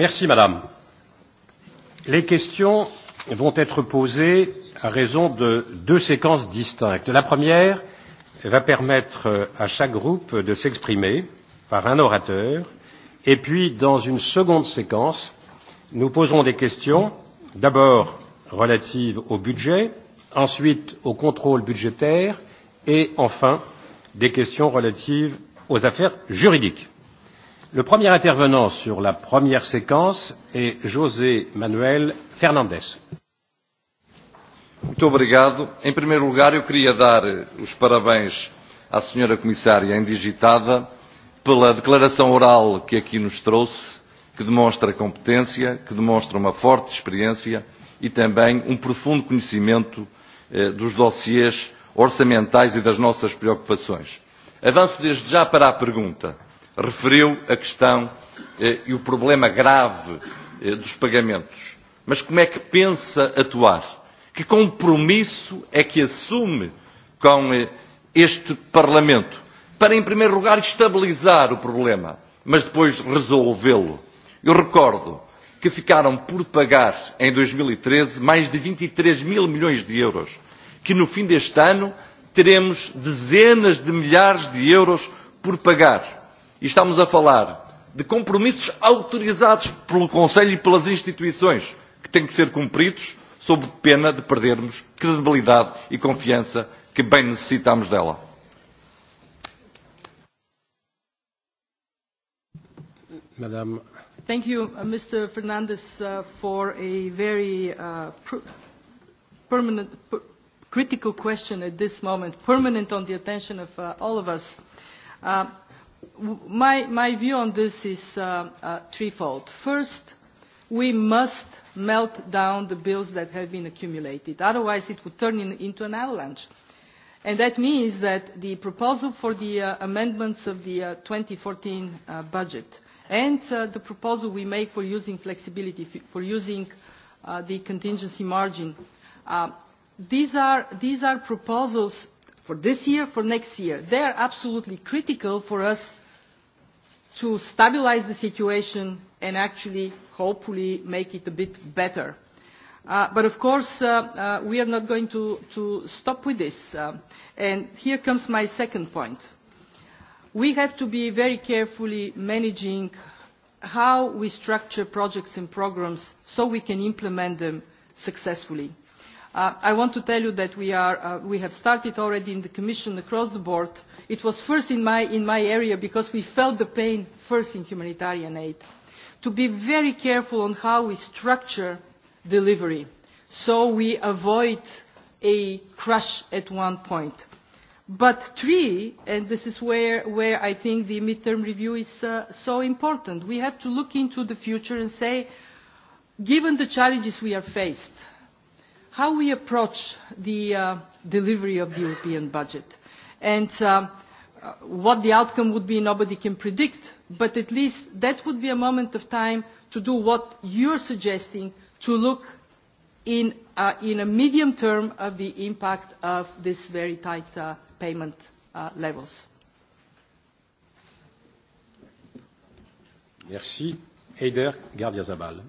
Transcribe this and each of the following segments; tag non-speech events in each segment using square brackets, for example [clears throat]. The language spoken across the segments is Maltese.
Merci, Madame. Les questions vont être posées à raison de deux séquences distinctes. La première va permettre à chaque groupe de s'exprimer par un orateur et puis, dans une seconde séquence, nous poserons des questions, d'abord relatives au budget, ensuite au contrôle budgétaire et enfin des questions relatives aux affaires juridiques. Le premier intervenant sur la première séquence est José Manuel Fernandes. Muito obrigado. Em primeiro lugar, eu queria dar eh, os parabéns à senhora comissária indigitada pela declaração oral que aqui nos trouxe, que demonstra competência, que demonstra uma forte experiência e também um profundo conhecimento eh, dos dossiês orçamentais e das nossas preocupações. Avanço desde já para a pergunta referiu a questão eh, e o problema grave eh, dos pagamentos. Mas como é que pensa atuar? Que compromisso é que assume com eh, este Parlamento? Para, em primeiro lugar, estabilizar o problema, mas depois resolvê-lo. Eu recordo que ficaram por pagar em 2013 e mais de 23 e mil milhões de euros, que no fim deste ano teremos dezenas de milhares de euros por pagar e estamos a falar de compromissos autorizados pelo Conselho e pelas instituições, que têm que ser cumpridos, sob pena de perdermos credibilidade e confiança que bem necessitamos dela. Madame. Thank you, uh, Mr. Fernandes, uh, for a very uh, pr permanent, per critical question at this moment, permanent on the attention of uh, all of us. Uh, my, my view on this is uh, uh, threefold. First, we must melt down the bills that have been accumulated. Otherwise, it would turn in, into an avalanche. And that means that the proposal for the uh, amendments of the uh, 2014 uh, budget and uh, the proposal we make for using flexibility, for using uh, the contingency margin, uh, these, are, these are proposals for this year, for next year. They are absolutely critical for us to stabilize the situation and actually hopefully make it a bit better. Uh, but of course, uh, uh, we are not going to, to stop with this. Uh, and here comes my second point. We have to be very carefully managing how we structure projects and programs so we can implement them successfully. Uh, I want to tell you that we, are, uh, we have started already in the Commission across the board. It was first in my, in my area because we felt the pain first in humanitarian aid. To be very careful on how we structure delivery so we avoid a crash at one point. But three, and this is where, where I think the midterm review is uh, so important, we have to look into the future and say, given the challenges we are faced, how we approach the uh, delivery of the European budget. And uh, uh, what the outcome would be, nobody can predict, but at least that would be a moment of time to do what you're suggesting, to look in, uh, in a medium term of the impact of these very tight uh, payment uh, levels. Merci. Heider Gardiazabal.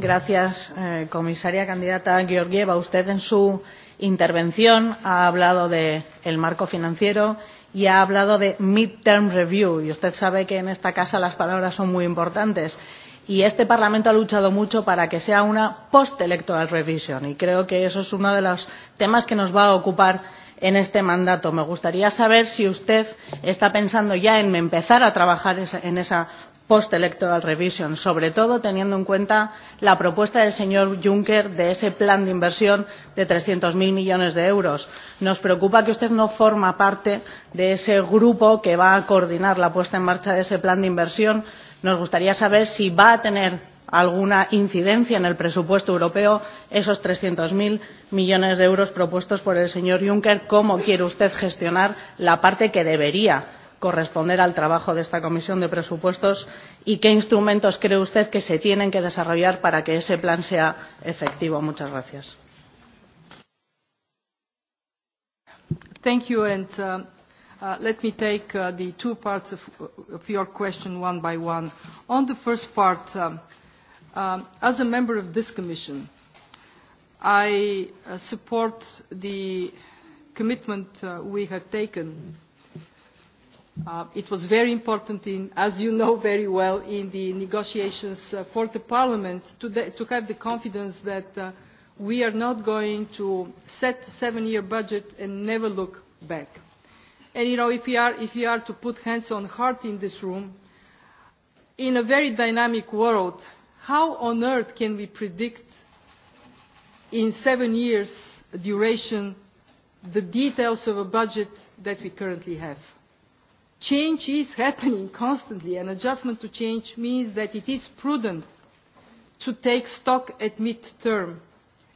Gracias, eh, comisaria candidata Georgieva. Usted en su intervención ha hablado del de marco financiero y ha hablado de midterm review. Y usted sabe que en esta casa las palabras son muy importantes. Y este Parlamento ha luchado mucho para que sea una post-electoral revision. Y creo que eso es uno de los temas que nos va a ocupar en este mandato. Me gustaría saber si usted está pensando ya en empezar a trabajar en esa post-electoral revision, sobre todo teniendo en cuenta la propuesta del señor Juncker de ese plan de inversión de 300.000 millones de euros. Nos preocupa que usted no forma parte de ese grupo que va a coordinar la puesta en marcha de ese plan de inversión. Nos gustaría saber si va a tener alguna incidencia en el presupuesto europeo esos 300.000 millones de euros propuestos por el señor Juncker, cómo quiere usted gestionar la parte que debería corresponder al trabajo de esta Comisión de Presupuestos y qué instrumentos cree usted que se tienen que desarrollar para que ese plan sea efectivo. Muchas gracias. Thank you and uh, uh, let me take uh, the two parts of, of your question one by one. On the first part, uh, uh, as a member of this commission, I uh, support the commitment uh, we have taken Uh, it was very important, in, as you know very well, in the negotiations uh, for the Parliament to, the, to have the confidence that uh, we are not going to set a seven-year budget and never look back. And you know, if we, are, if we are to put hands on heart in this room, in a very dynamic world, how on earth can we predict in seven years duration the details of a budget that we currently have? Change is happening constantly and adjustment to change means that it is prudent to take stock at mid-term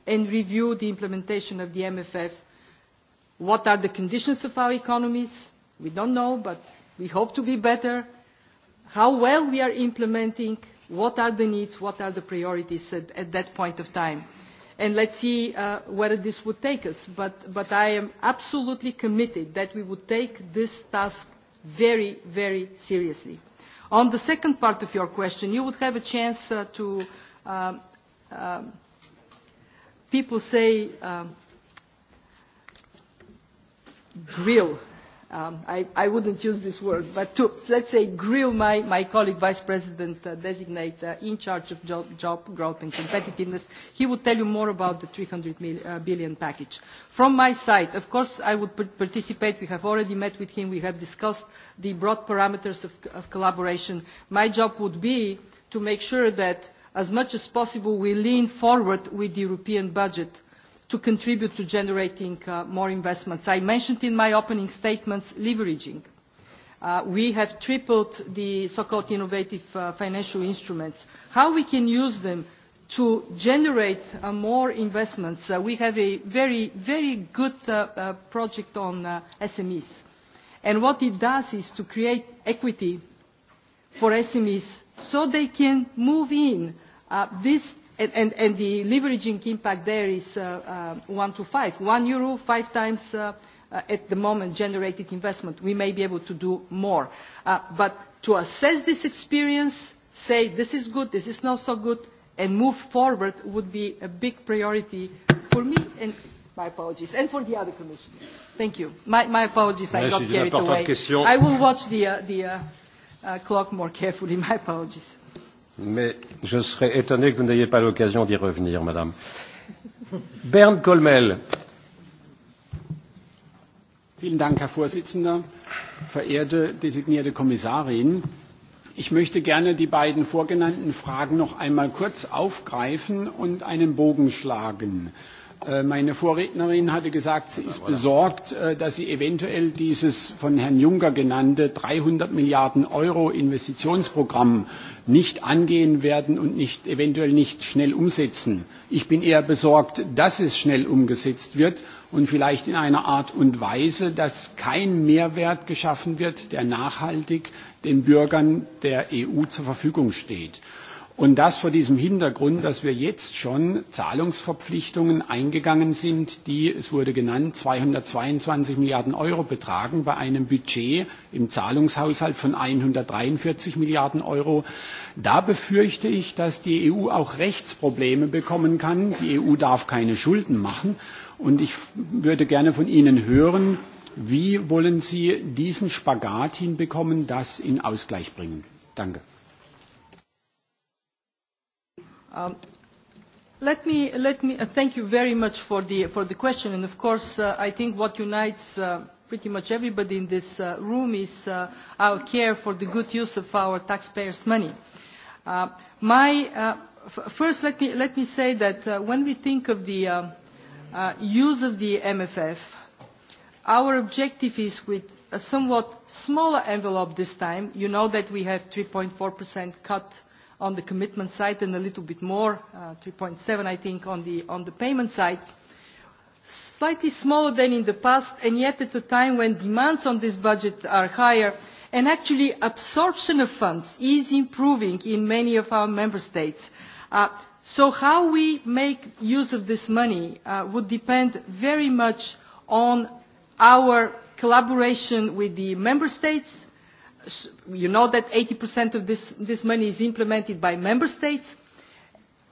and review the implementation of the MFF. What are the conditions of our economies? We don't know, but we hope to be better. How well we are implementing, what are the needs, what are the priorities at, at that point of time. And let's see uh, where this would take us. But, but I am absolutely committed that we would take this task very, very seriously. On the second part of your question, you would have a chance uh, to, uh, uh, people say, Uh, grill um, I, I wouldn't use this word, but to, let's say, grill my, my colleague vice president uh, designate uh, in charge of job, job growth and competitiveness, he would tell you more about the 300 mil, uh, billion package. From my side, of course, I would participate. We have already met with him. We have discussed the broad parameters of, of collaboration. My job would be to make sure that as much as possible we lean forward with the European budget to contribute to generating uh, more investments. I mentioned in my opening statements leveraging. Uh, we have tripled the so-called innovative uh, financial instruments. How we can use them to generate uh, more investments. Uh, we have a very, very good uh, uh, project on uh, SMEs. And what it does is to create equity for SMEs so they can move in. Uh, this and, and, and the leveraging impact there is uh, uh, one to five. One euro, five times uh, uh, at the moment generated investment. We may be able to do more. Uh, but to assess this experience, say this is good, this is not so good, and move forward would be a big priority for me and my apologies, and for the other commissioners. Thank you. My, my apologies, Merci I got carried away. Question. I will watch the, uh, the uh, uh, clock more carefully. [laughs] My apologies mais je serais étonné que vous n'ayez pas l'occasion d'y revenir, madame. Bernd Kolmel. Vielen Dank, Herr Vorsitzender. Verehrte designierte Kommissarin, ich möchte gerne die beiden vorgenannten Fragen noch einmal kurz aufgreifen und einen Bogen schlagen. Äh, meine Vorrednerin hatte gesagt, sie ist besorgt, äh, dass sie eventuell dieses von Herrn Juncker genannte 300 Milliarden Euro Investitionsprogramm nicht angehen werden und nicht, eventuell nicht schnell umsetzen. Ich bin eher besorgt, dass es schnell umgesetzt wird und vielleicht in einer Art und Weise, dass kein Mehrwert geschaffen wird, der nachhaltig den Bürgern der EU zur Verfügung steht. Und das vor diesem Hintergrund, dass wir jetzt schon Zahlungsverpflichtungen eingegangen sind, die, es wurde genannt, 222 Milliarden Euro betragen bei einem Budget im Zahlungshaushalt von 143 Milliarden Euro. Da befürchte ich, dass die EU auch Rechtsprobleme bekommen kann. Die EU darf keine Schulden machen. Und ich würde gerne von Ihnen hören, wie wollen Sie diesen Spagat hinbekommen, das in Ausgleich bringen? Danke. Um, let me, let me uh, thank you very much for the, for the question. And of course, uh, I think what unites uh, pretty much everybody in this uh, room is uh, our care for the good use of our taxpayers' money. Uh, my, uh, f first, let me, let me say that uh, when we think of the uh, uh, use of the MFF, our objective is with a somewhat smaller envelope this time. You know that we have 3.4% cut uh, on the commitment side and a little bit more, uh, 3.7 I think, on the, on the payment side. Slightly smaller than in the past and yet at a time when demands on this budget are higher and actually absorption of funds is improving in many of our member states. Uh, so how we make use of this money uh, would depend very much on our collaboration with the member states, you know that 80% of this, this money is implemented by member states,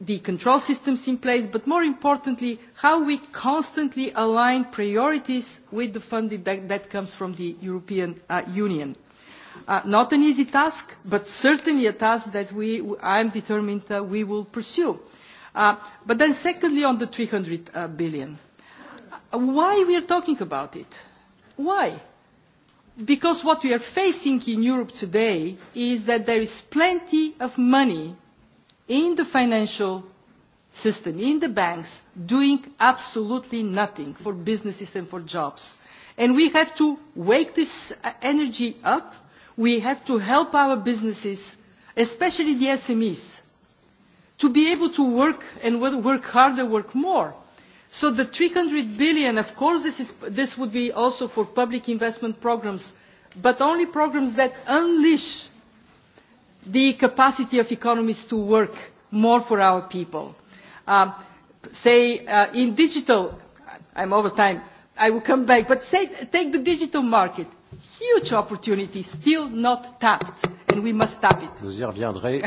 the control systems in place, but more importantly, how we constantly align priorities with the funding that, that comes from the European uh, Union. Uh, not an easy task, but certainly a task that we, I'm determined uh, we will pursue. Uh, but then secondly, on the 300 uh, billion. Uh, why we are talking about it? Why? because what we are facing in Europe today is that there is plenty of money in the financial system, in the banks, doing absolutely nothing for businesses and for jobs. And we have to wake this energy up. We have to help our businesses, especially the SMEs, to be able to work and work harder, work more So the 300 billion, of course, this, is, this would be also for public investment programs, but only programs that unleash the capacity of economies to work more for our people. Uh, say, uh, in digital, I'm over time, I will come back, but say, take the digital market. Huge opportunity still not tapped, and we must tap it. Vous y reviendrez.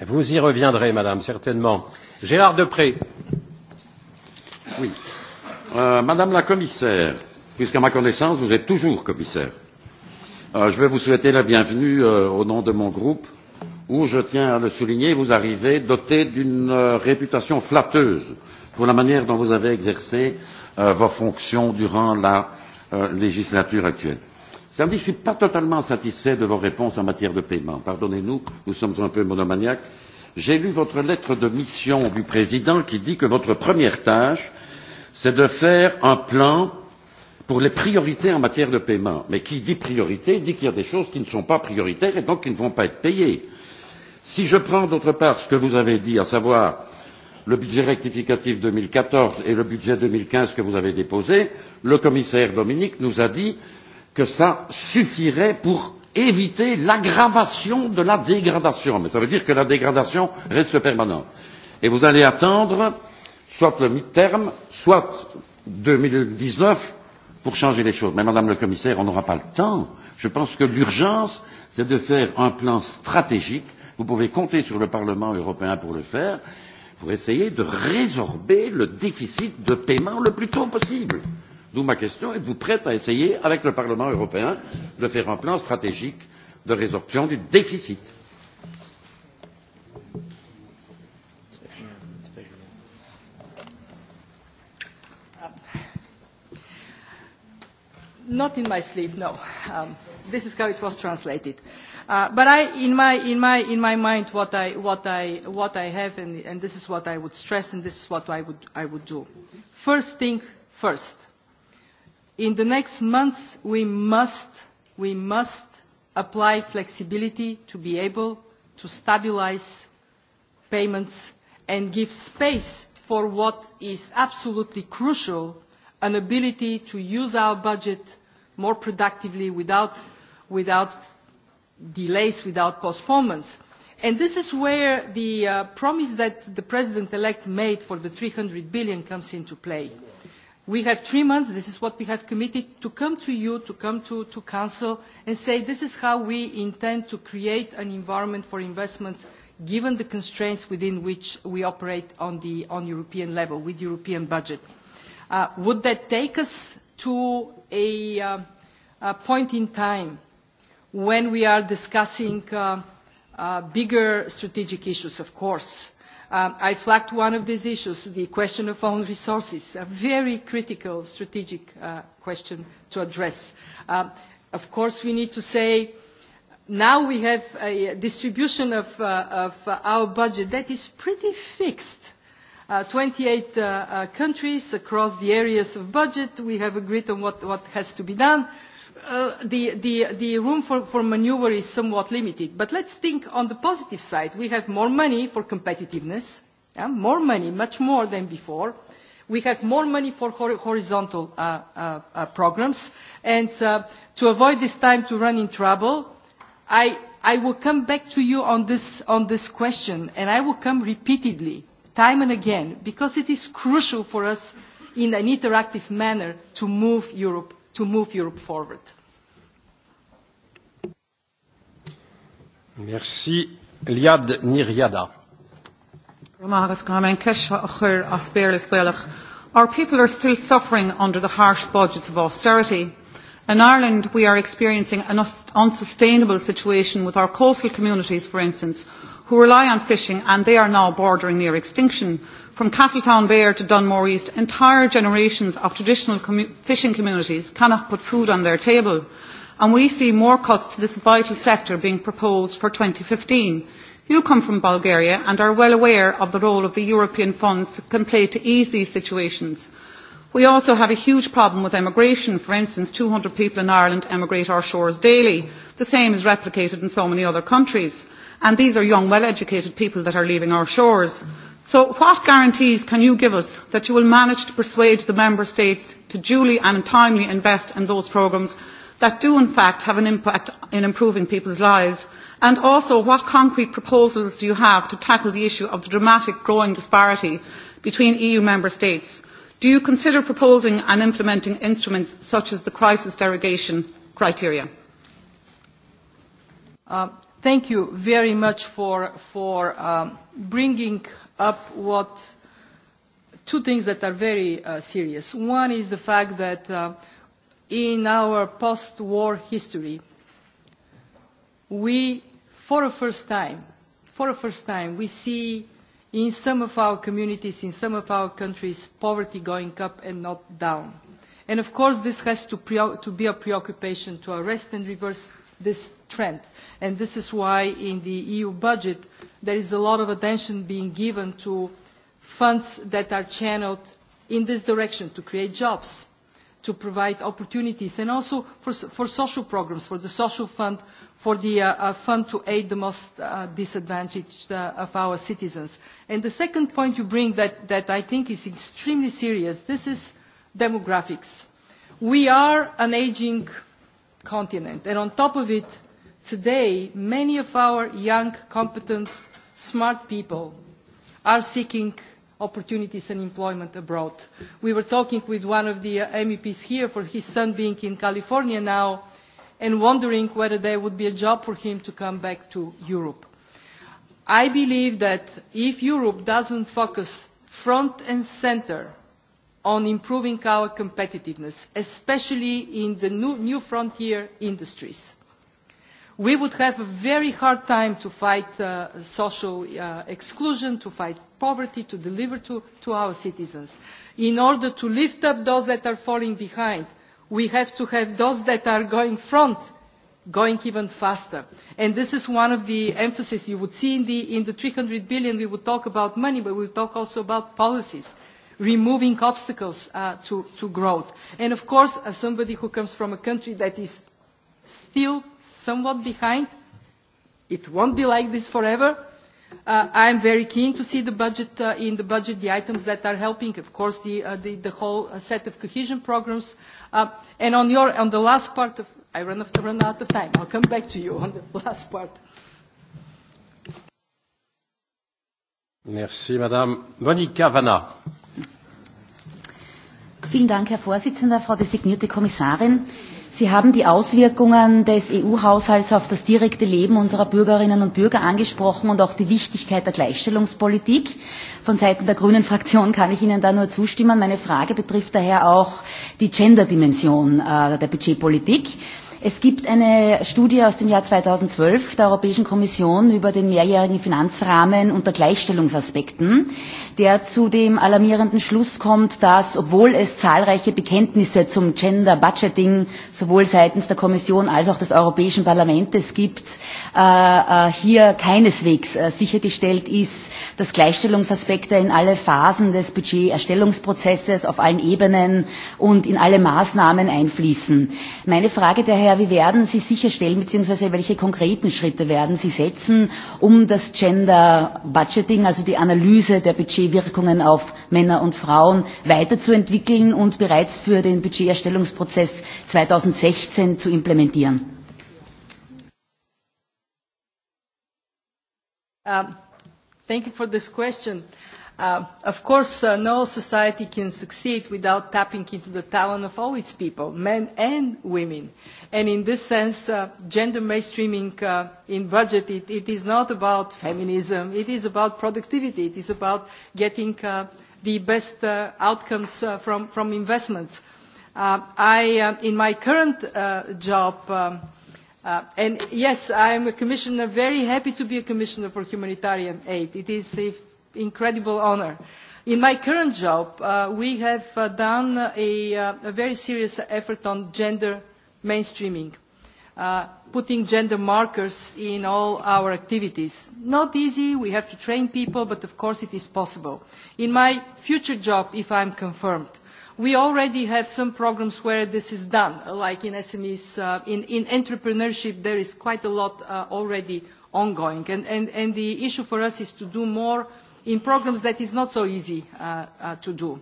[laughs] Vous y reviendrez, madame, certainement. Gérard Depré. Oui. Euh, Madame la commissaire, puisqu'à ma connaissance, vous êtes toujours commissaire, euh, je vais vous souhaiter la bienvenue euh, au nom de mon groupe, où, je tiens à le souligner, vous arrivez doté d'une euh, réputation flatteuse pour la manière dont vous avez exercé euh, vos fonctions durant la euh, législature actuelle. Ça me dit, je ne suis pas totalement satisfait de vos réponses en matière de paiement. Pardonnez-nous, nous sommes un peu monomaniaques, j'ai lu votre lettre de mission du président qui dit que votre première tâche, c'est de faire un plan pour les priorités en matière de paiement. Mais qui dit priorité dit qu'il y a des choses qui ne sont pas prioritaires et donc qui ne vont pas être payées. Si je prends d'autre part ce que vous avez dit, à savoir le budget rectificatif 2014 et le budget 2015 que vous avez déposé, le commissaire Dominique nous a dit que ça suffirait pour éviter l'aggravation de la dégradation. Mais ça veut dire que la dégradation reste permanente. Et vous allez attendre soit le mi-terme, soit 2019 pour changer les choses. Mais Madame le Commissaire, on n'aura pas le temps. Je pense que l'urgence, c'est de faire un plan stratégique. Vous pouvez compter sur le Parlement européen pour le faire, pour essayer de résorber le déficit de paiement le plus tôt possible. D'où ma question, êtes-vous prête à essayer, avec le Parlement européen, de faire un plan stratégique de résorption du déficit uh, Not in my sleep, no. Um, this is how it was translated. Uh, but I, in my, in my, in my mind, what I, what I, what I have, and, and this is what I would stress, and this is what I would, I would do. First thing first. In the next months, we must, we must apply flexibility to be able to stabilize payments and give space for what is absolutely crucial, an ability to use our budget more productively without, without delays, without postponements. And this is where the uh, promise that the President-elect made for the 300 billion comes into play. We have three months, this is what we have committed, to come to you, to come to, to Council and say this is how we intend to create an environment for investments given the constraints within which we operate on the on European level with European budget. Uh, would that take us to a, uh, a point in time when we are discussing uh, uh, bigger strategic issues, of course, Um, I flagged one of these issues, the question of own resources, a very critical strategic uh, question to address. Um, of course, we need to say now we have a distribution of, uh, of our budget that is pretty fixed. Uh, 28 uh, uh, countries across the areas of budget, we have agreed on what, what has to be done Uh, the, the, the room for, for maneuver is somewhat limited. But let's think on the positive side. We have more money for competitiveness, yeah? more money, much more than before. We have more money for hor horizontal uh, uh, uh, programs. And uh, to avoid this time to run in trouble, I, I will come back to you on this, on this question, and I will come repeatedly, time and again, because it is crucial for us in an interactive manner to move Europe to move Europe forward. Merci. Liad Niriada. Our people are still suffering under the harsh budgets of austerity. In Ireland, we are experiencing an unsustainable situation with our coastal communities, for instance, who rely on fishing and they are now bordering near extinction. From Castletown Bear to Dunmore East, entire generations of traditional commu fishing communities cannot put food on their table, and we see more cuts to this vital sector being proposed for 2015. You come from Bulgaria and are well aware of the role of the European funds can play to ease these situations. We also have a huge problem with emigration. For instance, 200 people in Ireland emigrate our shores daily. The same is replicated in so many other countries. And these are young, well-educated people that are leaving our shores. So what guarantees can you give us that you will manage to persuade the Member States to duly and timely invest in those programmes that do in fact have an impact in improving people's lives? And also what concrete proposals do you have to tackle the issue of the dramatic growing disparity between EU Member States? Do you consider proposing and implementing instruments such as the crisis derogation criteria? Uh, thank you very much for, for um, bringing up what two things that are very uh, serious. One is the fact that uh, in our post-war history, we, for the first time, for the first time, we see in some of our communities, in some of our countries, poverty going up and not down. And of course, this has to, to be a preoccupation to arrest and reverse this trend and this is why in the EU budget there is a lot of attention being given to funds that are channeled in this direction to create jobs, to provide opportunities, and also for, for social programs, for the social fund, for the uh, uh, fund to aid the most uh, disadvantaged uh, of our citizens. And the second point you bring that, that I think is extremely serious, this is demographics. We are an aging continent, and on top of it, Today, many of our young, competent, smart people are seeking opportunities and employment abroad. We were talking with one of the uh, MEPs here for his son being in California now and wondering whether there would be a job for him to come back to Europe. I believe that if Europe doesn't focus front and center on improving our competitiveness, especially in the new, new frontier industries, we would have a very hard time to fight uh, social uh, exclusion, to fight poverty, to deliver to, to our citizens. In order to lift up those that are falling behind, we have to have those that are going front going even faster. And this is one of the emphasis you would see in the, in the 300 billion. We would talk about money, but we would talk also about policies removing obstacles uh, to, to growth. And of course, as somebody who comes from a country that is still somewhat behind. It won't be like this forever. Uh, I'm very keen to see the budget, uh, in the budget the items that are helping, of course, the, uh, the, the whole uh, set of cohesion programs. Uh, and on, your, on the last part, of, I run, off, run out of time. I'll come back to you on the [laughs] last part. Merci, Madame Monica Vanna. Vielen Dank, Herr Vorsitzender, Frau designierte Kommissarin. Sie haben die Auswirkungen des EU-Haushalts auf das direkte Leben unserer Bürgerinnen und Bürger angesprochen und auch die Wichtigkeit der Gleichstellungspolitik. Von Seiten der Grünen Fraktion kann ich Ihnen da nur zustimmen. Meine Frage betrifft daher auch die Gender-Dimension äh, der Budgetpolitik. Es gibt eine Studie aus dem Jahr 2012 der Europäischen Kommission über den mehrjährigen Finanzrahmen unter Gleichstellungsaspekten, der zu dem alarmierenden Schluss kommt, dass, obwohl es zahlreiche Bekenntnisse zum Gender Budgeting sowohl seitens der Kommission als auch des Europäischen Parlaments gibt, äh, äh, hier keineswegs äh, sichergestellt ist, dass Gleichstellungsaspekte in alle Phasen des Budgeterstellungsprozesses auf allen Ebenen und in alle Maßnahmen einfließen. Meine Frage daher, wie werden Sie sicherstellen, beziehungsweise welche konkreten Schritte werden Sie setzen, um das Gender Budgeting, also die Analyse der Budgetwirkungen auf Männer und Frauen weiterzuentwickeln und bereits für den Budgeterstellungsprozess 2016 zu implementieren? Um, Thank you for this question. Uh, of course, uh, no society can succeed without tapping into the talent of all its people, men and women. And in this sense, uh, gender mainstreaming uh, in budget, it, it is not about feminism, it is about productivity, it is about getting uh, the best uh, outcomes uh, from, from investments. Uh, I, uh, in my current uh, job, um, Uh, and yes, I am a commissioner, very happy to be a commissioner for humanitarian aid. It is an incredible honor. In my current job, uh, we have uh, done a, uh, a very serious effort on gender mainstreaming, uh, putting gender markers in all our activities. Not easy, we have to train people, but of course it is possible. In my future job, if I am confirmed, We already have some programs where this is done, like in SMEs, uh, in, in entrepreneurship there is quite a lot uh, already ongoing. And, and, and the issue for us is to do more in programs that is not so easy uh, uh, to do.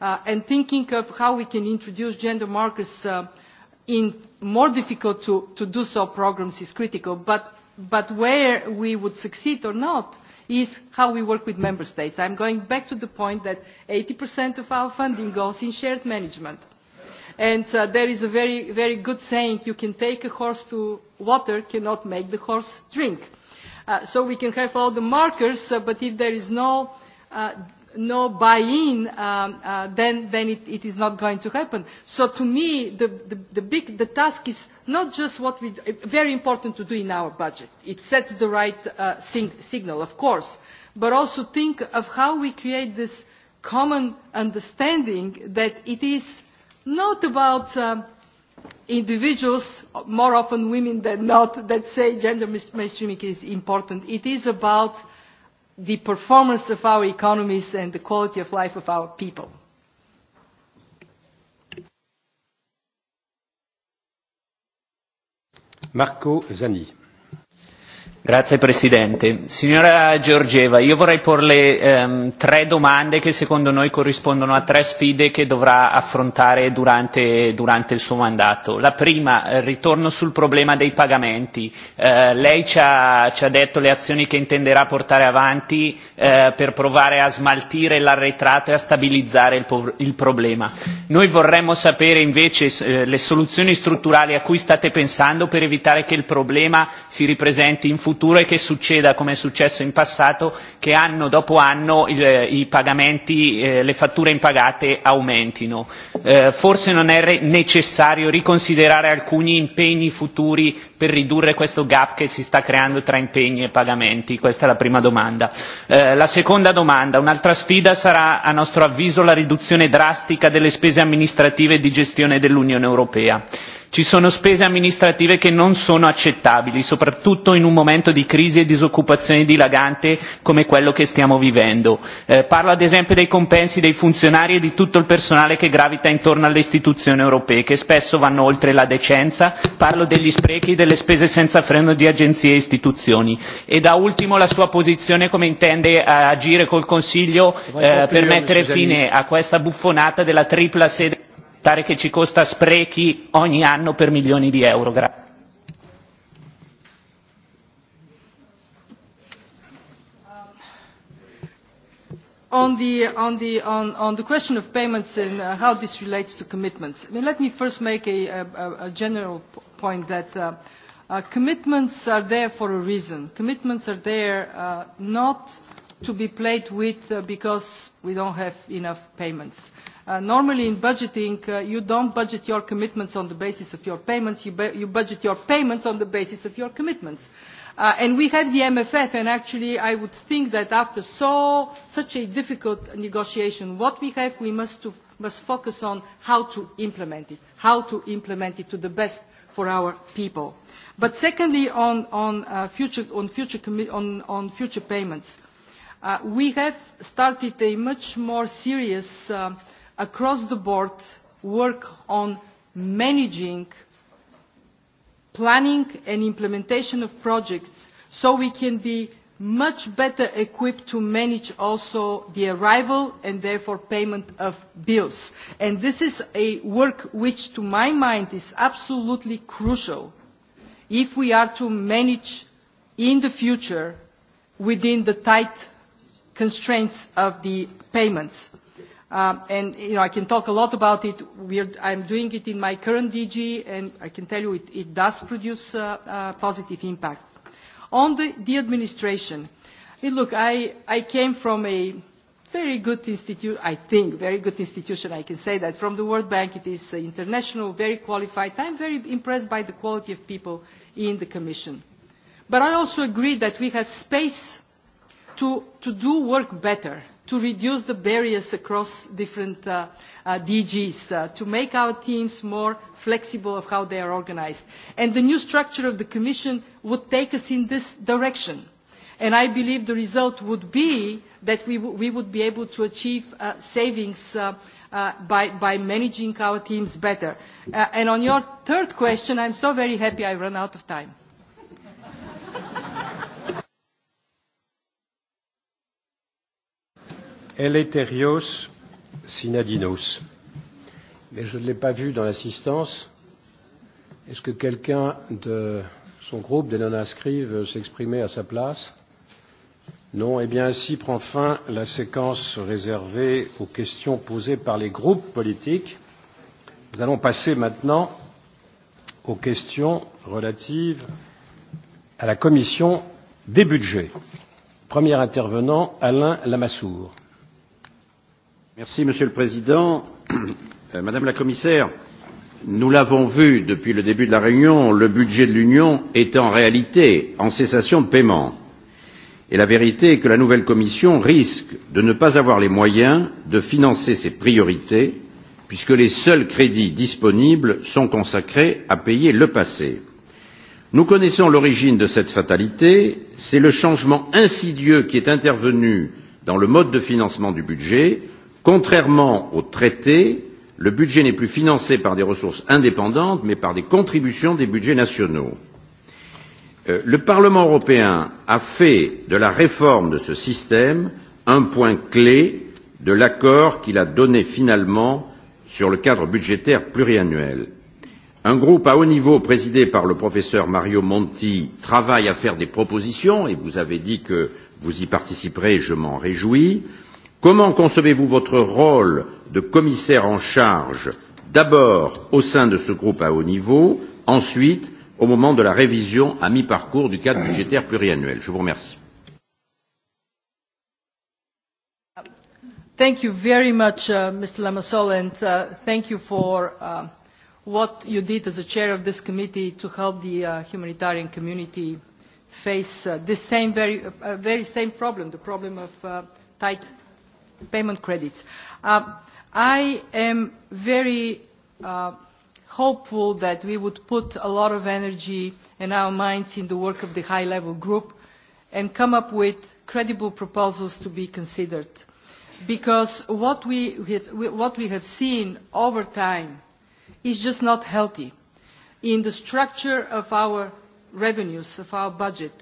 Uh, and thinking of how we can introduce gender markers uh, in more difficult to, to do so programs is critical. But, but where we would succeed or not is how we work with member states. I'm going back to the point that 80% of our funding goes in shared management. And uh, there is a very, very good saying, you can take a horse to water, cannot make the horse drink. Uh, so we can have all the markers, uh, but if there is no uh, no buy-in, um, uh, then, then it, it is not going to happen. So to me, the, the, the big the task is not just what we very important to do in our budget. It sets the right uh, sing, signal, of course, but also think of how we create this common understanding that it is not about um, individuals, more often women than not, that say gender mainstreaming is important. It is about the performance of our economies and the quality of life of our people. Marco Zani. Grazie Presidente. Signora Giorgieva, io vorrei porle ehm, tre domande che secondo noi corrispondono a tre sfide che dovrà affrontare durante, durante il suo mandato. La prima, eh, ritorno sul problema dei pagamenti. Eh, lei ci ha, ci ha detto le azioni che intenderà portare avanti eh, per provare a smaltire l'arretrato e a stabilizzare il, il problema. Noi vorremmo sapere invece eh, le soluzioni strutturali a cui state pensando per evitare che il problema si ripresenti in futuro futuro e che succeda come è successo in passato che anno dopo anno il, eh, i pagamenti, eh, le fatture impagate aumentino. Eh, forse non è necessario riconsiderare alcuni impegni futuri per ridurre questo gap che si sta creando tra impegni e pagamenti? Questa è la prima domanda. Eh, la seconda domanda, un'altra sfida sarà a nostro avviso la riduzione drastica delle spese amministrative di gestione dell'Unione Europea Ci sono spese amministrative che non sono accettabili, soprattutto in un momento di crisi e disoccupazione dilagante come quello che stiamo vivendo. Eh, parlo ad esempio dei compensi dei funzionari e di tutto il personale che gravita intorno alle istituzioni europee, che spesso vanno oltre la decenza, parlo degli sprechi e delle spese senza freno di agenzie e istituzioni. E da ultimo la sua posizione come intende agire col Consiglio eh, per mettere fine a questa buffonata della tripla sede tale che ci costa sprechi ogni anno per milioni di euro. Gra um, on the, on the, on, on the question of payments and uh, how this relates to commitments, I mean, let me first make a, a, a general point that uh, uh, commitments are there for a reason. Commitments are there uh, not to be played with uh, because we don't have enough payments. Uh, normally in budgeting, uh, you don't budget your commitments on the basis of your payments, you, you budget your payments on the basis of your commitments. Uh, and we have the MFF, and actually I would think that after so, such a difficult negotiation, what we have, we must, to, must focus on how to implement it, how to implement it to the best for our people. But secondly, on, on, uh, future, on, future, on, on future payments, uh, we have started a much more serious uh, across the board work on managing planning and implementation of projects so we can be much better equipped to manage also the arrival and therefore payment of bills. And this is a work which to my mind is absolutely crucial if we are to manage in the future within the tight constraints of the payments. Um, and you know, I can talk a lot about it. We are, I'm doing it in my current DG, and I can tell you it, it does produce a uh, a uh, positive impact. On the, the administration, hey, look, I, I came from a very good institution, I think, very good institution, I can say that, from the World Bank. It is international, very qualified. I'm very impressed by the quality of people in the Commission. But I also agree that we have space to, to do work better to reduce the barriers across different uh, uh, DGs, uh, to make our teams more flexible of how they are organized. And the new structure of the Commission would take us in this direction. And I believe the result would be that we, we would be able to achieve uh, savings uh, uh, by, by managing our teams better. Uh, and on your third question, I'm so very happy I run out of time. Eleterios Sinadinos. Mais je ne l'ai pas vu dans l'assistance. Est-ce que quelqu'un de son groupe des non-inscrits veut s'exprimer à sa place Non, eh bien ainsi prend fin la séquence réservée aux questions posées par les groupes politiques. Nous allons passer maintenant aux questions relatives à la commission des budgets. Premier intervenant, Alain Lamassoure. Merci, Monsieur le Président. Euh, Madame la Commissaire, nous l'avons vu depuis le début de la réunion, le budget de l'Union est en réalité en cessation de paiement. Et la vérité est que la nouvelle Commission risque de ne pas avoir les moyens de financer ses priorités, puisque les seuls crédits disponibles sont consacrés à payer le passé. Nous connaissons l'origine de cette fatalité, c'est le changement insidieux qui est intervenu dans le mode de financement du budget, Contrairement au traité, le budget n'est plus financé par des ressources indépendantes, mais par des contributions des budgets nationaux. Euh, le Parlement européen a fait de la réforme de ce système un point clé de l'accord qu'il a donné finalement sur le cadre budgétaire pluriannuel. Un groupe à haut niveau présidé par le professeur Mario Monti travaille à faire des propositions et vous avez dit que vous y participerez, je m'en réjouis. Euh, Comment concevez-vous votre rôle de commissaire en charge, d'abord au sein de ce groupe à haut niveau, ensuite au moment de la révision à mi-parcours du cadre budgétaire pluriannuel Je vous remercie. Thank you very much, uh, Mr. Lamassol, and uh, thank you for uh, what you did as a chair of this committee to help the uh, humanitarian community face uh, this same very, uh, very same problem, the problem of uh, tight payment credits. Uh, I am very uh, hopeful that we would put a lot of energy and our minds in the work of the high-level group and come up with credible proposals to be considered. Because what we have, what we have seen over time is just not healthy. In the structure of our revenues, of our budget,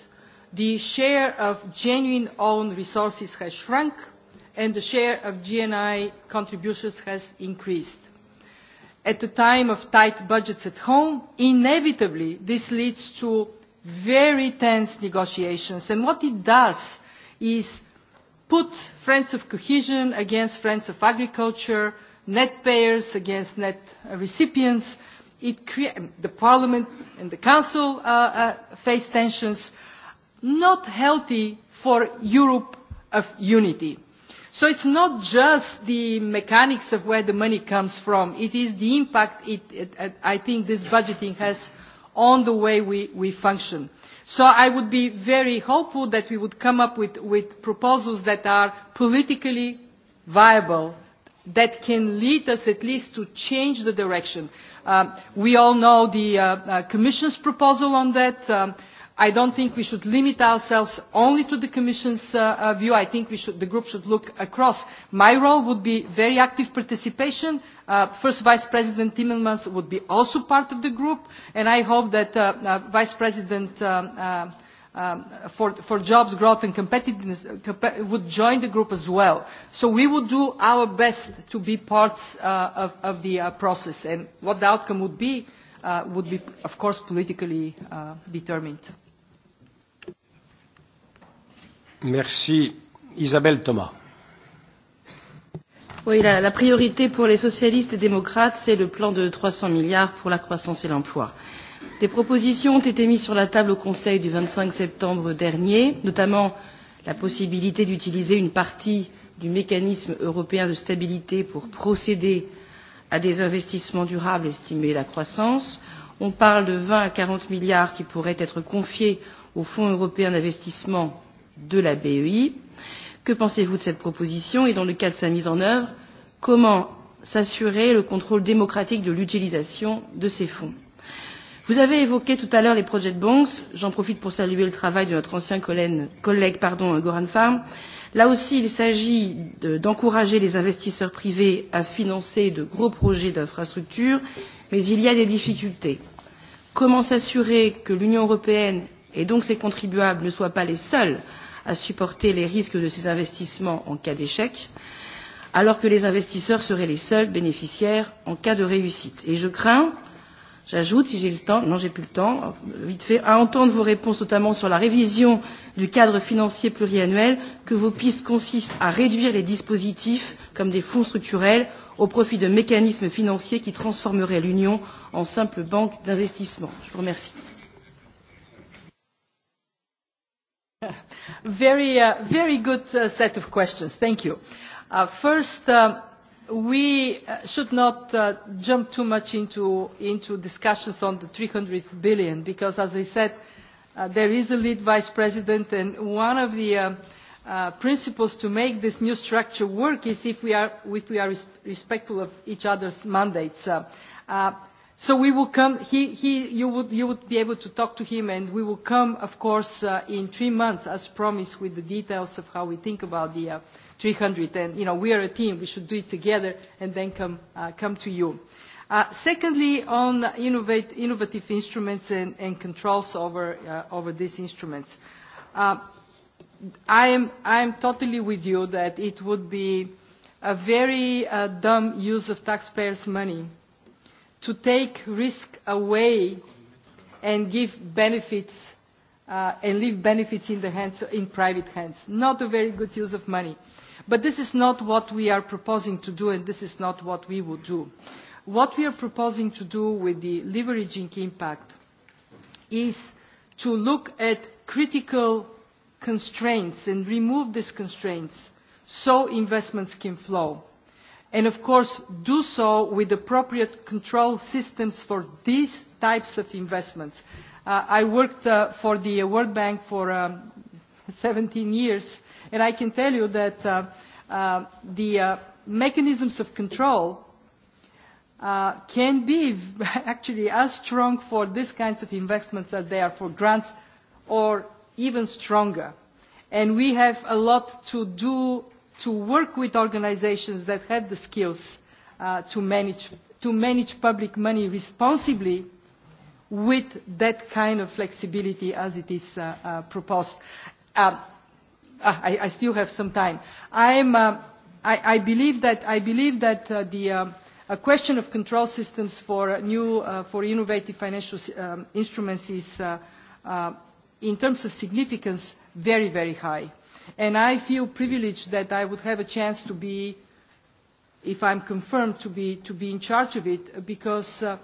the share of genuine own resources has shrunk and the share of GNI contributions has increased. At a time of tight budgets at home, inevitably this leads to very tense negotiations. And what it does is put friends of cohesion against friends of agriculture, net payers against net recipients. It the Parliament and the Council uh, uh, face tensions not healthy for Europe of unity. So it's not just the mechanics of where the money comes from, it is the impact it, it, it, I think this budgeting has on the way we, we function. So I would be very hopeful that we would come up with, with proposals that are politically viable, that can lead us at least to change the direction. Uh, we all know the uh, uh, Commission's proposal on that. Um, I don't think we should limit ourselves only to the Commission's uh, uh, view. I think we should, the group should look across. My role would be very active participation. Uh, First Vice President Timmermans would be also part of the group, and I hope that uh, uh, Vice President um, uh, um, for, for jobs, growth and competitiveness would join the group as well. So we would do our best to be parts uh, of, of the uh, process and what the outcome would be uh, would be, of course, politically uh, determined. Merci. Isabelle Thomas. Oui, la, la priorité pour les socialistes et démocrates, c'est le plan de 300 milliards pour la croissance et l'emploi. Des propositions ont été mises sur la table au Conseil du 25 septembre dernier, notamment la possibilité d'utiliser une partie du mécanisme européen de stabilité pour procéder à des investissements durables et stimuler la croissance. On parle de 20 à 40 milliards qui pourraient être confiés au Fonds européen d'investissement de la BEI. Que pensez-vous de cette proposition et dans le cadre de sa mise en œuvre, comment s'assurer le contrôle démocratique de l'utilisation de ces fonds Vous avez évoqué tout à l'heure les projets de bonds. J'en profite pour saluer le travail de notre ancien collègue, collègue pardon, Goran Farm. Là aussi, il s'agit d'encourager les investisseurs privés à financer de gros projets d'infrastructures, mais il y a des difficultés. Comment s'assurer que l'Union européenne et donc ses contribuables ne soient pas les seuls à supporter les risques de ces investissements en cas d'échec, alors que les investisseurs seraient les seuls bénéficiaires en cas de réussite. Et je crains, j'ajoute, si j'ai le temps, non j'ai plus le temps, vite fait, à entendre vos réponses notamment sur la révision du cadre financier pluriannuel, que vos pistes consistent à réduire les dispositifs comme des fonds structurels au profit de mécanismes financiers qui transformeraient l'Union en simple banque d'investissement. Je vous remercie. Very, uh, very good uh, set of questions. Thank you. Uh, first, uh, we uh, should not uh, jump too much into, into discussions on the 300 billion because, as I said, uh, there is a lead vice president and one of the uh, uh, principles to make this new structure work is if we are, if we are res respectful of each other's mandates. Uh, uh, So we will come, he, he, you, would, you would be able to talk to him and we will come, of course, uh, in three months, as promised, with the details of how we think about the uh, 300. And, you know, we are a team, we should do it together and then come, uh, come to you. Uh, secondly, on innovate, innovative instruments and, and controls over, uh, over these instruments. Uh, I, am, I am totally with you that it would be a very uh, dumb use of taxpayers' money to take risk away and give benefits uh, and leave benefits in the hands in private hands not a very good use of money but this is not what we are proposing to do and this is not what we would do what we are proposing to do with the leveraging impact is to look at critical constraints and remove these constraints so investments can flow and of course do so with appropriate control systems for these types of investments. Uh, I worked uh, for the uh, World Bank for um, 17 years and I can tell you that uh, uh, the uh, mechanisms of control uh, can be [laughs] actually as strong for these kinds of investments as they are for grants or even stronger. And we have a lot to do to work with organizations that have the skills uh, to, manage, to manage public money responsibly with that kind of flexibility as it is uh, uh, proposed. Uh, I, I still have some time. I'm, uh, I, I believe that, I believe that uh, the uh, a question of control systems for, new, uh, for innovative financial um, instruments is, uh, uh, in terms of significance, very, very high And I feel privileged that I would have a chance to be, if I'm confirmed, to be, to be in charge of it because uh,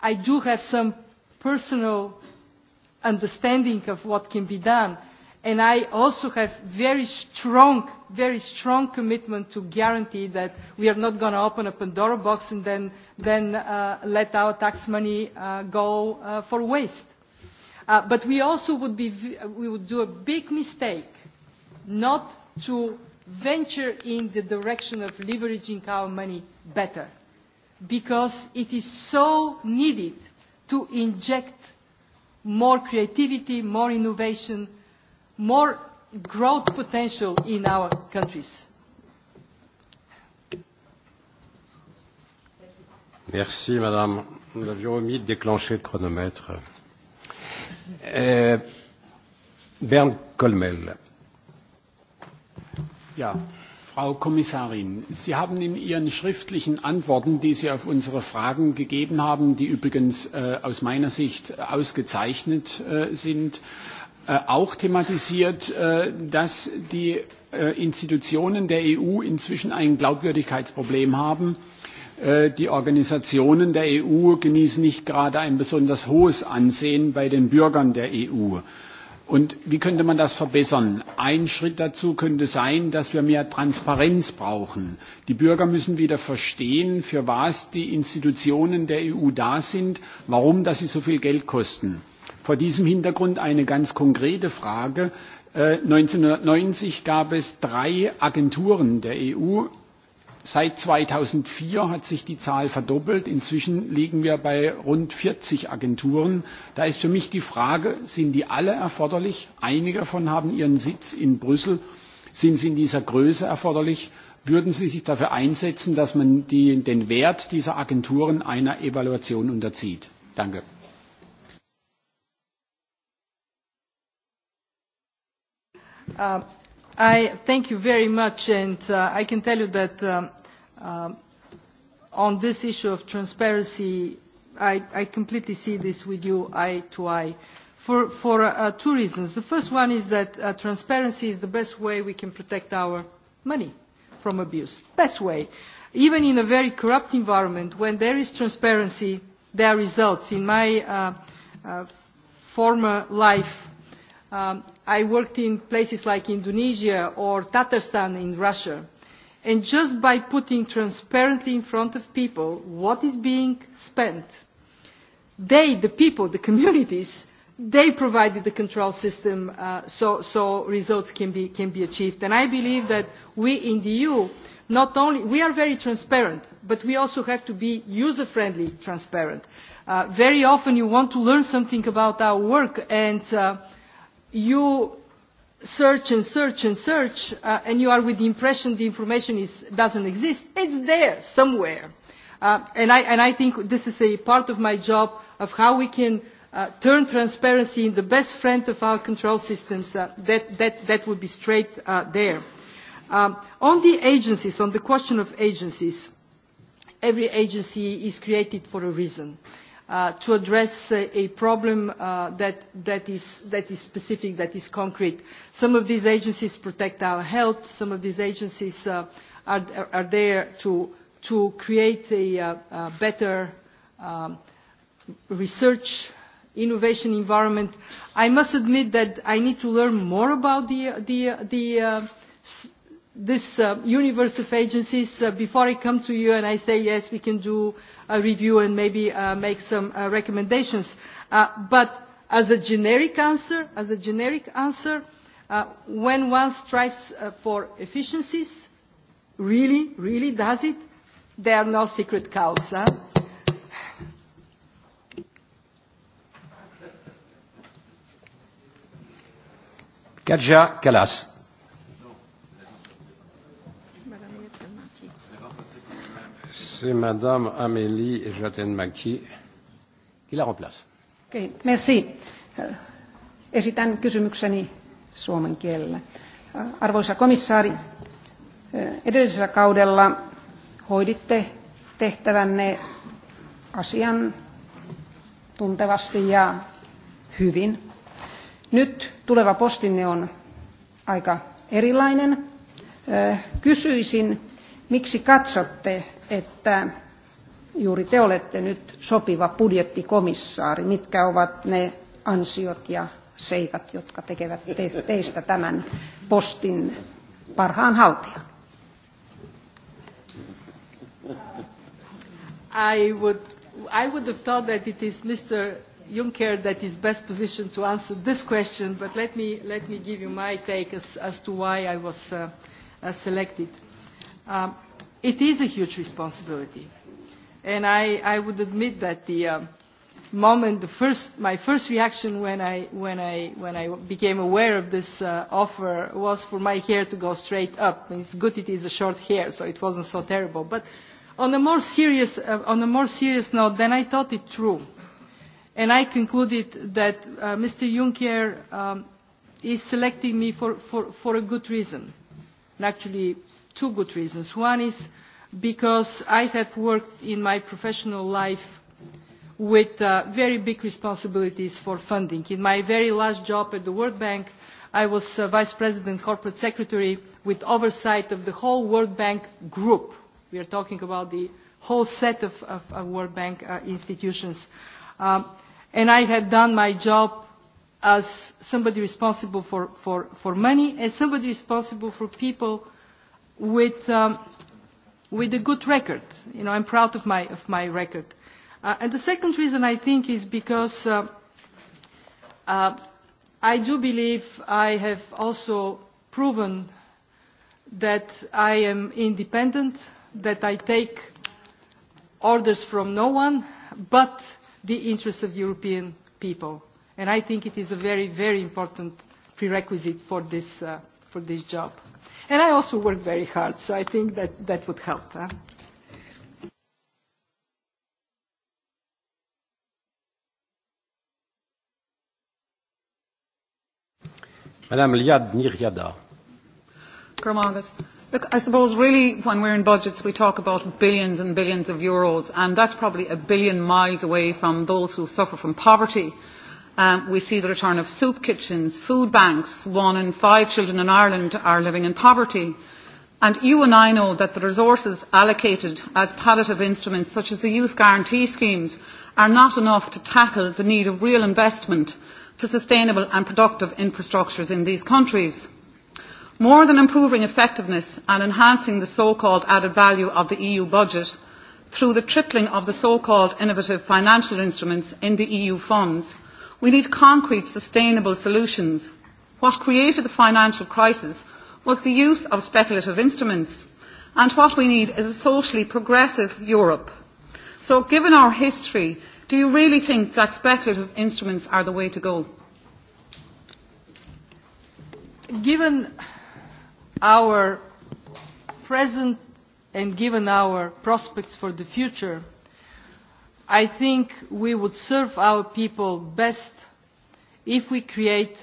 I do have some personal understanding of what can be done. And I also have very strong, very strong commitment to guarantee that we are not going to open a Pandora box and then, then uh, let our tax money uh, go uh, for waste. Uh, but we also would, be, we would do a big mistake not to venture in the direction of leveraging our money better because it is so needed to inject more creativity, more innovation, more growth potential in our countries. Merci, Madame. Nous avions omis de déclencher le chronomètre. Euh, Bernd Colmel. Ja, Frau Kommissarin, Sie haben in Ihren schriftlichen Antworten, die Sie auf unsere Fragen gegeben haben, die übrigens äh, aus meiner Sicht ausgezeichnet äh, sind, äh, auch thematisiert, äh, dass die äh, Institutionen der EU inzwischen ein Glaubwürdigkeitsproblem haben. Äh, die Organisationen der EU genießen nicht gerade ein besonders hohes Ansehen bei den Bürgern der EU. Und wie könnte man das verbessern? Ein Schritt dazu könnte sein, dass wir mehr Transparenz brauchen. Die Bürger müssen wieder verstehen, für was die Institutionen der EU da sind, warum dass sie so viel Geld kosten. Vor diesem Hintergrund eine ganz konkrete Frage. 1990 äh, gab es drei Agenturen der EU, Seit 2004 hat sich die Zahl verdoppelt. Inzwischen liegen wir bei rund 40 Agenturen. Da ist für mich die Frage, sind die alle erforderlich? Einige davon haben ihren Sitz in Brüssel. Sind sie in dieser Größe erforderlich? Würden Sie sich dafür einsetzen, dass man die, den Wert dieser Agenturen einer Evaluation unterzieht? Danke. Uh, I thank you very much, and uh, I can tell you that um, uh, on this issue of transparency, I, I completely see this with you eye to eye for, for uh, two reasons. The first one is that uh, transparency is the best way we can protect our money from abuse. Best way. Even in a very corrupt environment, when there is transparency, there are results. In my uh, uh, former life, um, I worked in places like Indonesia or Tatarstan in Russia. And just by putting transparently in front of people what is being spent, they, the people, the communities, they provided the control system uh, so, so results can be, can be achieved. And I believe that we in the EU, not only, we are very transparent, but we also have to be user-friendly transparent. Uh, very often you want to learn something about our work and uh, you search and search and search uh, and you are with the impression the information is, doesn't exist. It's there somewhere. Uh, and, I, and I think this is a part of my job of how we can uh, turn transparency into the best friend of our control systems. Uh, that, that, that would be straight uh, there. Um, on the agencies, on the question of agencies, every agency is created for a reason. Uh, uh, to address uh, a problem uh, that, that, is, that is specific, that is concrete. Some of these agencies protect our health, some of these agencies uh, are, are there to, to create a, uh, a better um, research innovation environment. I must admit that I need to learn more about the, the, the uh, this uh, universe of agencies uh, before I come to you and I say yes we can do a review and maybe uh, make some uh, recommendations uh, but as a generic answer as a generic answer uh, when one strives uh, for efficiencies really really does it there are no secret cows huh? Kerġa Kalas. c'est Madame Amélie jatin maki qui la remplace. Okay, merci. Euh, esitän kysymykseni suomen kielellä. Äh, arvoisa komissaari, äh, edellisellä kaudella hoiditte tehtävänne asian tuntevasti ja hyvin. Nyt tuleva postinne on aika erilainen. Äh, kysyisin, miksi katsotte, että juuri te olette nyt sopiva budjettikomissaari. Mitkä ovat ne ansiot ja seikat, jotka tekevät te, teistä tämän postin parhaan haltijan? I would, I would have thought that it is Mr. Juncker that is best positioned to answer this question, but let me, let me give you my take as, as to why I was uh, uh, selected. Um, it is a huge responsibility. And I, I would admit that the uh, moment, the first, my first reaction when I, when I, when I became aware of this uh, offer was for my hair to go straight up. It's good it is a short hair, so it wasn't so terrible. But on a more serious, uh, on a more serious note, then I thought it true. And I concluded that uh, Mr. Juncker um, is selecting me for, for, for a good reason. And actually, two good reasons. One is because I have worked in my professional life with uh, very big responsibilities for funding. In my very last job at the World Bank, I was uh, Vice President Corporate Secretary with oversight of the whole World Bank group. We are talking about the whole set of, of, of World Bank uh, institutions. Um, and I have done my job as somebody responsible for, for, for money, as somebody responsible for people with um, with a good record. You know, I'm proud of my, of my record. Uh, and the second reason I think is because uh, uh, I do believe I have also proven that I am independent, that I take orders from no one but the interests of the European people. And I think it is a very, very important prerequisite for this, uh, for this job. And I also work very hard, so I think that that would help. Huh? Madam Liad Niryada. Look, I suppose really when we're in budgets we talk about billions and billions of euros and that's probably a billion miles away from those who suffer from poverty. Um, we see the return of soup kitchens, food banks. One in five children in Ireland are living in poverty. And you and I know that the resources allocated as palliative instruments, such as the youth guarantee schemes, are not enough to tackle the need of real investment to sustainable and productive infrastructures in these countries. More than improving effectiveness and enhancing the so-called added value of the EU budget through the tripling of the so-called innovative financial instruments in the EU funds, We need concrete, sustainable solutions. What created the financial crisis was the use of speculative instruments. And what we need is a socially progressive Europe. So given our history, do you really think that speculative instruments are the way to go? Given our present and given our prospects for the future, I think we would serve our people best if we create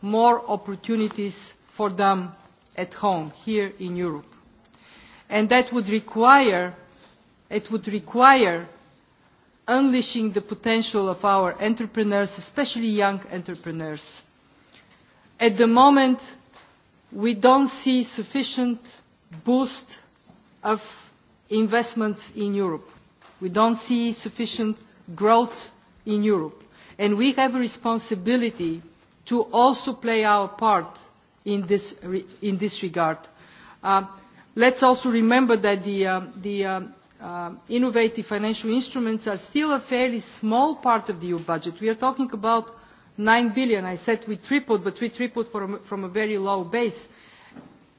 more opportunities for them at home, here in Europe. And that would require, it would require unleashing the potential of our entrepreneurs, especially young entrepreneurs. At the moment, we don't see sufficient boost of investments in Europe. We don't see sufficient growth in Europe. And we have a responsibility to also play our part in this, re in this regard. Uh, let's also remember that the, uh, the uh, uh, innovative financial instruments are still a fairly small part of the EU budget. We are talking about 9 billion. I said we tripled, but we tripled from, from a very low base.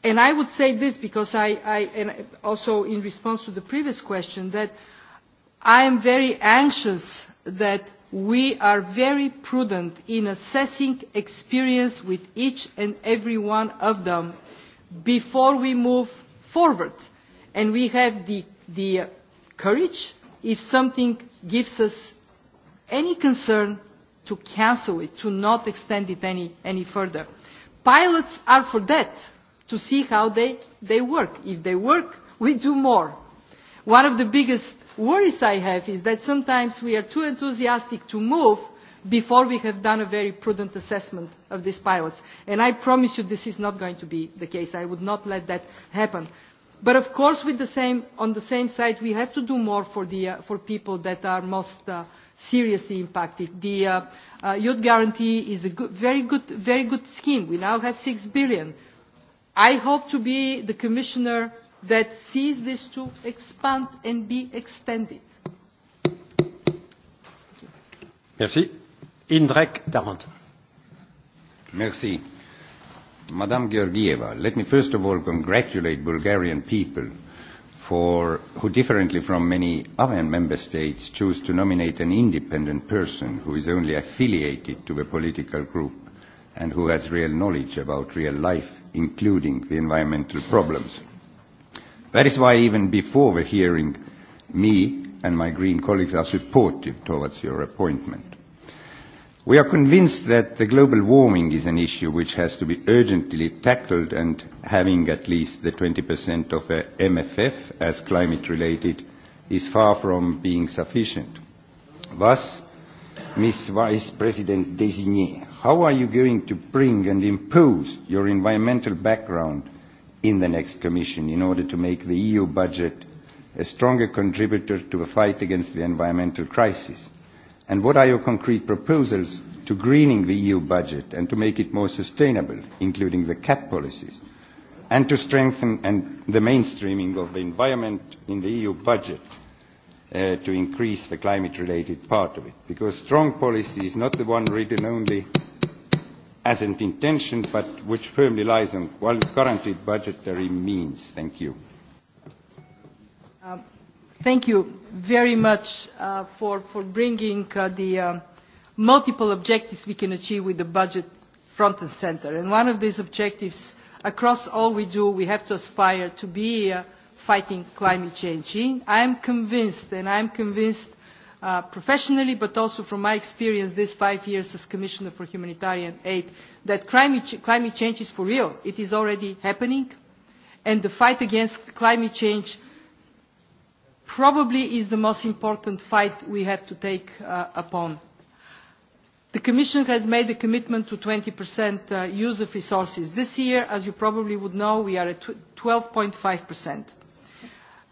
And I would say this because I, I and also in response to the previous question, that I am very anxious that we are very prudent in assessing experience with each and every one of them before we move forward. And we have the, the courage, if something gives us any concern, to cancel it, to not extend it any, any further. Pilots are for that, to see how they, they work. If they work, we do more. One of the biggest worries I have is that sometimes we are too enthusiastic to move before we have done a very prudent assessment of these pilots. And I promise you this is not going to be the case. I would not let that happen. But of course, with the same, on the same side, we have to do more for, the, uh, for people that are most uh, seriously impacted. The uh, uh, Youth Guarantee is a good, very, good, very good scheme. We now have six billion. I hope to be the commissioner that sees this to expand and be extended. Merci. Indrek Tarant. Merci. Madame Georgieva, let me first of all congratulate Bulgarian people for who differently from many other member states choose to nominate an independent person who is only affiliated to the political group and who has real knowledge about real life, including the environmental problems. That is why even before the hearing, me and my Green colleagues are supportive towards your appointment. We are convinced that the global warming is an issue which has to be urgently tackled and having at least the 20% of uh, MFF as climate related is far from being sufficient. Thus, Ms. Vice President Designée, how are you going to bring and impose your environmental background in the next Commission in order to make the EU budget a stronger contributor to the fight against the environmental crisis? And what are your concrete proposals to greening the EU budget and to make it more sustainable, including the cap policies, and to strengthen and the mainstreaming of the environment in the EU budget uh, to increase the climate-related part of it? Because strong policy is not the one written only as an intention, but which firmly lies on well, guaranteed budgetary means. Thank you. Uh, thank you very much uh, for, for bringing uh, the uh, multiple objectives we can achieve with the budget front and center. And one of these objectives, across all we do, we have to aspire to be uh, fighting climate change. I am convinced, and I am convinced uh, professionally, but also from my experience these five years as Commissioner for Humanitarian Aid, that climate, ch climate change is for real. It is already happening, and the fight against climate change probably is the most important fight we have to take uh, upon. The Commission has made a commitment to 20% uh, use of resources. This year, as you probably would know, we are at 12.5%.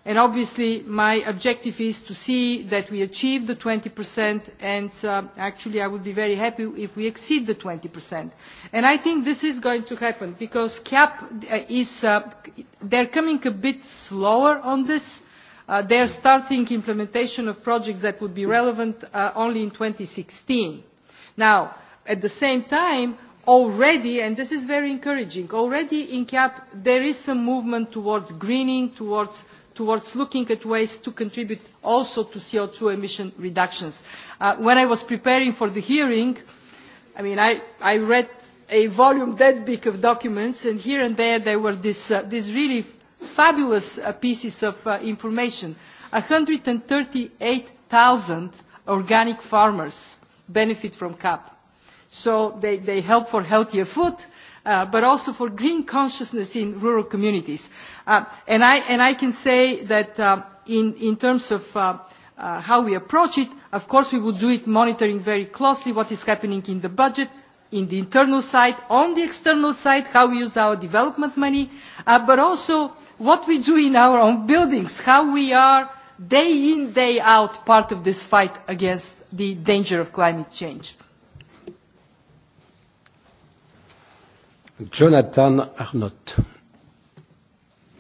And obviously my objective is to see that we achieve the 20% and uh, actually I would be very happy if we exceed the 20%. And I think this is going to happen because CAP uh, is, uh, they're coming a bit slower on this. Uh, they're starting implementation of projects that would be relevant uh, only in 2016. Now, at the same time, already, and this is very encouraging, already in CAP there is some movement towards greening, towards towards looking at ways to contribute also to CO2 emission reductions. Uh, when I was preparing for the hearing, I mean, I, I read a volume that big of documents, and here and there there were uh, these uh, this really fabulous uh, pieces of uh, information. 138,000 organic farmers benefit from CAP. So they, they help for healthier food, uh, but also for green consciousness in rural communities. Uh, and, I, and I can say that uh, in, in terms of uh, uh, how we approach it, of course we will do it monitoring very closely what is happening in the budget, in the internal side, on the external side, how we use our development money, uh, but also what we do in our own buildings, how we are day in, day out part of this fight against the danger of climate change. Jonathan Arnott.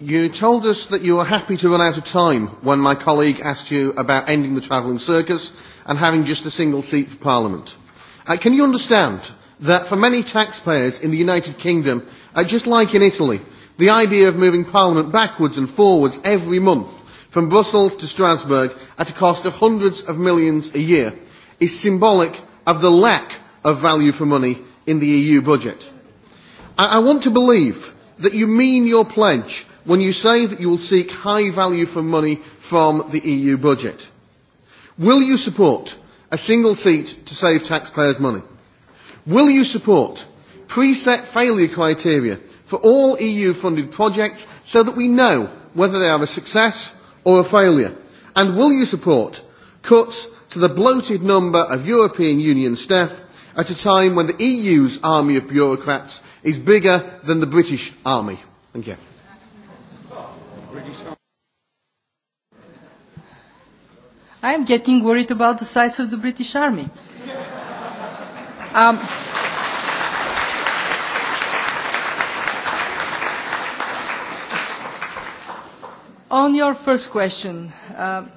You told us that you were happy to run out of time when my colleague asked you about ending the travelling circus and having just a single seat for Parliament. Uh, can you understand that for many taxpayers in the United Kingdom, uh, just like in Italy, the idea of moving Parliament backwards and forwards every month from Brussels to Strasbourg at a cost of hundreds of millions a year is symbolic of the lack of value for money in the EU budget? I, I want to believe that you mean your pledge when you say that you will seek high value for money from the EU budget. Will you support a single seat to save taxpayers' money? Will you support preset failure criteria for all EU-funded projects so that we know whether they are a success or a failure? And will you support cuts to the bloated number of European Union staff at a time when the EU's army of bureaucrats is bigger than the British Army. Thank you. I'm getting worried about the size of the British Army. Um, on your first question, uh,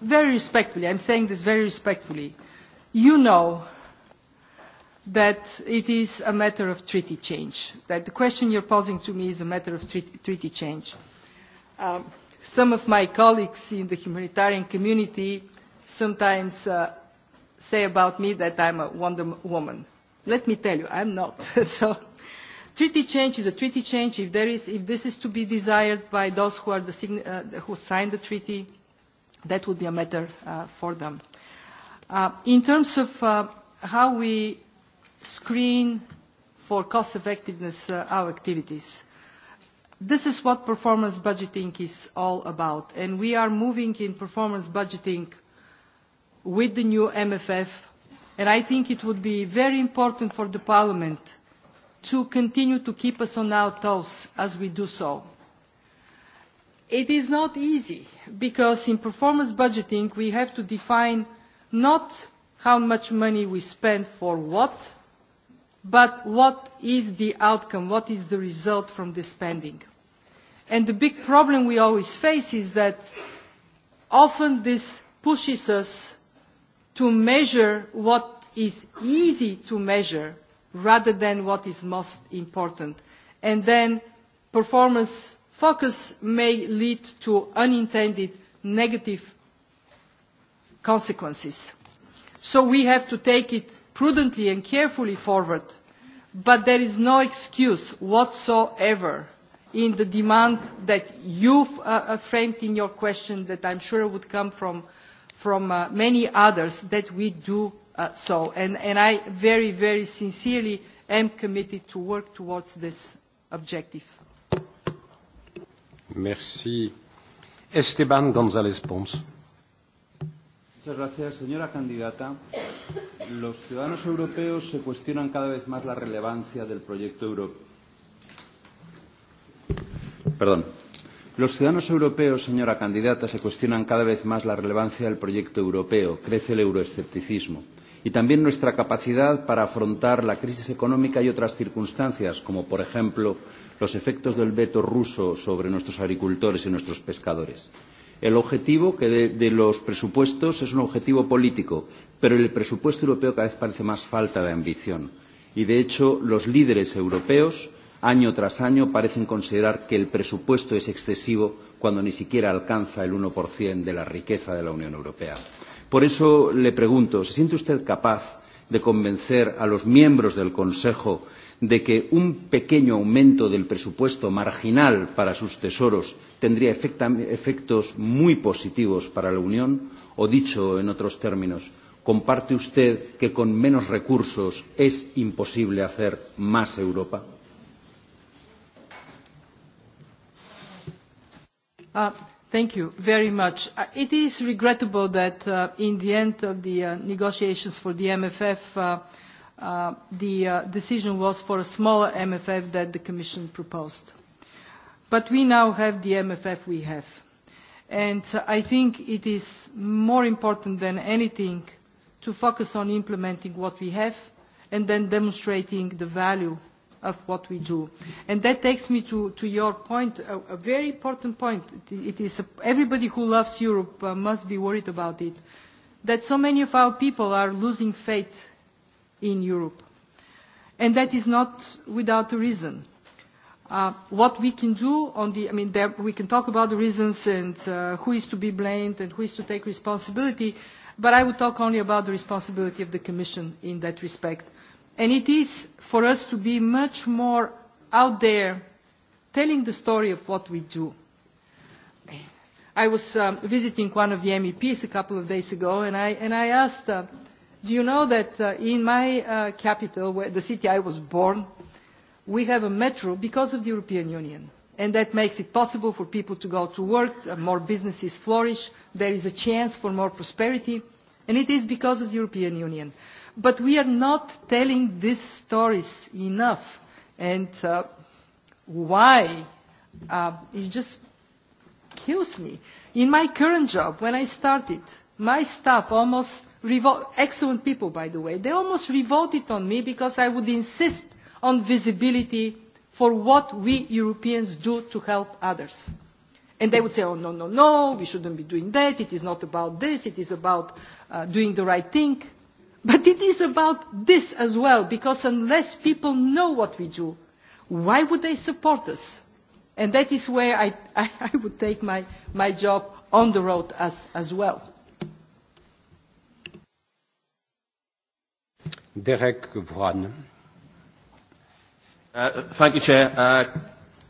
very respectfully, I'm saying this very respectfully, you know that it is a matter of treaty change, that the question you're posing to me is a matter of treaty, treaty change. Um, some of my colleagues in the humanitarian community sometimes uh, say about me that I'm a Wonder Woman. Let me tell you, I'm not. [laughs] so, treaty change is a treaty change. If, there is, if this is to be desired by those who, are the sign, uh, who signed the treaty, that would be a matter uh, for them. Uh, in terms of uh, how we screen for cost effectiveness uh, our activities. This is what performance budgeting is all about, and we are moving in performance budgeting with the new MFF, and I think it would be very important for the Parliament to continue to keep us on our toes as we do so. It is not easy, because in performance budgeting we have to define not how much money we spend for what, but what is the outcome, what is the result from this spending? And the big problem we always face is that often this pushes us to measure what is easy to measure rather than what is most important. And then performance focus may lead to unintended negative consequences. So we have to take it prudently and carefully forward, but there is no excuse whatsoever in the demand that you've uh, uh, framed in your question that I'm sure would come from, from uh, many others that we do uh, so. And, and I very, very sincerely am committed to work towards this objective. Merci. Esteban González Pons. Muchas gracias. Señora candidata, los ciudadanos europeos se cuestionan cada vez más la relevancia del proyecto europeo. Perdón. Los ciudadanos europeos, señora candidata, se cuestionan cada vez más la relevancia del proyecto europeo. Crece el euroescepticismo. Y también nuestra capacidad para afrontar la crisis económica y otras circunstancias, como por ejemplo los efectos del veto ruso sobre nuestros agricultores y nuestros pescadores. El objetivo que de, de los presupuestos es un objetivo político, pero el presupuesto europeo cada vez parece más falta de ambición. Y de hecho, los líderes europeos, año tras año, parecen considerar que el presupuesto es excesivo cuando ni siquiera alcanza el 1% de la riqueza de la Unión Europea. Por eso le pregunto, ¿se siente usted capaz de convencer a los miembros del Consejo de que un pequeño aumento del presupuesto marginal para sus tesoros tendría efectos muy positivos para la Unión? O dicho en otros términos, ¿comparte usted que con menos recursos es imposible hacer más Europa? Uh, Thank you very much. Uh, it is regrettable that uh, in the end of the uh, negotiations for the MFF, uh, uh, the uh, decision was for a smaller MFF that the Commission proposed. But we now have the MFF we have. And uh, I think it is more important than anything to focus on implementing what we have and then demonstrating the value of what we do. And that takes me to, to your point, a, a very important point. It, it is a, everybody who loves Europe uh, must be worried about it, that so many of our people are losing faith in Europe. And that is not without a reason. Uh, what we can do on the, I mean, there, we can talk about the reasons and uh, who is to be blamed and who is to take responsibility, but I would talk only about the responsibility of the Commission in that respect. And it is for us to be much more out there telling the story of what we do. I was um, visiting one of the MEPs a couple of days ago and I, and I asked uh, Do you know that uh, in my uh, capital, where the city I was born, we have a metro because of the European Union. And that makes it possible for people to go to work, uh, more businesses flourish, there is a chance for more prosperity, and it is because of the European Union. But we are not telling these stories enough. And uh, why? Uh, it just kills me. In my current job, when I started, my staff almost excellent people, by the way, they almost revolted on me because I would insist on visibility for what we Europeans do to help others. And they would say, oh, no, no, no, we shouldn't be doing that. It is not about this. It is about uh, doing the right thing. But it is about this as well, because unless people know what we do, why would they support us? And that is where I, I, [laughs] I would take my, my job on the road as, as well. Derek Vaughan. Uh, thank you, Chair. Uh,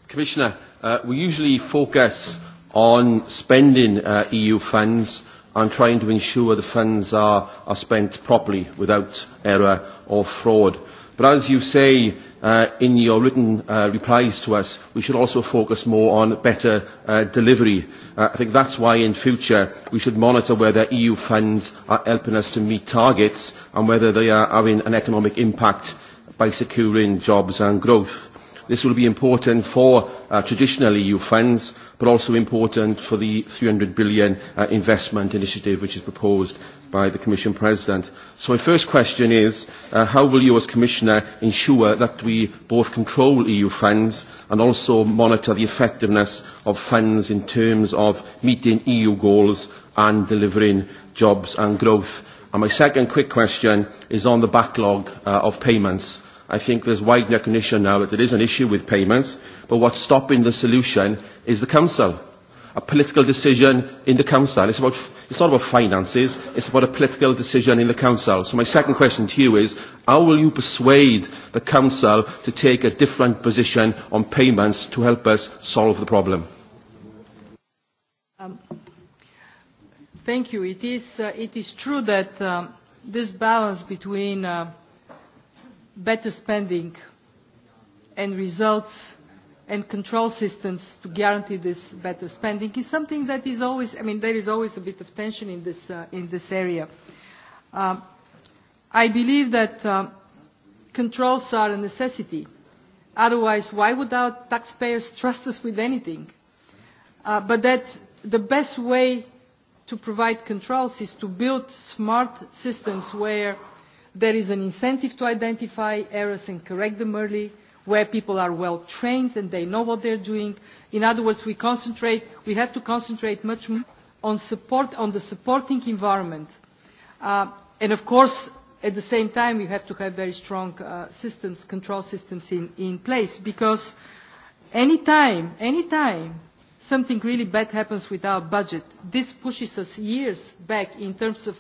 Commissioner, uh, we usually focus on spending uh, EU funds and trying to ensure the funds are, are spent properly without error or fraud. But as you say, uh, in your written uh, replies to us, we should also focus more on better uh, delivery. Uh, I think that's why in future we should monitor whether EU funds are helping us to meet targets and whether they are having an economic impact by securing jobs and growth. This will be important for uh, traditional EU funds, but also important for the 300 billion uh, investment initiative which is proposed by the Commission President. So my first question is, uh, how will you as Commissioner ensure that we both control EU funds and also monitor the effectiveness of funds in terms of meeting EU goals and delivering jobs and growth? And my second quick question is on the backlog uh, of payments. I think there's wide recognition now that there is an issue with payments, but what's stopping the solution is the Council. A political decision in the Council. It's, about, it's not about finances, it's about a political decision in the Council. So my second question to you is, how will you persuade the Council to take a different position on payments to help us solve the problem? Um, thank you. It is, uh, it is true that um, this balance between uh, better spending and results and control systems to guarantee this better spending is something that is always, I mean, there is always a bit of tension in this, uh, in this area. Uh, I believe that uh, controls are a necessity. Otherwise, why would our taxpayers trust us with anything? Uh, but that the best way to provide controls is to build smart systems where There is an incentive to identify errors and correct them early, where people are well trained and they know what they're doing. In other words, we, concentrate, we have to concentrate much more on, support, on the supporting environment. Uh, and of course, at the same time, we have to have very strong uh, systems, control systems in, in place, because any time, any time something really bad happens with our budget, this pushes us years back in terms of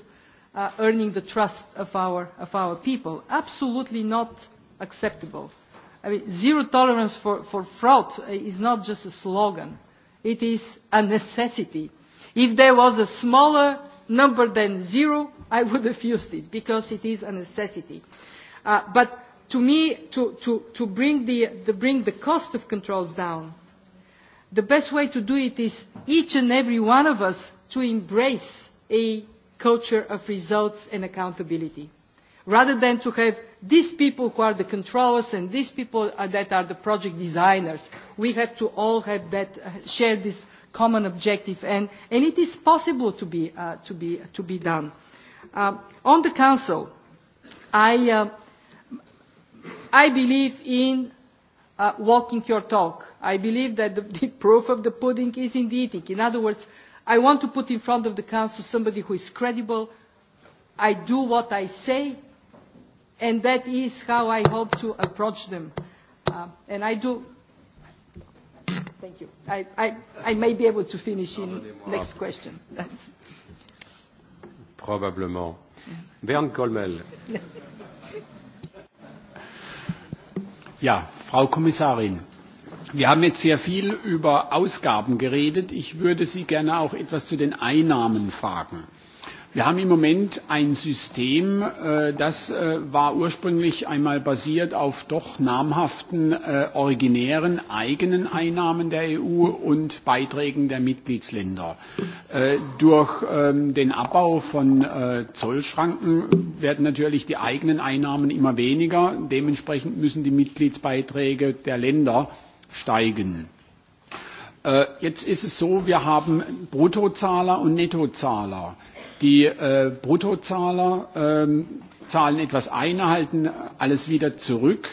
uh, earning the trust of our, of our people. Absolutely not acceptable. I mean, zero tolerance for, for fraud is not just a slogan. It is a necessity. If there was a smaller number than zero, I would have used it because it is a necessity. Uh, but to me, to, to, to, bring the, to bring the cost of controls down, the best way to do it is each and every one of us to embrace a culture of results and accountability. Rather than to have these people who are the controllers and these people are, that are the project designers, we have to all have that, uh, share this common objective and, and it is possible to be, uh, to be, to be done. Uh, on the Council, I, uh, I believe in uh, walking your talk. I believe that the, [laughs] the proof of the pudding is in the eating. In other words, I want to put in front of the Council somebody who is credible. I do what I say, and that is how I hope to approach them. Uh, and I do. Thank you. I, I, I may be able to finish in next question. That's Probablement. Bernd Kolmel. ja, Frau Kommissarin, Wir haben jetzt sehr viel über Ausgaben geredet. Ich würde Sie gerne auch etwas zu den Einnahmen fragen. Wir haben im Moment ein System, äh, das äh, war ursprünglich einmal basiert auf doch namhaften, äh, originären eigenen Einnahmen der EU und Beiträgen der Mitgliedsländer. Durch ähm, den Abbau von Zollschranken werden natürlich die eigenen Einnahmen immer weniger. Dementsprechend müssen die Mitgliedsbeiträge der Länder steigen. Äh, jetzt ist es so, wir haben Bruttozahler und Nettozahler. Die äh, Bruttozahler äh, zahlen etwas ein, erhalten alles wieder zurück.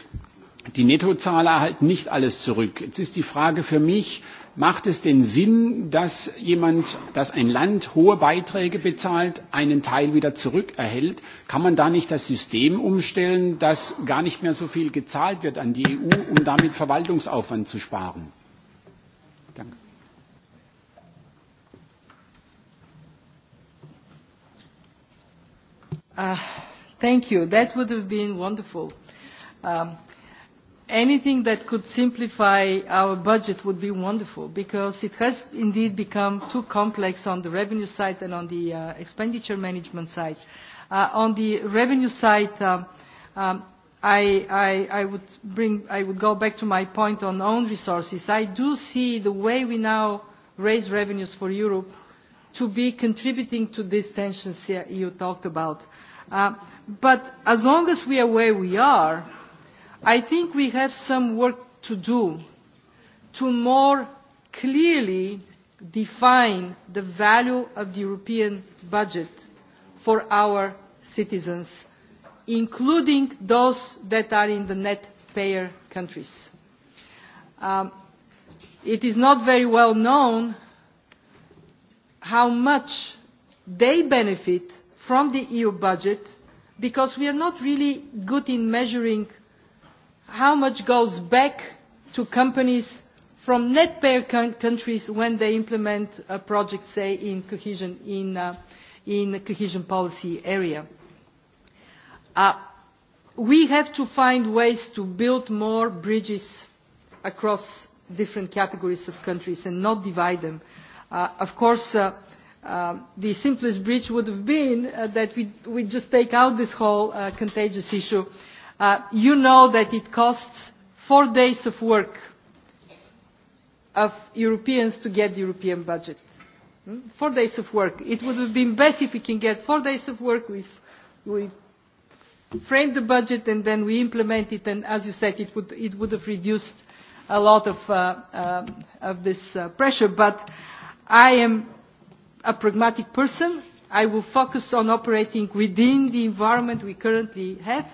Die Nettozahler erhalten nicht alles zurück. Jetzt ist die Frage für mich, macht es den Sinn, dass jemand, dass ein Land hohe Beiträge bezahlt, einen Teil wieder zurückerhält? Kann man da nicht das System umstellen, dass gar nicht mehr so viel gezahlt wird an die EU, um damit Verwaltungsaufwand zu sparen? Danke. Uh, thank you. That would have been wonderful. Um, anything that could simplify our budget would be wonderful because it has indeed become too complex on the revenue side and on the uh, expenditure management side. Uh, on the revenue side, um, um, I, I, I, would bring, I would go back to my point on own resources. I do see the way we now raise revenues for Europe to be contributing to these tensions you talked about. Uh, but as long as we are where we are, I think we have some work to do to more clearly define the value of the European budget for our citizens, including those that are in the net payer countries. Um, it is not very well known how much they benefit from the EU budget because we are not really good in measuring how much goes back to companies from net payer countries when they implement a project, say, in cohesion, in, uh, in the cohesion policy area. Uh, we have to find ways to build more bridges across different categories of countries and not divide them. Uh, of course, uh, uh, the simplest bridge would have been uh, that we, we just take out this whole uh, contagious issue Uh, you know that it costs four days of work of Europeans to get the European budget. Hmm? Four days of work. It would have been best if we can get four days of work. if we frame the budget and then we implement it. And as you said, it would, it would have reduced a lot of, uh, um, of this uh, pressure. But I am a pragmatic person. I will focus on operating within the environment we currently have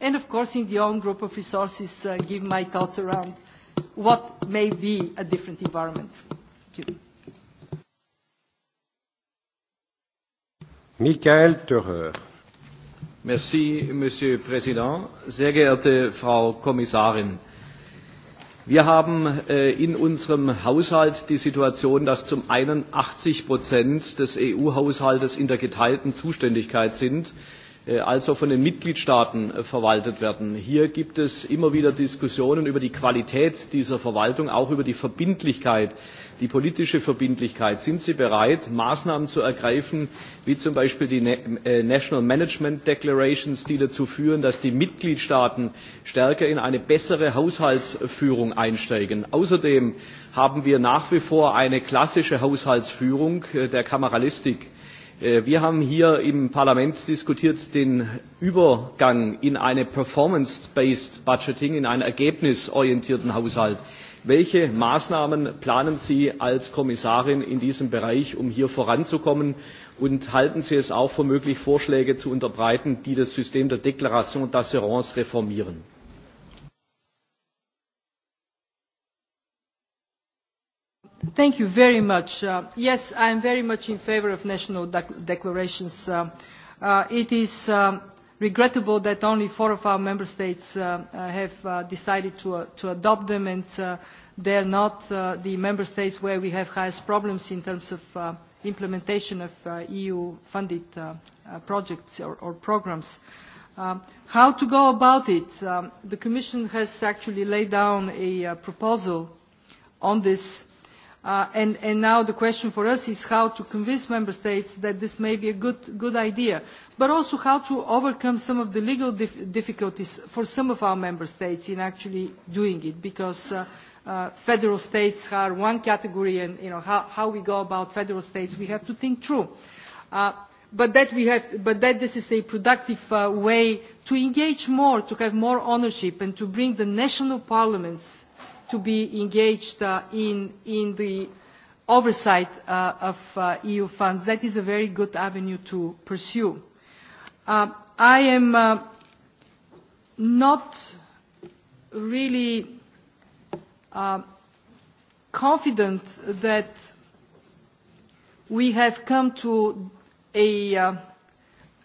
and of course in the own group of resources uh, give my thoughts around what may be a different environment. Thank you. Michael Thurer. Merci, Monsieur Präsident. Sehr geehrte Frau Kommissarin, wir haben äh, in unserem Haushalt die Situation, dass zum einen 80 Prozent des EU-Haushaltes in der geteilten Zuständigkeit sind. Äh, als auch von den Mitgliedstaaten äh, verwaltet werden. Hier gibt es immer wieder Diskussionen über die Qualität dieser Verwaltung, auch über die Verbindlichkeit, die politische Verbindlichkeit. Sind Sie bereit, Maßnahmen zu ergreifen, wie zum Beispiel die äh, National Management Declarations, die dazu führen, dass die Mitgliedstaaten stärker in eine bessere Haushaltsführung einsteigen? Außerdem haben wir nach wie vor eine klassische Haushaltsführung der Kameralistik Äh, wir haben hier im Parlament diskutiert den Übergang in eine Performance-Based Budgeting, in einen ergebnisorientierten Haushalt. Welche Maßnahmen planen Sie als Kommissarin in diesem Bereich, um hier voranzukommen? Und halten Sie es auch für möglich, Vorschläge zu unterbreiten, die das System der Deklaration d'Assurance reformieren? Thank you very much. Uh, yes, I am very much in favor of national dec declarations. Uh, uh, it is um, regrettable that only four of our member states uh, uh, have uh, decided to, uh, to adopt them and uh, they are not uh, the member states where we have highest problems in terms of uh, implementation of uh, EU-funded uh, uh, projects or, or programs. Uh, how to go about it? Um, the Commission has actually laid down a uh, proposal on this Uh, and, and now the question for us is how to convince member states that this may be a good, good idea, but also how to overcome some of the legal dif difficulties for some of our member states in actually doing it, because uh, uh, federal states are one category, and you know, how, how we go about federal states, we have to think through. Uh, but that, we have, but that this is a productive uh, way to engage more, to have more ownership, and to bring the national parliaments to be engaged uh, in, in the oversight uh, of uh, EU funds. That is a very good avenue to pursue. Uh, I am uh, not really uh, confident that we have come to a uh,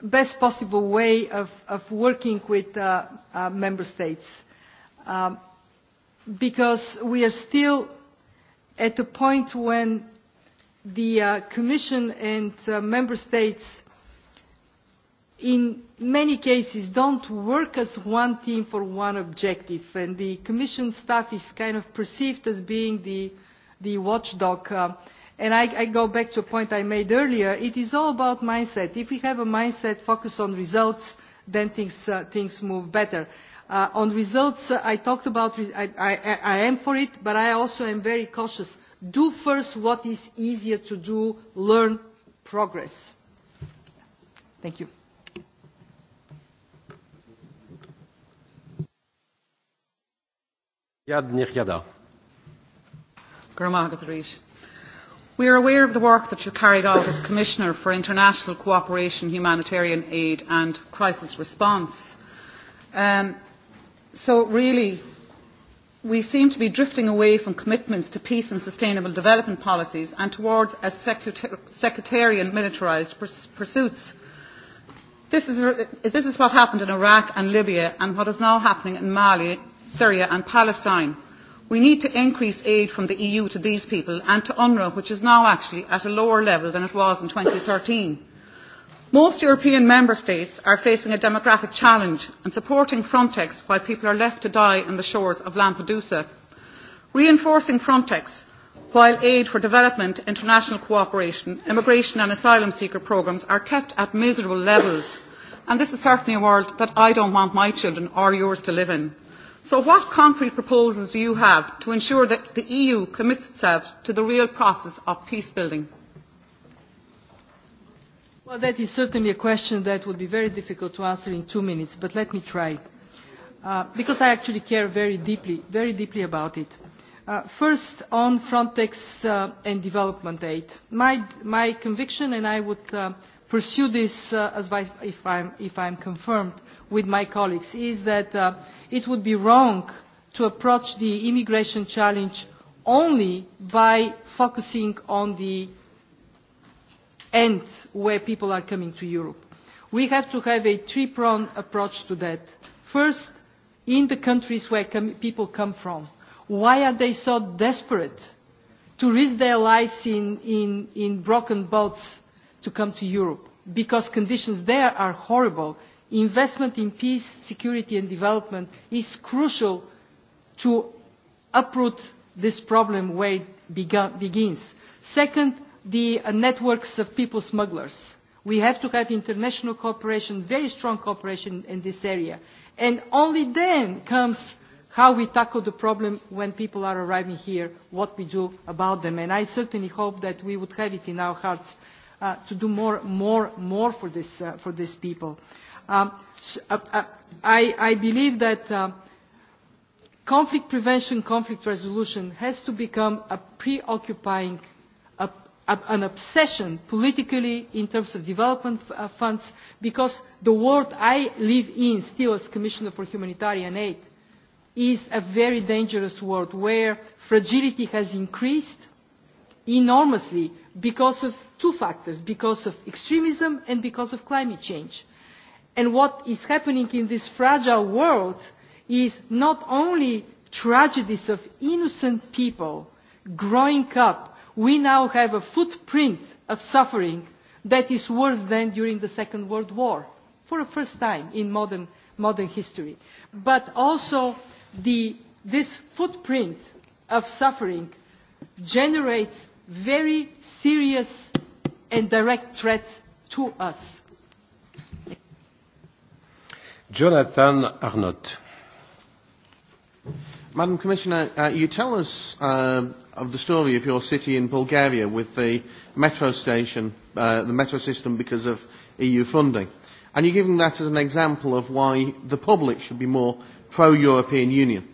best possible way of, of working with uh, uh, member states. Um, because we are still at the point when the uh, Commission and uh, Member States in many cases don't work as one team for one objective and the Commission staff is kind of perceived as being the, the watchdog. Uh, and I, I go back to a point I made earlier, it is all about mindset. If we have a mindset focused on results, then things, uh, things move better. Uh, on results, uh, I talked about, I, I, I am for it, but I also am very cautious. Do first what is easier to do, learn progress. Thank you. We are aware of the work that you carried out as Commissioner for International Cooperation, Humanitarian Aid and Crisis Response. Um, So really, we seem to be drifting away from commitments to peace and sustainable development policies and towards a sectarian militarised purs pursuits. This is, this is what happened in Iraq and Libya and what is now happening in Mali, Syria and Palestine. We need to increase aid from the EU to these people and to UNRWA, which is now actually at a lower level than it was in 2013. Most European member states are facing a demographic challenge and supporting Frontex while people are left to die on the shores of Lampedusa. Reinforcing Frontex while aid for development, international cooperation, immigration and asylum seeker programmes are kept at miserable levels. And this is certainly a world that I don't want my children or yours to live in. So what concrete proposals do you have to ensure that the EU commits itself to the real process of peace building? Well, that is certainly a question that would be very difficult to answer in two minutes, but let me try. Uh, because I actually care very deeply, very deeply about it. Uh, first, on Frontex uh, and development aid. My, my conviction, and I would uh, pursue this uh, as vice, if, I'm, if I'm confirmed with my colleagues, is that uh, it would be wrong to approach the immigration challenge only by focusing on the and where people are coming to Europe. We have to have a three-pronged approach to that. First, in the countries where com people come from, why are they so desperate to risk their lives in, in, in broken boats to come to Europe? Because conditions there are horrible. Investment in peace, security and development is crucial to uproot this problem where it begins. Second, the uh, networks of people smugglers. We have to have international cooperation, very strong cooperation in this area. And only then comes how we tackle the problem when people are arriving here, what we do about them. And I certainly hope that we would have it in our hearts uh, to do more, more, more for, this, uh, for these people. Um, so, uh, uh, I, I believe that uh, conflict prevention, conflict resolution has to become a preoccupying an obsession politically in terms of development uh, funds because the world I live in still as Commissioner for Humanitarian Aid is a very dangerous world where fragility has increased enormously because of two factors, because of extremism and because of climate change. And what is happening in this fragile world is not only tragedies of innocent people growing up we now have a footprint of suffering that is worse than during the Second World War, for the first time in modern, modern history. But also the, this footprint of suffering generates very serious and direct threats to us. Jonathan Arnott. Madam Commissioner, uh, you tell us uh, of the story of your city in Bulgaria with the metro station, uh, the metro system because of EU funding. And you're giving that as an example of why the public should be more pro-European Union.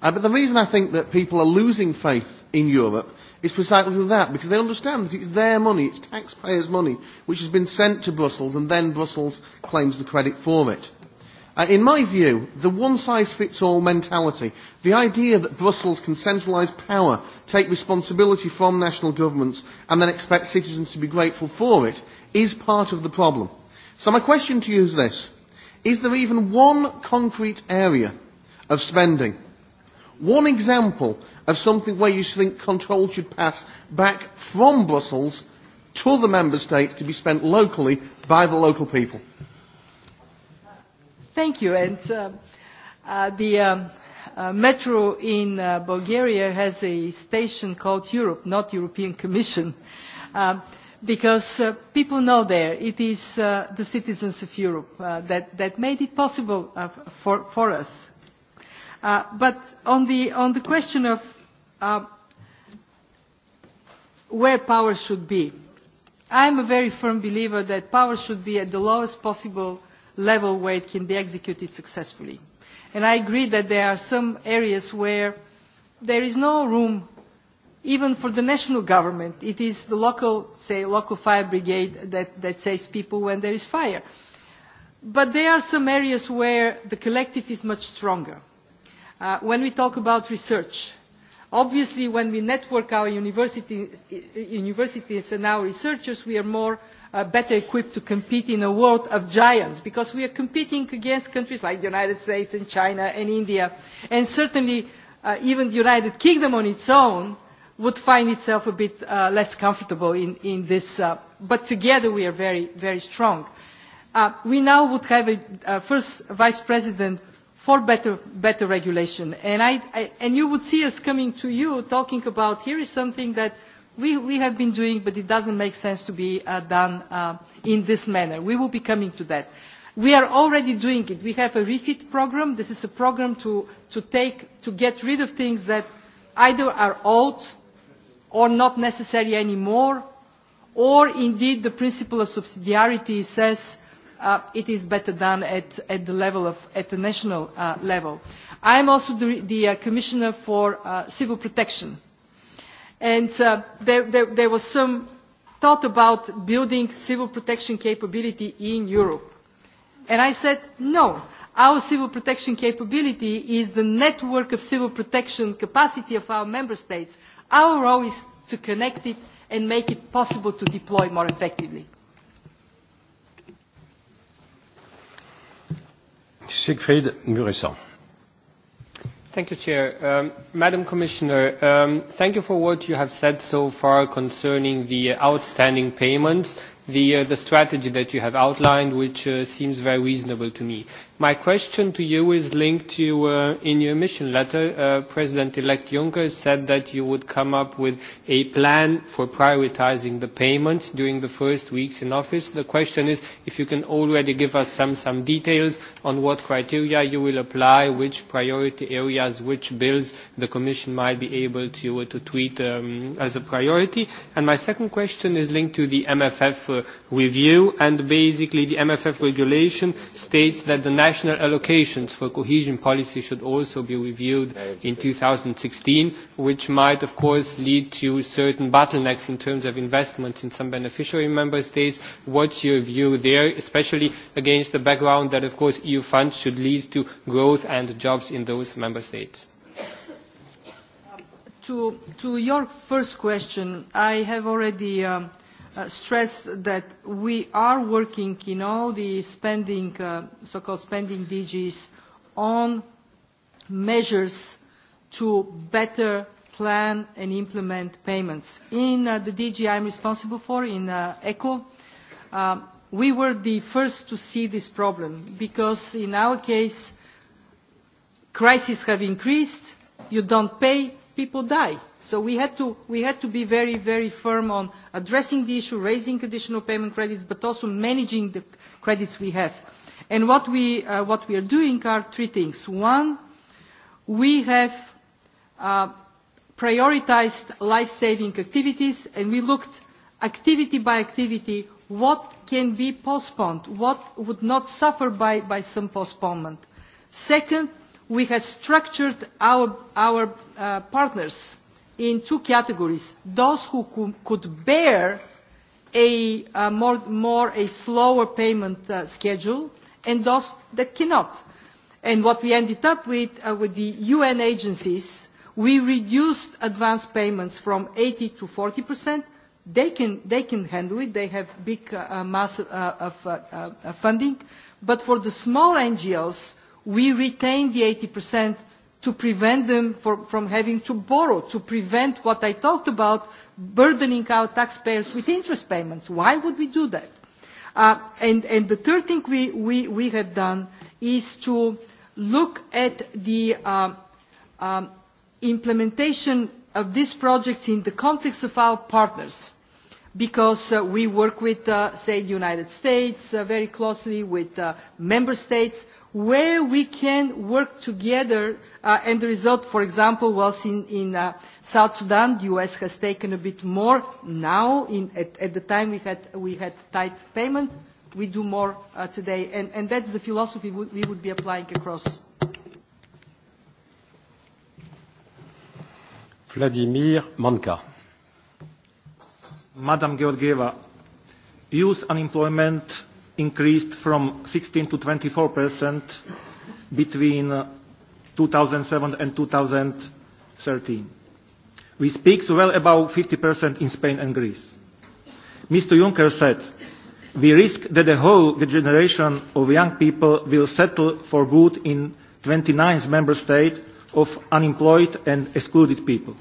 Uh, but the reason I think that people are losing faith in Europe is precisely that, because they understand that it's their money, it's taxpayers' money, which has been sent to Brussels, and then Brussels claims the credit for it. Uh, in my view, the one-size-fits-all mentality, the idea that Brussels can centralise power, take responsibility from national governments, and then expect citizens to be grateful for it, is part of the problem. So my question to you is this. Is there even one concrete area of spending, one example of something where you think control should pass back from Brussels to the Member States to be spent locally by the local people? Thank you. And uh, uh, the um, uh, metro in uh, Bulgaria has a station called Europe, not European Commission, uh, [laughs] because uh, people know there it is uh, the citizens of Europe uh, that, that made it possible uh, for, for us. Uh, but on the, on the question of uh, where power should be, I am a very firm believer that power should be at the lowest possible level level where it can be executed successfully. And I agree that there are some areas where there is no room even for the national government. It is the local, say, local fire brigade that, that saves people when there is fire. But there are some areas where the collective is much stronger. Uh, when we talk about research, Obviously, when we network our universities, universities and our researchers, we are more, uh, better equipped to compete in a world of giants because we are competing against countries like the United States and China and India. And certainly, uh, even the United Kingdom on its own would find itself a bit uh, less comfortable in, in this. Uh, but together we are very, very strong. Uh, we now would have a uh, first vice president for better, better regulation. And, I, I, and you would see us coming to you talking about here is something that we, we have been doing, but it doesn't make sense to be uh, done uh, in this manner. We will be coming to that. We are already doing it. We have a refit program. This is a program to, to, take, to get rid of things that either are old or not necessary anymore, or indeed the principle of subsidiarity says uh, it is better done at, at the level of, at the national uh, level. I am also the, the uh, Commissioner for uh, Civil Protection. And uh, there, there, there was some thought about building civil protection capability in Europe. And I said, no, our civil protection capability is the network of civil protection capacity of our member states. Our role is to connect it and make it possible to deploy more effectively. Siegfried Murisson. Thank you, Chair. Um, Madam Commissioner, um, thank you for what you have said so far concerning the outstanding payments, the, uh, the strategy that you have outlined, which uh, seems very reasonable to me. My question to you is linked to, uh, in your mission letter, uh, President-elect Juncker said that you would come up with a plan for prioritizing the payments during the first weeks in office. The question is if you can already give us some, some details on what criteria you will apply, which priority areas, which bills the Commission might be able to, uh, to tweet um, as a priority. And my second question is linked to the MFF uh, review, and basically the MFF regulation states that the national national allocations for cohesion policy should also be reviewed in 2016, which might, of course, lead to certain bottlenecks in terms of investments in some beneficiary member states. What's your view there, especially against the background that, of course, EU funds should lead to growth and jobs in those member states? Um, to, to your first question, I have already um, uh, stress that we are working in all the spending, uh, so-called spending DGs on measures to better plan and implement payments. In uh, the DG I'm responsible for, in uh, ECHO, uh, we were the first to see this problem because in our case, crises have increased, you don't pay, people die. So we had, to, we had to be very, very firm on addressing the issue, raising additional payment credits, but also managing the credits we have. And what we, uh, what we are doing are three things. One, we have uh, prioritized life-saving activities, and we looked activity by activity what can be postponed, what would not suffer by, by some postponement. Second, we have structured our, our uh, partners in two categories. Those who could bear a, a uh, more, more a slower payment uh, schedule and those that cannot. And what we ended up with, uh, with the UN agencies, we reduced advance payments from 80 to 40 percent. They can, they can handle it. They have big uh, uh mass uh, of uh, uh, funding. But for the small NGOs, we retain the 80 percent to prevent them for, from having to borrow, to prevent what I talked about, burdening our taxpayers with interest payments. Why would we do that? Uh, and, and the third thing we, we, we have done is to look at the uh, um, implementation of these projects in the context of our partners because uh, we work with, uh, say, the United States uh, very closely, with uh, member states, where we can work together. Uh, and the result, for example, was in, in uh, South Sudan, the U.S. has taken a bit more now. In, at, at the time we had, we had tight payment, we do more uh, today. And, and that's the philosophy we would be applying across. Vladimir Manka. Madam Georgieva, youth unemployment increased from 16 to 24 percent between 2007 uh, and 2013. We speak well about 50 percent in Spain and Greece. Mr. Juncker said, we risk that the whole generation of young people will settle for good in 29 member states of unemployed and excluded people.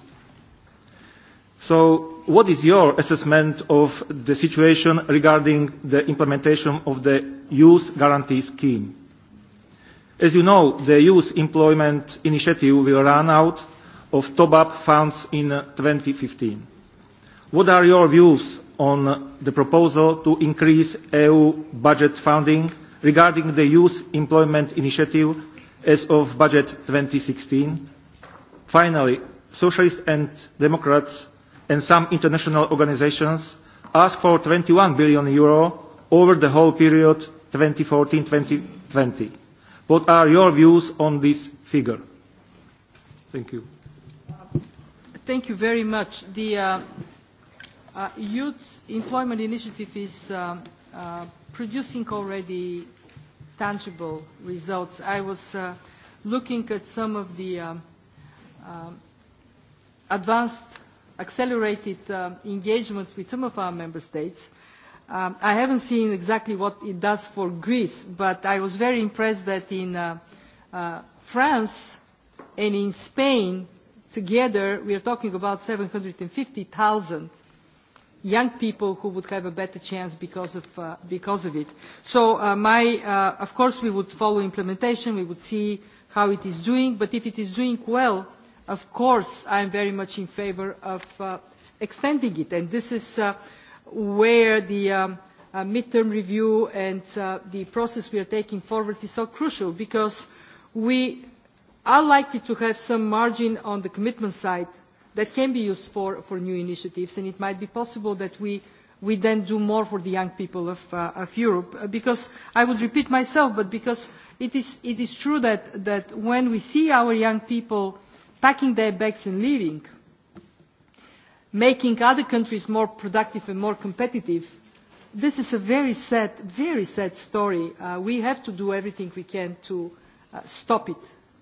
So what is your assessment of the situation regarding the implementation of the Youth Guarantee Scheme? As you know, the Youth Employment Initiative will run out of top-up funds in 2015. Uh, what are your views on the proposal to increase EU budget funding regarding the Youth Employment Initiative as of budget 2016? Finally, Socialists and Democrats and some international organizations ask for 21 billion euro over the whole period 2014-2020. What are your views on this figure? Thank you. Thank you very much. The uh, uh, Youth Employment Initiative is uh, uh, producing already tangible results. I was uh, looking at some of the uh, uh, advanced accelerated uh, engagements with some of our member states. Um, I haven't seen exactly what it does for Greece, but I was very impressed that in uh, uh, France and in Spain, together, we are talking about 750,000 young people who would have a better chance because of, uh, because of it. So uh, my, uh, of course we would follow implementation, we would see how it is doing, but if it is doing well, of course I am very much in favor of uh, extending it. And this is uh, where the um, uh, midterm review and uh, the process we are taking forward is so crucial because we are likely to have some margin on the commitment side that can be used for, for new initiatives and it might be possible that we, we then do more for the young people of, uh, of Europe uh, because I would repeat myself but because it is, it is true that, that when we see our young people packing their bags and leaving, making other countries more productive and more competitive, this is a very sad, very sad story. Uh, we have to do everything we can to uh, stop it,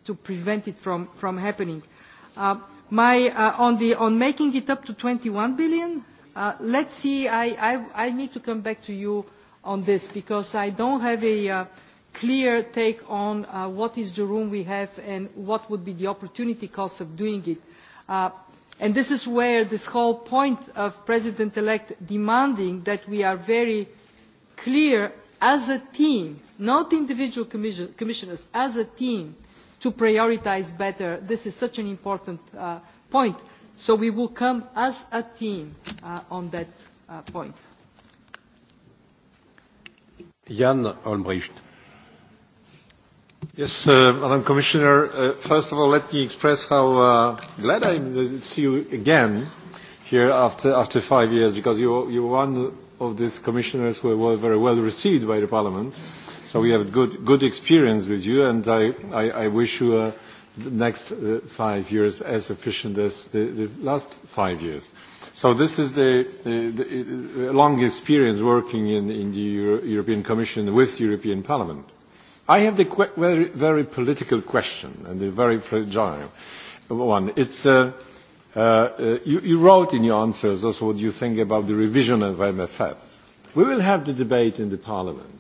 to prevent it from, from happening. Uh, my, uh, on, the, on making it up to 21 billion, uh, let's see, I, I, I need to come back to you on this because I don't have a, uh, clear take on uh, what is the room we have and what would be the opportunity cost of doing it. Uh, and this is where this whole point of President-elect demanding that we are very clear as a team, not individual commission, commissioners, as a team to prioritize better. This is such an important uh, point. So we will come as a team uh, on that uh, point. Jan Olmbricht. Yes, uh, Madam Commissioner, uh, first of all, let me express how uh, glad I am to see you again here after, after five years, because you, you're one of these commissioners who were very well received by the Parliament. So we have good, good experience with you, and I, I, I wish you uh, the next uh, five years as efficient as the, the last five years. So this is the, the, the long experience working in, in the Euro European Commission with the European Parliament. I have the qu very, very political question and a very fragile one. It's, uh, uh, uh, you, you wrote in your answers also what you think about the revision of MFF. We will have the debate in the Parliament.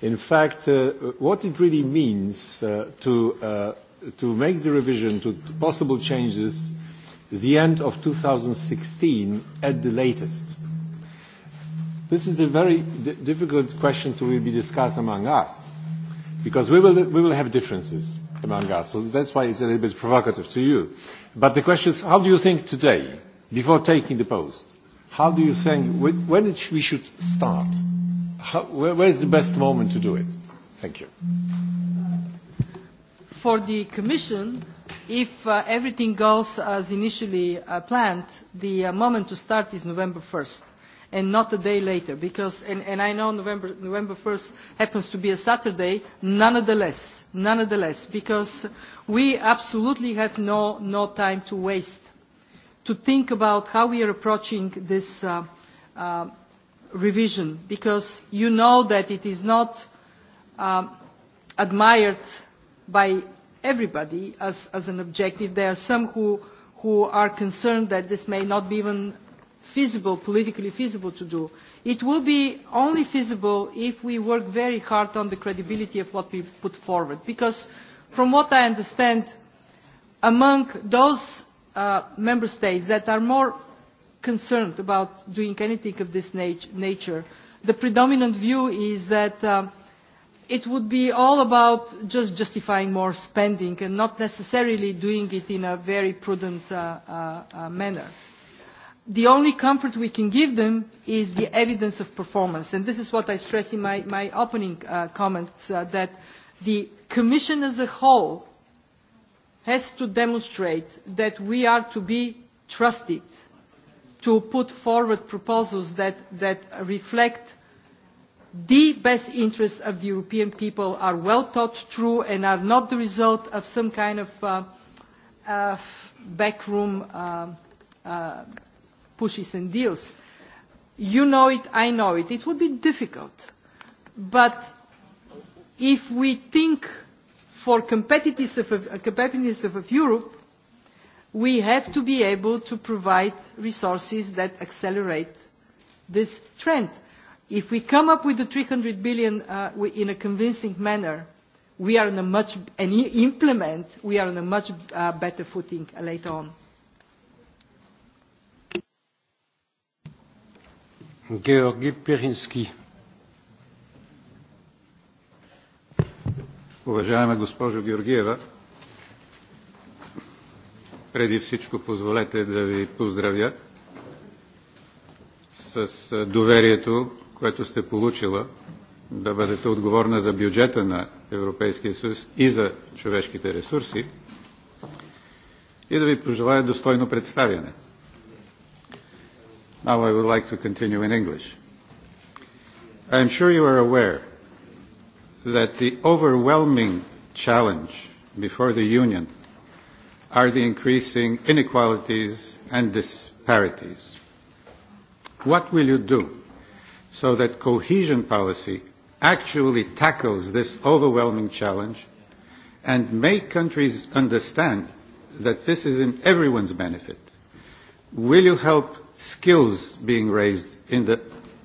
In fact, uh, what it really means uh, to, uh, to make the revision to possible changes the end of 2016 at the latest. This is a very difficult question to be discussed among us Because we will, we will have differences among us. So that's why it's a little bit provocative to you. But the question is, how do you think today, before taking the post, how do you think, when it sh we should start? How, where, where is the best moment to do it? Thank you. For the Commission, if uh, everything goes as initially uh, planned, the uh, moment to start is November 1st and not a day later because and, and I know November, November 1st happens to be a Saturday nonetheless nonetheless because we absolutely have no, no time to waste to think about how we are approaching this uh, uh, revision because you know that it is not um, admired by everybody as, as an objective. There are some who, who are concerned that this may not be even feasible, politically feasible to do. It will be only feasible if we work very hard on the credibility of what we put forward. Because from what I understand, among those uh, member states that are more concerned about doing anything of this nat nature, the predominant view is that uh, it would be all about just justifying more spending and not necessarily doing it in a very prudent uh, uh, uh manner the only comfort we can give them is the evidence of performance. And this is what I stress in my, my opening uh, comments, uh, that the Commission as a whole has to demonstrate that we are to be trusted to put forward proposals that, that reflect the best interests of the European people, are well thought through and are not the result of some kind of uh, uh, backroom uh, uh, pushes and deals. You know it, I know it. It would be difficult. But if we think for competitiveness of, uh, competitiveness of, of Europe, we have to be able to provide resources that accelerate this trend. If we come up with the 300 billion uh, in a convincing manner, we are in a much, and implement, we are on a much uh, better footing later on. Georgi Pirinski. Уважаема госпожо Георгиева, преди всичко позволете да ви поздравя с доверието, което сте получила да бъдете отговорна за бюджета на Европейския съюз и за човешките ресурси и да ви пожелая достойно представяне. Now I would like to continue in English. I am sure you are aware that the overwhelming challenge before the Union are the increasing inequalities and disparities. What will you do so that cohesion policy actually tackles this overwhelming challenge and make countries understand that this is in everyone's benefit? Will you help skills being raised in the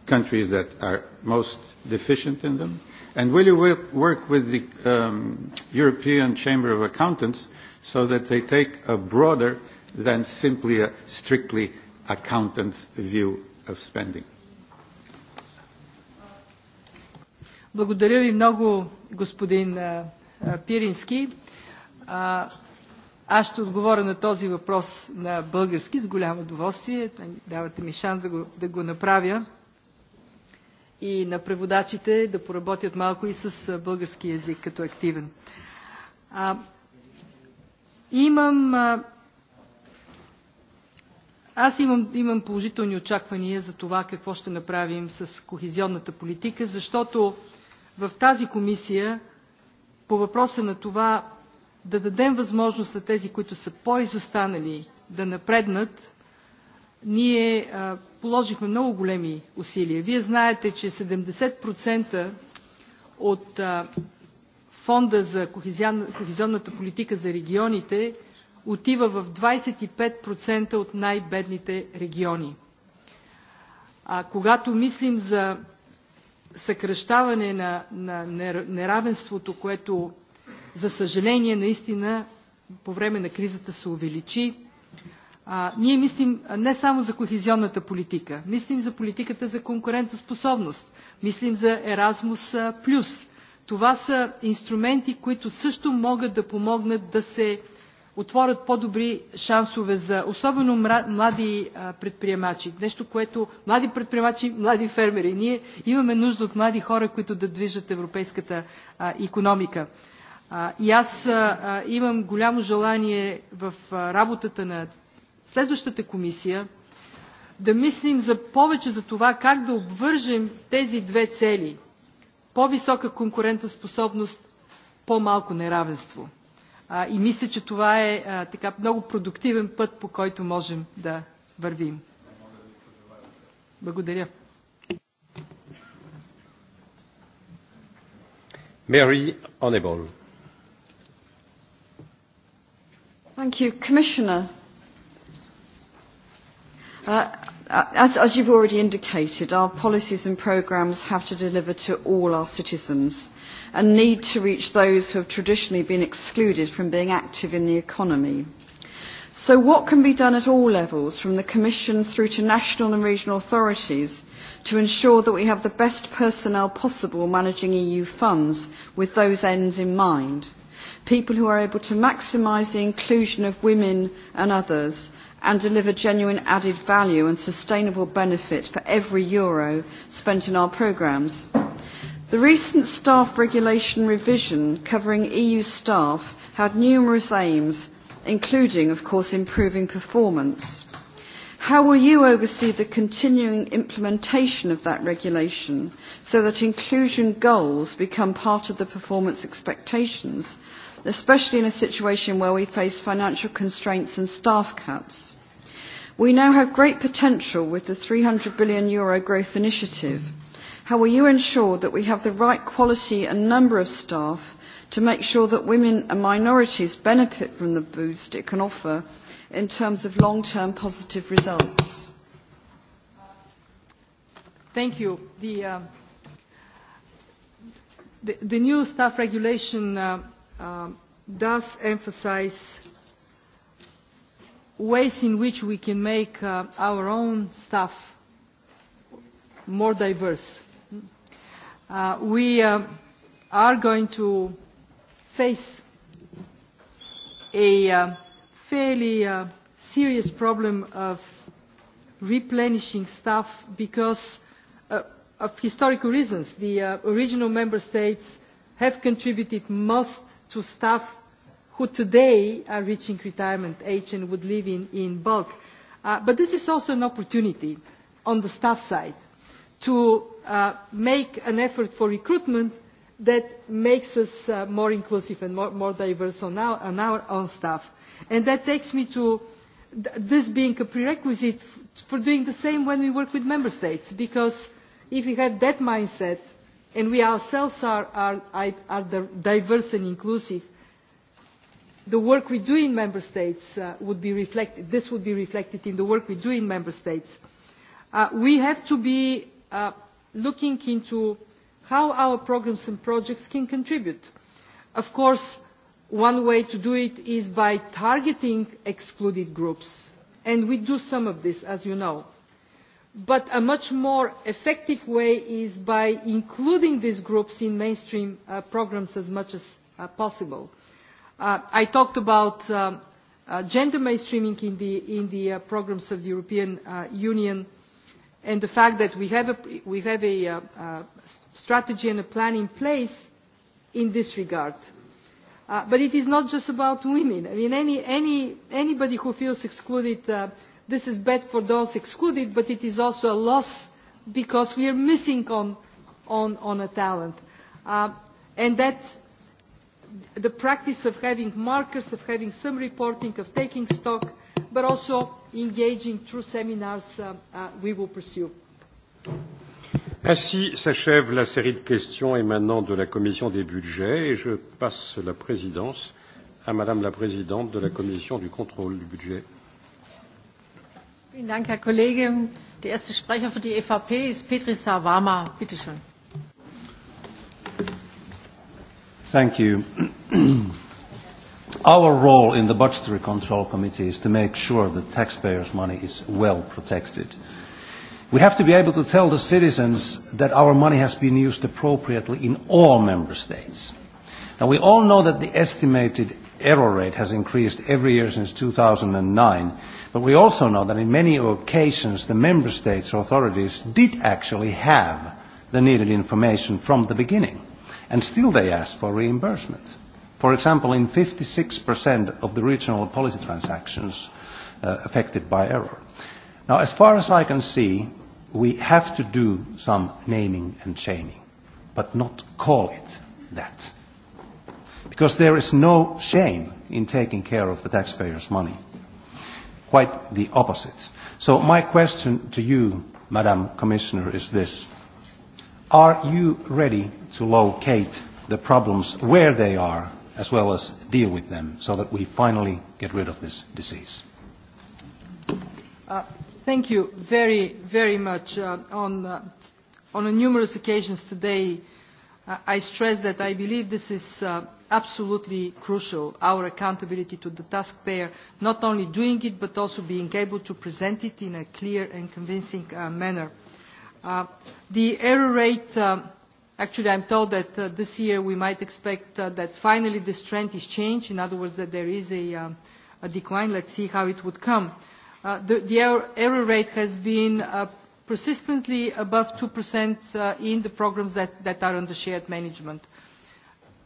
countries that are most deficient in them? And will you work, with the um, European Chamber of Accountants so that they take a broader than simply a strictly accountant's view of spending? Благодаря ви много, господин Пирински. Аз ще отговоря на този въпрос на български с голямо удоволствие. Давате ми шанс да го, да го направя. И на преводачите да поработят малко и с български язик като активен. А, имам. аз имам, имам положителни очаквания за това какво ще направим с кохезионната политика, защото в тази комисия по въпроса на това да дадем възможност на тези, които са по-изостанали, да напреднат, ние а, положихме много големи усилия. Вие знаете, че 70% от а, фонда за кохезионната политика за регионите отива в 25% от най-бедните региони. А когато мислим за съкръщаване на, на неравенството, което за съжаление, наистина по време на кризата се увеличи. А, ние мислим не само за кохезионната политика, мислим за политиката за конкурентоспособност, мислим за Erasmus+. Това са инструменти, които също могат да помогнат да се отворят по-добри шансове за особено млади предприемачи. Нещо, което млади предприемачи, млади фермери. Ние имаме нужда от млади хора, които да движат европейската економика. И аз имам голямо желание в работата на следващата комисия да мислим за повече за това как да обвържем тези две цели – по-висока конкурентоспособност, по-малко неравенство. И мисля, че това е така много продуктивен път, по който можем да вървим. Благодаря. Mary Honeyball. Thank you. Commissioner, uh, uh, as, as you've already indicated, our policies and programmes have to deliver to all our citizens and need to reach those who have traditionally been excluded from being active in the economy. So what can be done at all levels, from the Commission through to national and regional authorities, to ensure that we have the best personnel possible managing EU funds with those ends in mind? people who are able to maximise the inclusion of women and others and deliver genuine added value and sustainable benefit for every euro spent in our programmes. The recent staff regulation revision covering EU staff had numerous aims, including, of course, improving performance. How will you oversee the continuing implementation of that regulation so that inclusion goals become part of the performance expectations especially in a situation where we face financial constraints and staff cuts. We now have great potential with the 300 billion euro growth initiative. How will you ensure that we have the right quality and number of staff to make sure that women and minorities benefit from the boost it can offer in terms of long-term positive results? Thank you. The, uh, the, the new staff regulation uh, um, does emphasize ways in which we can make uh, our own staff more diverse. Uh, we uh, are going to face a uh, fairly uh, serious problem of replenishing staff because uh, of historical reasons. The uh, original member states have contributed most to staff who today are reaching retirement age and would live in, in bulk. Uh, but this is also an opportunity on the staff side to uh, make an effort for recruitment that makes us uh, more inclusive and more, more diverse on our, on our own staff. And that takes me to th this being a prerequisite for doing the same when we work with member states, because if we have that mindset, and we ourselves are, are, are diverse and inclusive, the work we do in member states uh, would be reflected, this would be reflected in the work we do in member states. Uh, we have to be uh, looking into how our programs and projects can contribute. Of course, one way to do it is by targeting excluded groups, and we do some of this, as you know but a much more effective way is by including these groups in mainstream uh, programs as much as uh, possible. Uh, I talked about um, uh, gender mainstreaming in the, in the uh, programs of the European uh, Union and the fact that we have a, we have a uh, uh, strategy and a plan in place in this regard. Uh, but it is not just about women. I mean, any, any, anybody who feels excluded uh, This is bad for those excluded, but it is also a loss because we are missing on, on, on a talent. Uh, and that the practice of having markers, of having some reporting, of taking stock, but also engaging through seminars uh, uh, we will pursue. Ainsi s'achève la série de questions émanant de la Commission des budgets et je passe la présidence à Madame la Présidente de la Commission du contrôle du budget. Vielen Dank, Herr Kollege. Der erste Sprecher für die EVP ist Petri Savama. Bitte schön. Thank you. [clears throat] Our role in the Budgetary Control Committee is to make sure that taxpayers' money is well protected. We have to be able to tell the citizens that our money has been used appropriately in all member states. Now we all know that the estimated error rate has increased every year since 2009 But we also know that in many occasions the member states' authorities did actually have the needed information from the beginning, and still they asked for reimbursement. For example, in 56% of the regional policy transactions uh, affected by error. Now, as far as I can see, we have to do some naming and shaming, but not call it that. Because there is no shame in taking care of the taxpayers' money quite the opposite. So my question to you, Madam Commissioner, is this. Are you ready to locate the problems where they are as well as deal with them so that we finally get rid of this disease? Uh, thank you very, very much. Uh, on, uh, on numerous occasions today, uh, I stress that I believe this is uh, absolutely crucial, our accountability to the taxpayer, not only doing it but also being able to present it in a clear and convincing uh, manner. Uh, the error rate, uh, actually I'm told that uh, this year we might expect uh, that finally this trend is changed, in other words that there is a, um, a decline, let's see how it would come. Uh, the, the error, error rate has been uh, persistently above 2% uh, in the programs that, that are under shared management. Uh,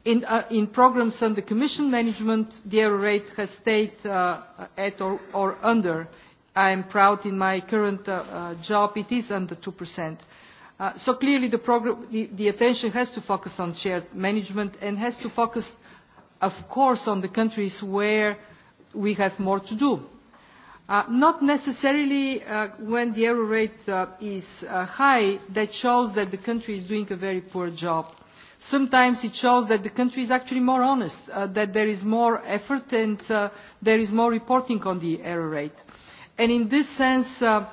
In, uh, in programs under Commission management, the error rate has stayed uh, at or, or under. I am proud in my current uh, uh, job, it is under 2%. Uh, so clearly the, program, the, the attention has to focus on shared management and has to focus, of course, on the countries where we have more to do. Uh, not necessarily uh, when the error rate uh, is uh, high, that shows that the country is doing a very poor job. Sometimes it shows that the country is actually more honest, uh, that there is more effort and uh, there is more reporting on the error rate. And in this sense, uh,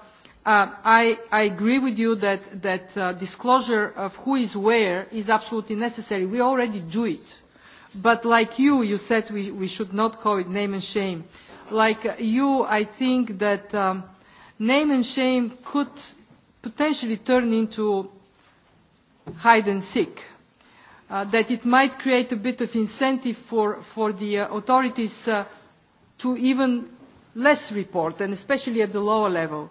Uh, I, I agree with you that, that uh, disclosure of who is where is absolutely necessary. We already do it. But like you, you said we, we should not call it name and shame. Like uh, you, I think that um, name and shame could potentially turn into hide and seek uh, that it might create a bit of incentive for, for the uh, authorities uh, to even less report, and especially at the lower level.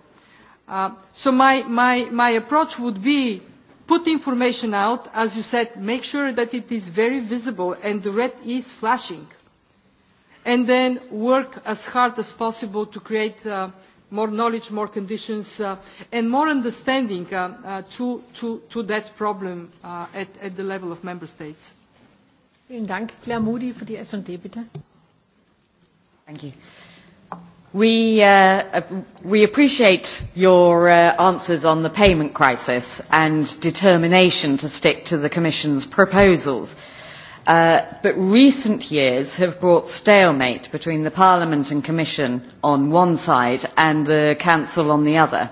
Uh, so my, my, my approach would be put information out, as you said, make sure that it is very visible and the red is flashing, and then work as hard as possible to create uh, more knowledge, more conditions, uh, and more understanding uh, uh, to, to, to that problem uh, at, at the level of member states. Vielen Dank. Claire Moody für die S&D, bitte. Thank you. We, uh, uh, we appreciate your uh, answers on the payment crisis and determination to stick to the Commission's proposals. Uh, Uh, but recent years have brought stalemate between the Parliament and Commission on one side and the Council on the other.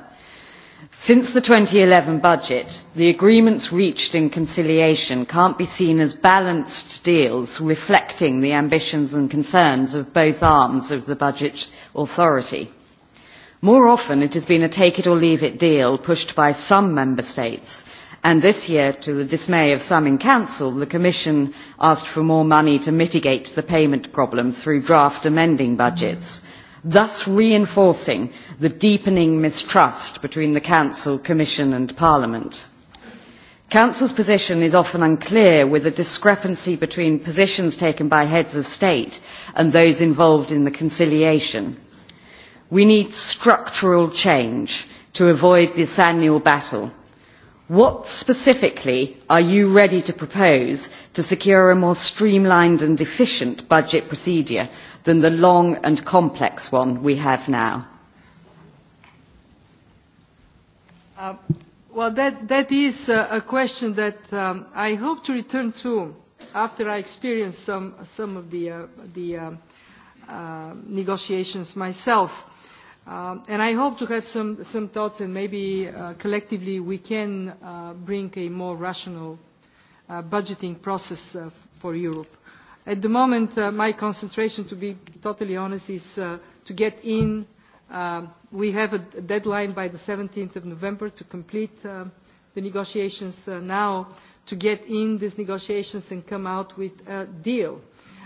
Since the 2011 budget, the agreements reached in conciliation can't be seen as balanced deals reflecting the ambitions and concerns of both arms of the budget authority. More often, it has been a take it or leave it deal pushed by some member states And this year, to the dismay of some in Council, the Commission asked for more money to mitigate the payment problem through draft amending budgets, thus reinforcing the deepening mistrust between the Council, Commission and Parliament. Council's position is often unclear with a discrepancy between positions taken by heads of state and those involved in the conciliation. We need structural change to avoid this annual battle What specifically are you ready to propose to secure a more streamlined and efficient budget procedure than the long and complex one we have now? Uh, well, that, that is uh, a question that um, I hope to return to after I experience some, some of the, uh, the uh, uh, negotiations myself. Um, and I hope to have some, some thoughts and maybe uh, collectively we can uh, bring a more rational uh, budgeting process uh, for Europe. At the moment, uh, my concentration, to be totally honest, is uh, to get in. Uh, we have a deadline by the 17th of November to complete uh, the negotiations uh, now, to get in these negotiations and come out with a deal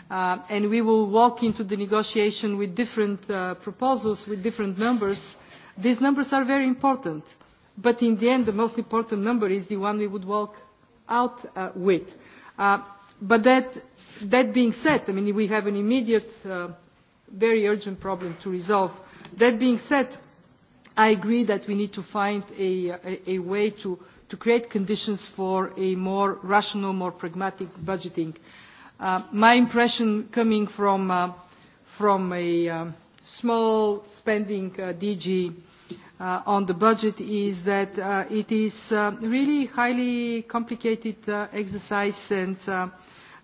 Uh, and we will walk into the negotiation with different uh, proposals, with different numbers. These numbers are very important. But in the end, the most important number is the one we would walk out uh, with. Uh, but that, that being said, I mean, we have an immediate, uh, very urgent problem to resolve. That being said, I agree that we need to find a, a, a way to, to create conditions for a more rational, more pragmatic budgeting. Uh, Uh, my impression coming from, uh, from a um, small spending uh, DG uh, on the budget is that uh, it is uh, really highly complicated uh, exercise and uh,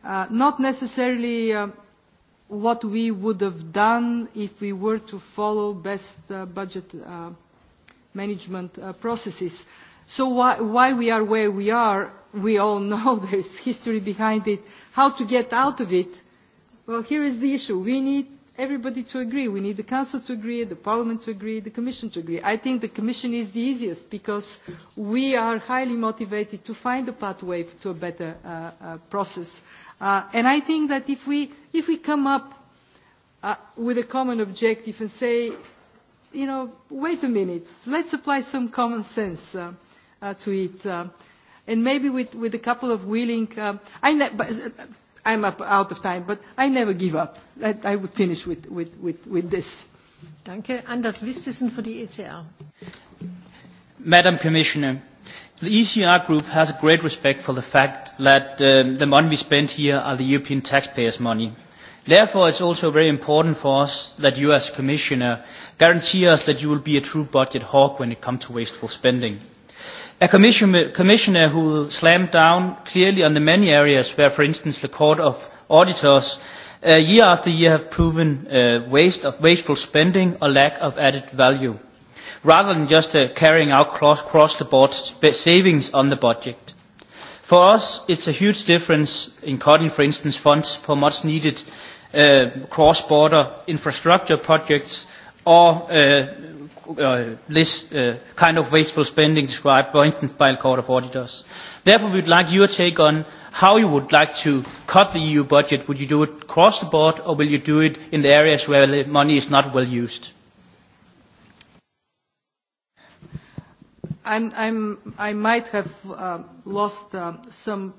uh, not necessarily uh, what we would have done if we were to follow best uh, budget uh, management uh, processes. So why, why we are where we are, we all [laughs] know there's history behind it. Uh, how to get out of it, well, here is the issue. We need everybody to agree. We need the Council to agree, the Parliament to agree, the Commission to agree. I think the Commission is the easiest because we are highly motivated to find a pathway to a better uh, uh, process. Uh, and I think that if we, if we come up uh, with a common objective and say, you know, wait a minute, let's apply some common sense uh, uh, to it. Uh, and maybe with, with a couple of willing, um, I ne but, uh, I'm up, out of time, but I never give up. I, I would finish with, with, with, with this. Danke. Anders Wistesen for the ECR. Madam Commissioner, the ECR group has a great respect for the fact that um, the money we spend here are the European taxpayers' money. Therefore, it's also very important for us that you as Commissioner guarantee us that you will be a true budget hawk when it comes to wasteful spending. A commission, commissioner who slammed down clearly on the many areas where, for instance, the Court of Auditors uh, year after year have proven uh, waste of wasteful spending or lack of added value, rather than just uh, carrying out cross-the-board cross savings on the budget. For us, it's a huge difference in cutting, for instance, funds for much-needed uh, cross-border infrastructure projects or uh, uh, this uh, kind of wasteful spending described, for instance, by the Court of Auditors. Therefore, we would like your take on how you would like to cut the EU budget. Would you do it across the board, or will you do it in the areas where the money is not well used? I'm, I'm, I might have uh, lost uh, some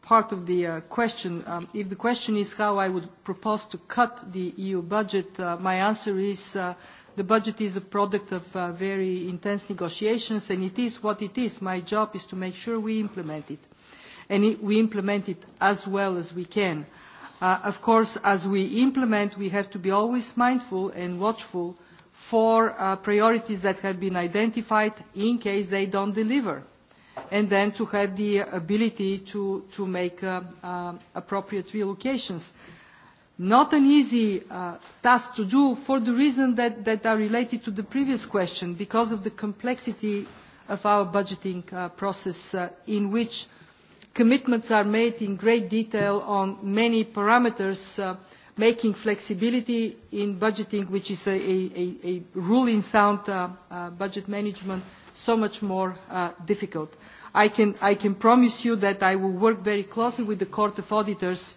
part of the uh, question. Um, if the question is how I would propose to cut the EU budget, uh, my answer is uh, The budget is a product of uh, very intense negotiations and it is what it is. My job is to make sure we implement it. And it, we implement it as well as we can. Uh, of course, as we implement, we have to be always mindful and watchful for uh, priorities that have been identified in case they don't deliver. And then to have the ability to, to make uh, uh, appropriate relocations. Not an easy uh, task to do for the reason that, that are related to the previous question because of the complexity of our budgeting uh, process uh, in which commitments are made in great detail on many parameters, uh, making flexibility in budgeting, which is a, a, a rule in sound uh, uh, budget management, so much more uh, difficult. I can, I can promise you that I will work very closely with the Court of Auditors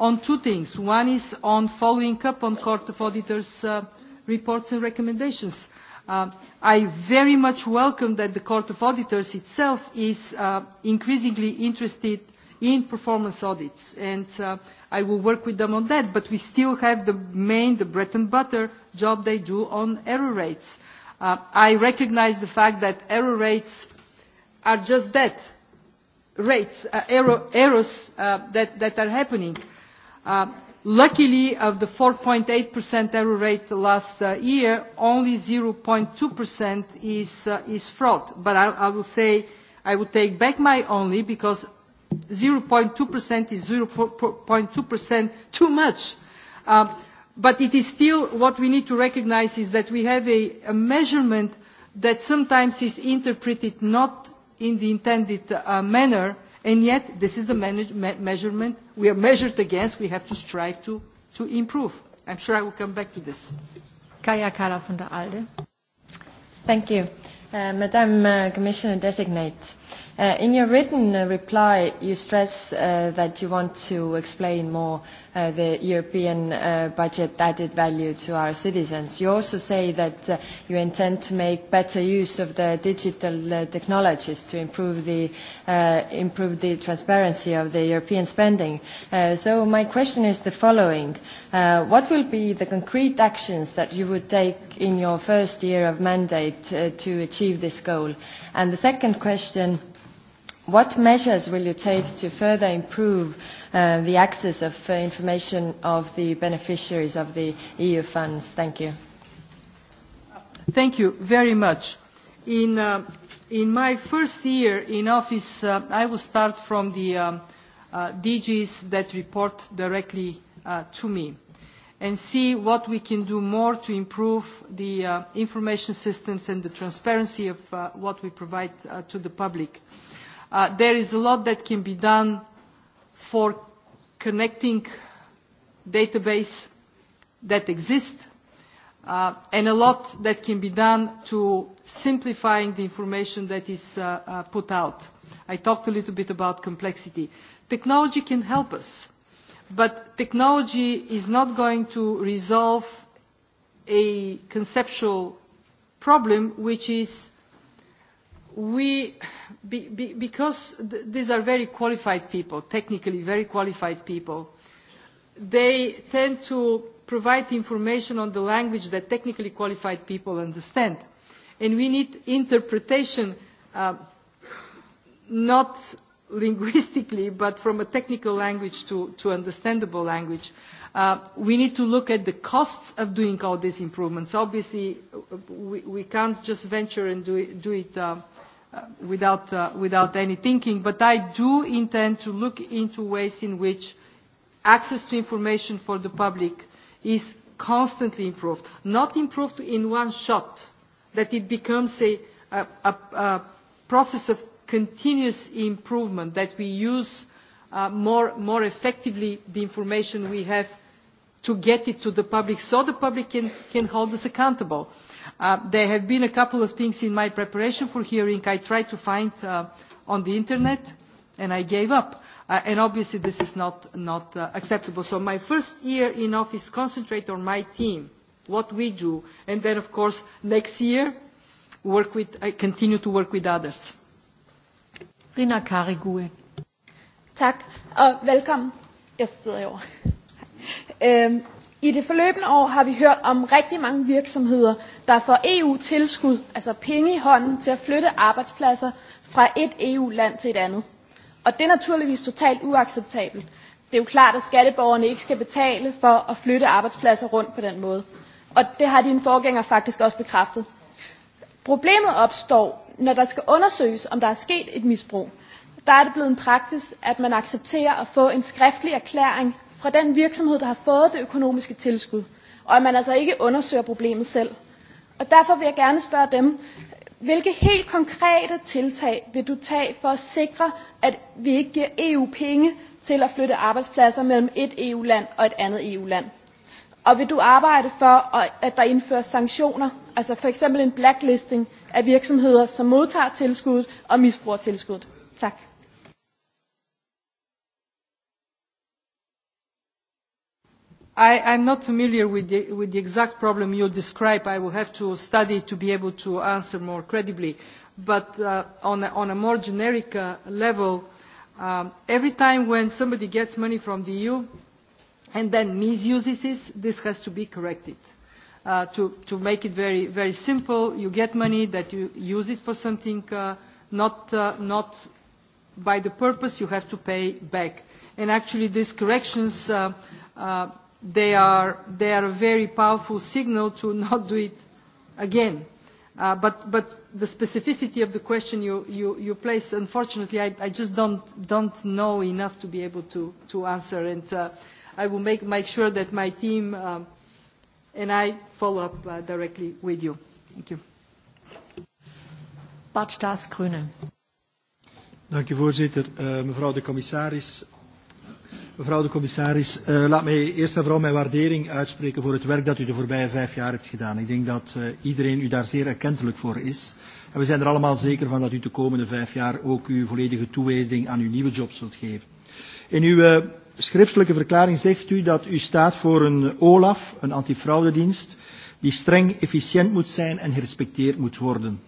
on two things. One is on following up on Court of Auditors uh, reports and recommendations. Uh, I very much welcome that the Court of Auditors itself is uh, increasingly interested in performance audits, and uh, I will work with them on that, but we still have the main, the bread and butter job they do on error rates. Uh, I recognize the fact that error rates are just that, rates, uh, error, errors uh, that, that are happening. Uh, Uh, luckily, of the 4.8% error rate last uh, year, only 0.2% is, uh, is fraud. But I, I will say I would take back my only because 0.2% is 0.2% too much. Uh, but it is still what we need to recognize is that we have a, a measurement that sometimes is interpreted not in the intended uh, manner And yet, this is the manage, me measurement we are measured against. We have to strive to, to improve. I'm sure I will come back to this. Kaya Kala from the ALDE. Thank you. Uh, Madam uh, Commissioner Designate, uh, in your written uh, reply, you stress uh, that you want to explain more uh, the European uh, budget added value to our citizens. You also say that uh, you intend to make better use of the digital uh, technologies to improve the, uh, improve the transparency of the European spending. Uh, so my question is the following. Uh, what will be the concrete actions that you would take in your first year of mandate uh, to achieve this goal? And the second question what measures will you take to further improve uh, the access of uh, information of the beneficiaries of the EU funds? Thank you. Thank you very much. In, uh, in my first year in office, uh, I will start from the um, uh, uh DGs that report directly uh, to me and see what we can do more to improve the uh, information systems and the transparency of uh, what we provide uh, to the public. Uh, there is a lot that can be done for connecting database that exist uh, and a lot that can be done to simplifying the information that is uh, uh, put out. I talked a little bit about complexity. Technology can help us, but technology is not going to resolve a conceptual problem which is we, be, be, because th these are very qualified people, technically very qualified people, they tend to provide information on the language that technically qualified people understand. And we need interpretation uh, not linguistically, but from a technical language to, to understandable language. Uh, we need to look at the costs of doing all these improvements. Obviously, we, we can't just venture and do it, do it uh, uh, without, uh, without any thinking, but I do intend to look into ways in which access to information for the public is constantly improved, not improved in one shot, that it becomes a, a, a, a process of continuous improvement, that we use uh, more, more effectively the information we have to get it to the public so the public can, can hold us accountable. Uh, there have been a couple of things in my preparation for hearing I tried to find uh, on the internet and I gave up. Uh, and obviously this is not, not uh, acceptable. So my first year in office concentrate on my team, what we do, and then of course next year work with, I continue to work with others. Rina Karigue. Tak, og velkommen. Jeg sidder jo. Øhm, I det forløbende år har vi hørt om rigtig mange virksomheder, der får EU-tilskud, altså penge i hånden, til at flytte arbejdspladser fra et EU-land til et andet. Og det er naturligvis totalt uacceptabelt. Det er jo klart, at skatteborgerne ikke skal betale for at flytte arbejdspladser rundt på den måde. Og det har dine forgænger faktisk også bekræftet. Problemet opstår, når der skal undersøges, om der er sket et misbrug, der er det blevet en praksis, at man accepterer at få en skriftlig erklæring fra den virksomhed, der har fået det økonomiske tilskud, og at man altså ikke undersøger problemet selv. Og derfor vil jeg gerne spørge dem, hvilke helt konkrete tiltag vil du tage for at sikre, at vi ikke giver EU penge til at flytte arbejdspladser mellem et EU-land og et andet EU-land? Og vil du arbejde for, at der indføres sanktioner, altså for eksempel en blacklisting, af virksomheder, som modtager tilskud og misbruger tilskud. Tak. I, I'm not familiar with the, with the exact problem you describe. I will have to study to be able to answer more credibly. But uh, on, a, on a more generic uh, level, um, every time when somebody gets money from the EU and then misuses it, this has to be corrected uh, to, to make it very, very simple. You get money that you use it for something uh, not, uh, not by the purpose you have to pay back. And actually these corrections, uh, uh, they, are, they are a very powerful signal to [laughs] not do it again. Uh, but, but the specificity of the question you, you, you place, unfortunately, I, I just don't, don't know enough to be able to, to answer. And uh, I will make, make sure that my team um, and I follow up uh, directly with you. Thank you. Bart Staes, Groene. Dank u voorzitter. Uh, mevrouw de commissaris, Mevrouw de commissaris, uh, laat mij eerst en vooral mijn waardering uitspreken voor het werk dat u de voorbije vijf jaar hebt gedaan. Ik denk dat uh, iedereen u daar zeer erkentelijk voor is. En we zijn er allemaal zeker van dat u de komende vijf jaar ook uw volledige toewijzing aan uw nieuwe job zult geven. In uw uh, schriftelijke verklaring zegt u dat u staat voor een OLAF, een antifraudedienst, die streng efficiënt moet zijn en gerespecteerd moet worden.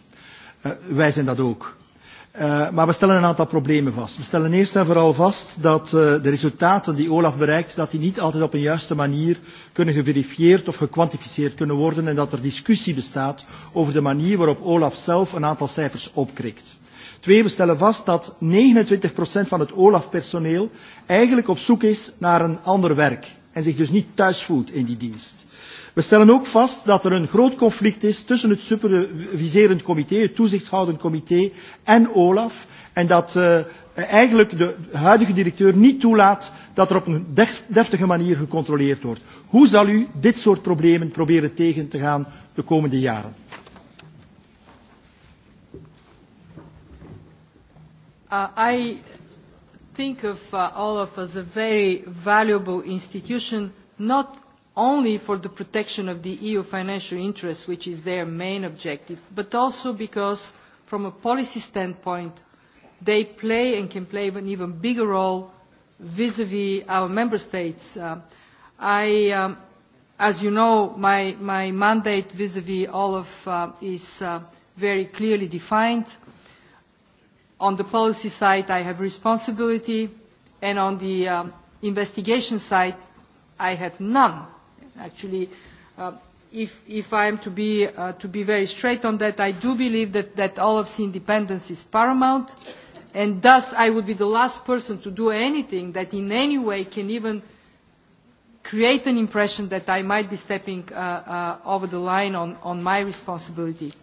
Uh, wij zijn dat ook. Uh, maar we stellen een aantal problemen vast. We stellen eerst en vooral vast dat uh, de resultaten die OLAF bereikt, dat die niet altijd op een juiste manier kunnen geverifieerd of gekwantificeerd kunnen worden en dat er discussie bestaat over de manier waarop OLAF zelf een aantal cijfers opkrikt. Twee, we stellen vast dat 29% van het OLAF-personeel eigenlijk op zoek is naar een ander werk en zich dus niet thuis voelt in die dienst. We stellen ook vast dat er een groot conflict is tussen het superviserend comité, het toezichtshoudend comité en OLAF en dat uh, eigenlijk de huidige directeur niet toelaat dat er op een deftige manier gecontroleerd wordt. Hoe zal u dit soort problemen proberen tegen te gaan de komende jaren? Uh, I think of uh, Olaf as a very valuable institution, not only for the protection of the EU financial interests, which is their main objective, but also because from a policy standpoint, they play and can play an even bigger role vis-à-vis -vis our member states. Uh, I, um, as you know, my, my mandate vis-à-vis -vis Olaf uh, is uh, very clearly defined on the policy side, I have responsibility, and on the um, investigation side, I have none. Actually, uh, if, if I am to be, uh, to be very straight on that, I do believe that, that Olaf's independence is paramount, and thus I would be the last person to do anything that in any way can even create an impression that I might be stepping uh, uh, over the line on, on my responsibility.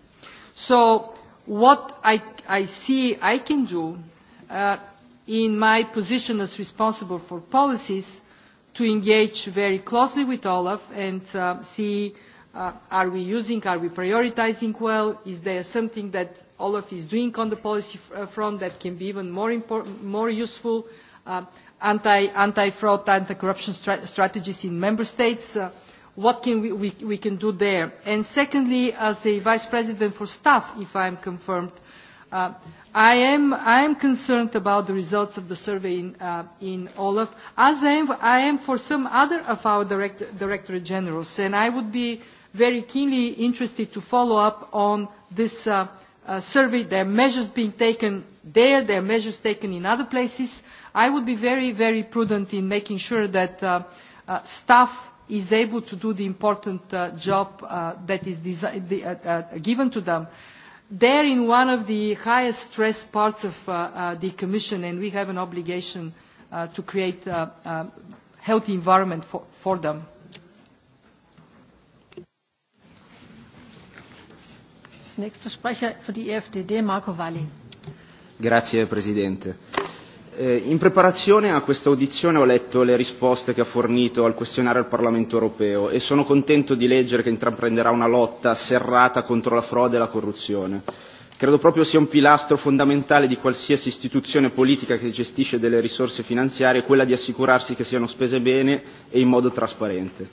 So what I, I see I can do uh, in my position as responsible for policies to engage very closely with Olaf and uh, see uh, are we using, are we prioritizing well, is there something that Olaf is doing on the policy uh, front that can be even more, important, more useful, uh, anti-fraud, anti fraud anti corruption stra strategies in member states, uh, what can we, we, we can do there. And secondly, as a Vice President for Staff, if I am confirmed, uh, I, am, I am concerned about the results of the survey in, uh, in Olaf, as I am, I am for some other of our direct, Directorate Generals, and I would be very keenly interested to follow up on this uh, uh, survey. There are measures being taken there, there are measures taken in other places. I would be very, very prudent in making sure that uh, uh, staff is able to do the important uh, job uh, that is the, uh, uh, given to them. They're in one of the highest stress parts of uh, uh, the Commission and we have an obligation uh, to create a, uh, a uh, healthy environment for, for them. Nächster Sprecher für die e Marco Valli. Grazie Presidente. Eh, in preparazione a questa audizione ho letto le risposte che ha fornito al questionario al Parlamento europeo e sono contento di leggere che intraprenderà una lotta serrata contro la frode e la corruzione. Credo proprio sia un pilastro fondamentale di qualsiasi istituzione politica che gestisce delle risorse finanziarie quella di assicurarsi che siano spese bene e in modo trasparente.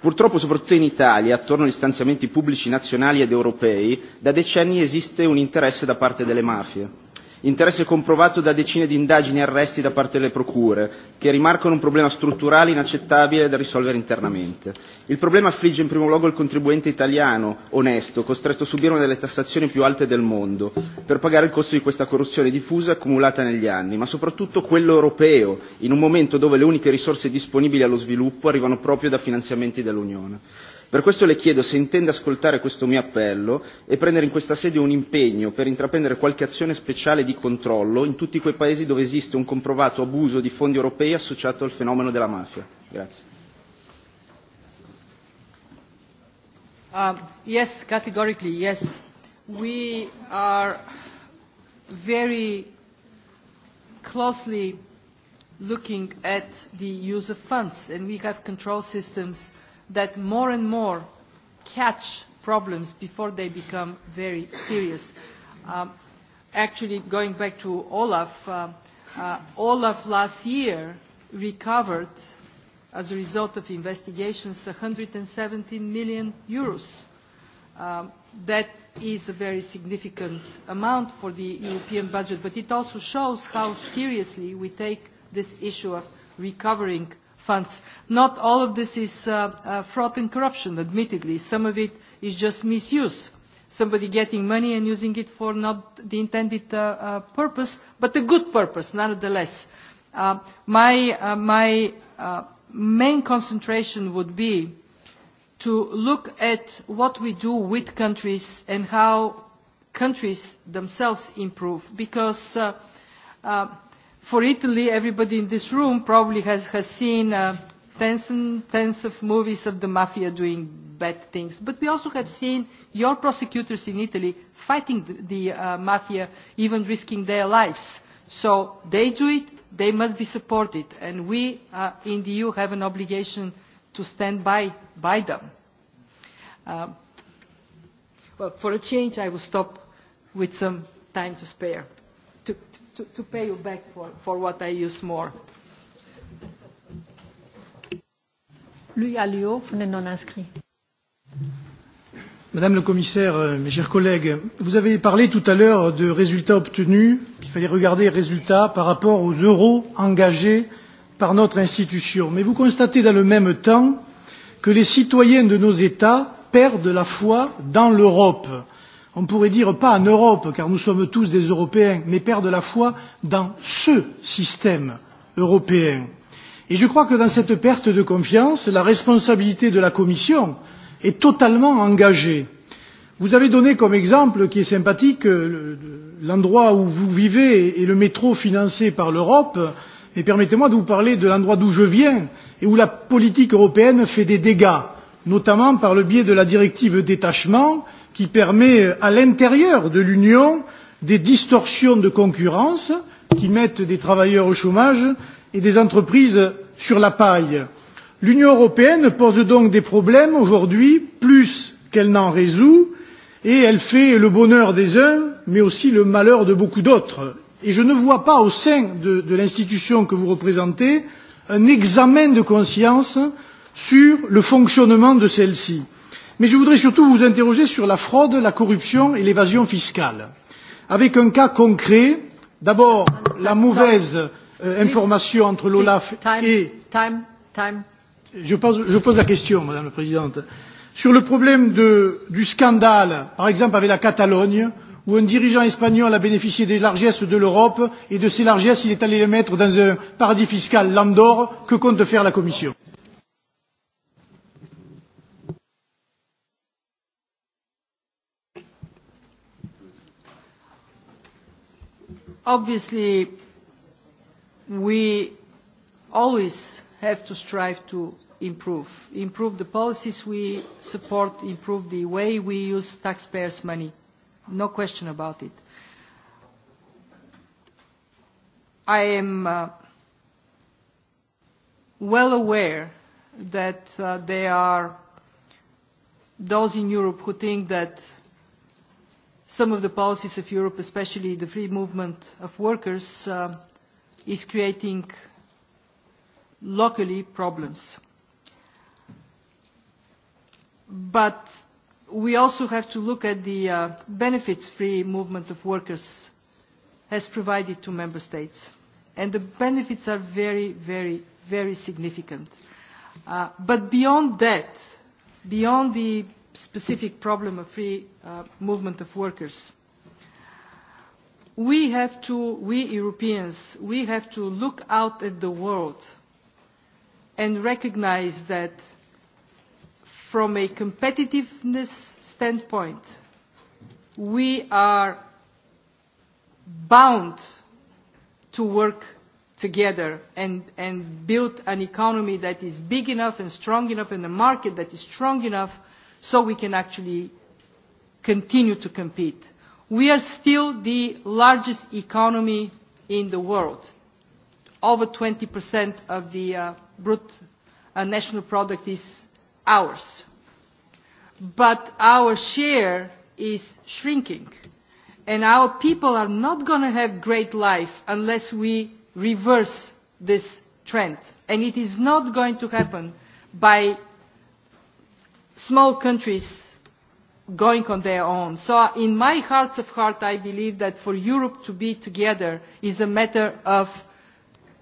Purtroppo, soprattutto in Italia, attorno agli stanziamenti pubblici nazionali ed europei, da decenni esiste un interesse da parte delle mafie Interesse comprovato da decine di indagini e arresti da parte delle procure, che rimarcano un problema strutturale inaccettabile da risolvere internamente. Il problema affligge in primo luogo il contribuente italiano, onesto, costretto a subire una delle tassazioni più alte del mondo, per pagare il costo di questa corruzione diffusa e accumulata negli anni, ma soprattutto quello europeo, in un momento dove le uniche risorse disponibili allo sviluppo arrivano proprio da finanziamenti dell'Unione. Per questo le chiedo se intende ascoltare questo mio appello e prendere in questa sede un impegno per intraprendere qualche azione speciale di controllo in tutti quei paesi dove esiste un comprovato abuso di fondi europei associato al fenomeno della mafia. Grazie. Uh, yes, categorically, yes. We are very closely looking at the use of funds and we have control systems that more and more catch problems before they become very serious. Um, actually, going back to Olaf, uh, uh, Olaf last year recovered, as a result of investigations, 117 million euros. Um, that is a very significant amount for the European budget, but it also shows how seriously we take this issue of recovering funds. Not all of this is uh, uh, fraud and corruption, admittedly. Some of it is just misuse. Somebody getting money and using it for not the intended uh, uh, purpose, but a good purpose, nonetheless. Uh, my uh, my uh, main concentration would be to look at what we do with countries and how countries themselves improve, because uh, uh, for Italy, everybody in this room probably has, has seen uh, tens and tens of movies of the mafia doing bad things. But we also have seen your prosecutors in Italy fighting the, the uh, mafia, even risking their lives. So they do it, they must be supported. And we uh, in the EU have an obligation to stand by, by them. Uh, well, for a change, I will stop with some time to spare. To, to to, to pay you back for, for what I use more. Lui lieu, vous non inscrit. Madame le commissaire, euh, mes chers collègues, vous avez parlé tout à l'heure de résultats obtenus, qu'il fallait regarder les résultats par rapport aux euros engagés par notre institution. Mais vous constatez dans le même temps que les citoyens de nos États perdent la foi dans l'Europe on pourrait dire pas en Europe, car nous sommes tous des Européens, mais perdent la foi dans ce système européen. Et je crois que dans cette perte de confiance, la responsabilité de la Commission est totalement engagée. Vous avez donné comme exemple, qui est sympathique, l'endroit où vous vivez et le métro financé par l'Europe, mais permettez-moi de vous parler de l'endroit d'où je viens et où la politique européenne fait des dégâts, notamment par le biais de la directive détachement, qui permet à l'intérieur de l'Union des distorsions de concurrence qui mettent des travailleurs au chômage et des entreprises sur la paille. L'Union européenne pose donc des problèmes aujourd'hui plus qu'elle n'en résout et elle fait le bonheur des uns mais aussi le malheur de beaucoup d'autres. Et je ne vois pas au sein de, de l'institution que vous représentez un examen de conscience sur le fonctionnement de celle-ci. Mais je voudrais surtout vous interroger sur la fraude, la corruption et l'évasion fiscale. Avec un cas concret, d'abord la mauvaise euh, information entre l'OLAF et... Time, time. Je, pose, je pose la question, Madame la Présidente. Sur le problème de, du scandale, par exemple avec la Catalogne, où un dirigeant espagnol a bénéficié des largesses de l'Europe et de ces largesses, il est allé les mettre dans un paradis fiscal, l'Andorre, que compte faire la Commission obviously we always have to strive to improve, improve the policies we support, improve the way we use taxpayers' money. No question about it. I am uh, well aware that uh, there are those in Europe who think that some of the policies of Europe, especially the free movement of workers, uh, is creating locally problems. But we also have to look at the uh, benefits free movement of workers has provided to member states. And the benefits are very, very, very significant. Uh, but beyond that, beyond the specific problem of free uh, movement of workers. We have to, we Europeans, we have to look out at the world and recognize that from a competitiveness standpoint, we are bound to work together and, and build an economy that is big enough and strong enough and a market that is strong enough so we can actually continue to compete. We are still the largest economy in the world. Over 20% of the uh, brute uh, national product is ours. But our share is shrinking. And our people are not going to have great life unless we reverse this trend. And it is not going to happen by small countries going on their own. So in my heart of heart, I believe that for Europe to be together is a matter of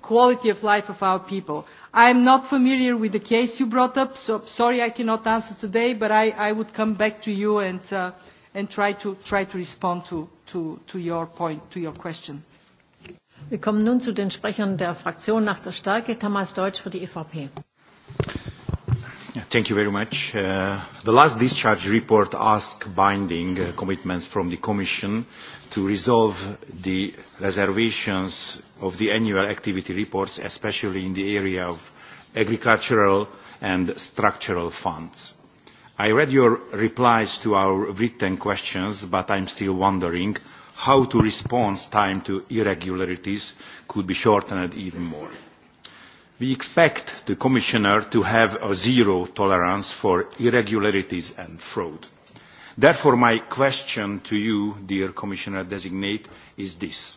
quality of life of our people. I'm not familiar with the case you brought up, so sorry I cannot answer today, but I, I would come back to you and, uh, and try, to, try to respond to, to, to your point, to your question. Wir kommen nun zu den Sprechern der Fraktion nach der Stärke. Thomas Deutsch für die EVP. Thank you very much. Uh, the last discharge report asked binding uh, commitments from the Commission to resolve the reservations of the annual activity reports, especially in the area of agricultural and structural funds. I read your replies to our written questions, but I'm still wondering how to respond time to irregularities could be shortened even more. We expect the Commissioner to have a zero tolerance for irregularities and fraud. Therefore, my question to you, dear Commissioner designate, is this.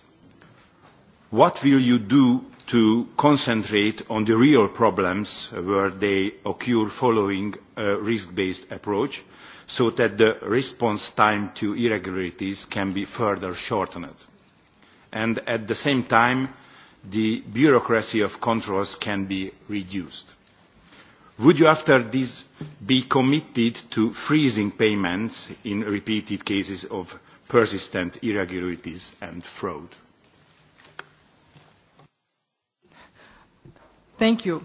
What will you do to concentrate on the real problems where they occur following a risk-based approach so that the response time to irregularities can be further shortened? And at the same time, the bureaucracy of controls can be reduced. Would you after this be committed to freezing payments in repeated cases of persistent irregularities and fraud? Thank you.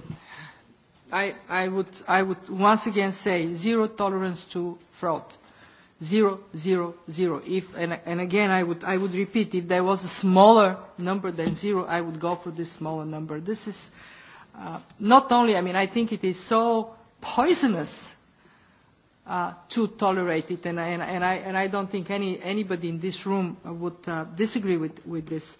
I, I, would, I would once again say zero tolerance to fraud zero, zero, zero. If, and, and again, I would, I would repeat, if there was a smaller number than zero, I would go for this smaller number. This is uh, not only, I mean, I think it is so poisonous uh, to tolerate it, and, and, and, I, and I don't think any, anybody in this room would uh, disagree with, with this.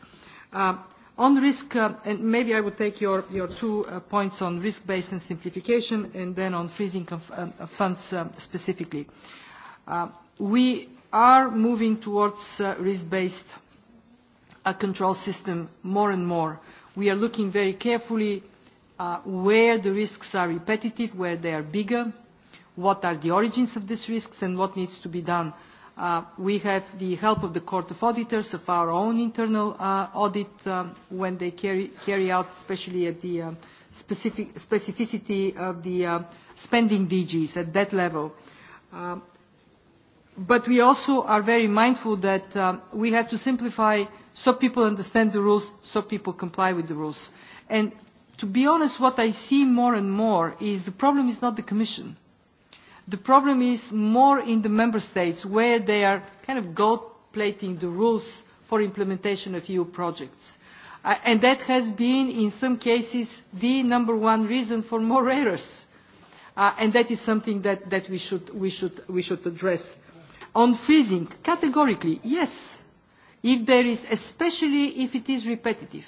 Uh, on risk, uh, and maybe I would take your, your two uh, points on risk-based and simplification, and then on freezing of um, funds um, specifically. Uh, we are moving towards uh, risk-based uh, control system more and more. We are looking very carefully uh, where the risks are repetitive, where they are bigger, what are the origins of these risks and what needs to be done. Uh, we have the help of the Court of Auditors, of our own internal uh, audit um, when they carry, carry out, especially at the uh, specific, specificity of the uh, spending DGs at that level. Uh, but we also are very mindful that um, we have to simplify so people understand the rules, so people comply with the rules. And to be honest, what I see more and more is the problem is not the Commission. The problem is more in the Member States where they are kind of gold plating the rules for implementation of EU projects. Uh, and that has been, in some cases, the number one reason for more [laughs] errors. Uh, and that is something that, that we, should, we, should, we should address. On freezing, categorically, yes, if there is, especially if it is repetitive,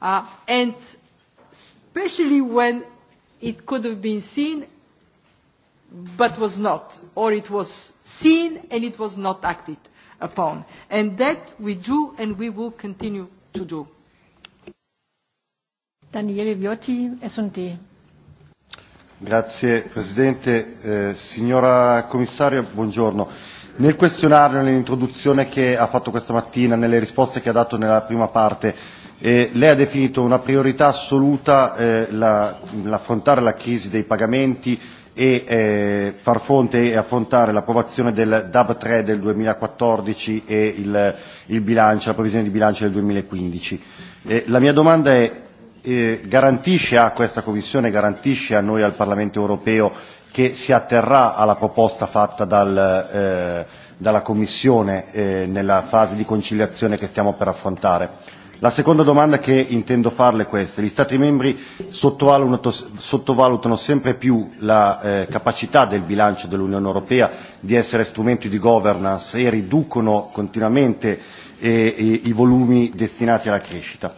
uh, and especially when it could have been seen but was not, or it was seen and it was not acted upon. And that we do and we will continue to do. Daniele Viotti, S&T Grazie Presidente. Eh, signora Commissaria, buongiorno. Nel questionario, nell'introduzione che ha fatto questa mattina, nelle risposte che ha dato nella prima parte, eh, lei ha definito una priorità assoluta eh, la, l'affrontare la crisi dei pagamenti e eh, far fronte e affrontare l'approvazione del DAB 3 del 2014 e il, il bilancio, la previsione di bilancio del 2015. Eh, la mia domanda è, eh, garantisce a questa Commissione, garantisce a noi al Parlamento europeo che si atterrà alla proposta fatta dal, eh, dalla Commissione eh, nella fase di conciliazione che stiamo per affrontare. La seconda domanda che intendo farle è questa. Gli Stati membri sottovalutano, sottovalutano sempre più la eh, capacità del bilancio dell'Unione Europea di essere strumenti di governance e riducono continuamente eh, i, i volumi destinati alla crescita.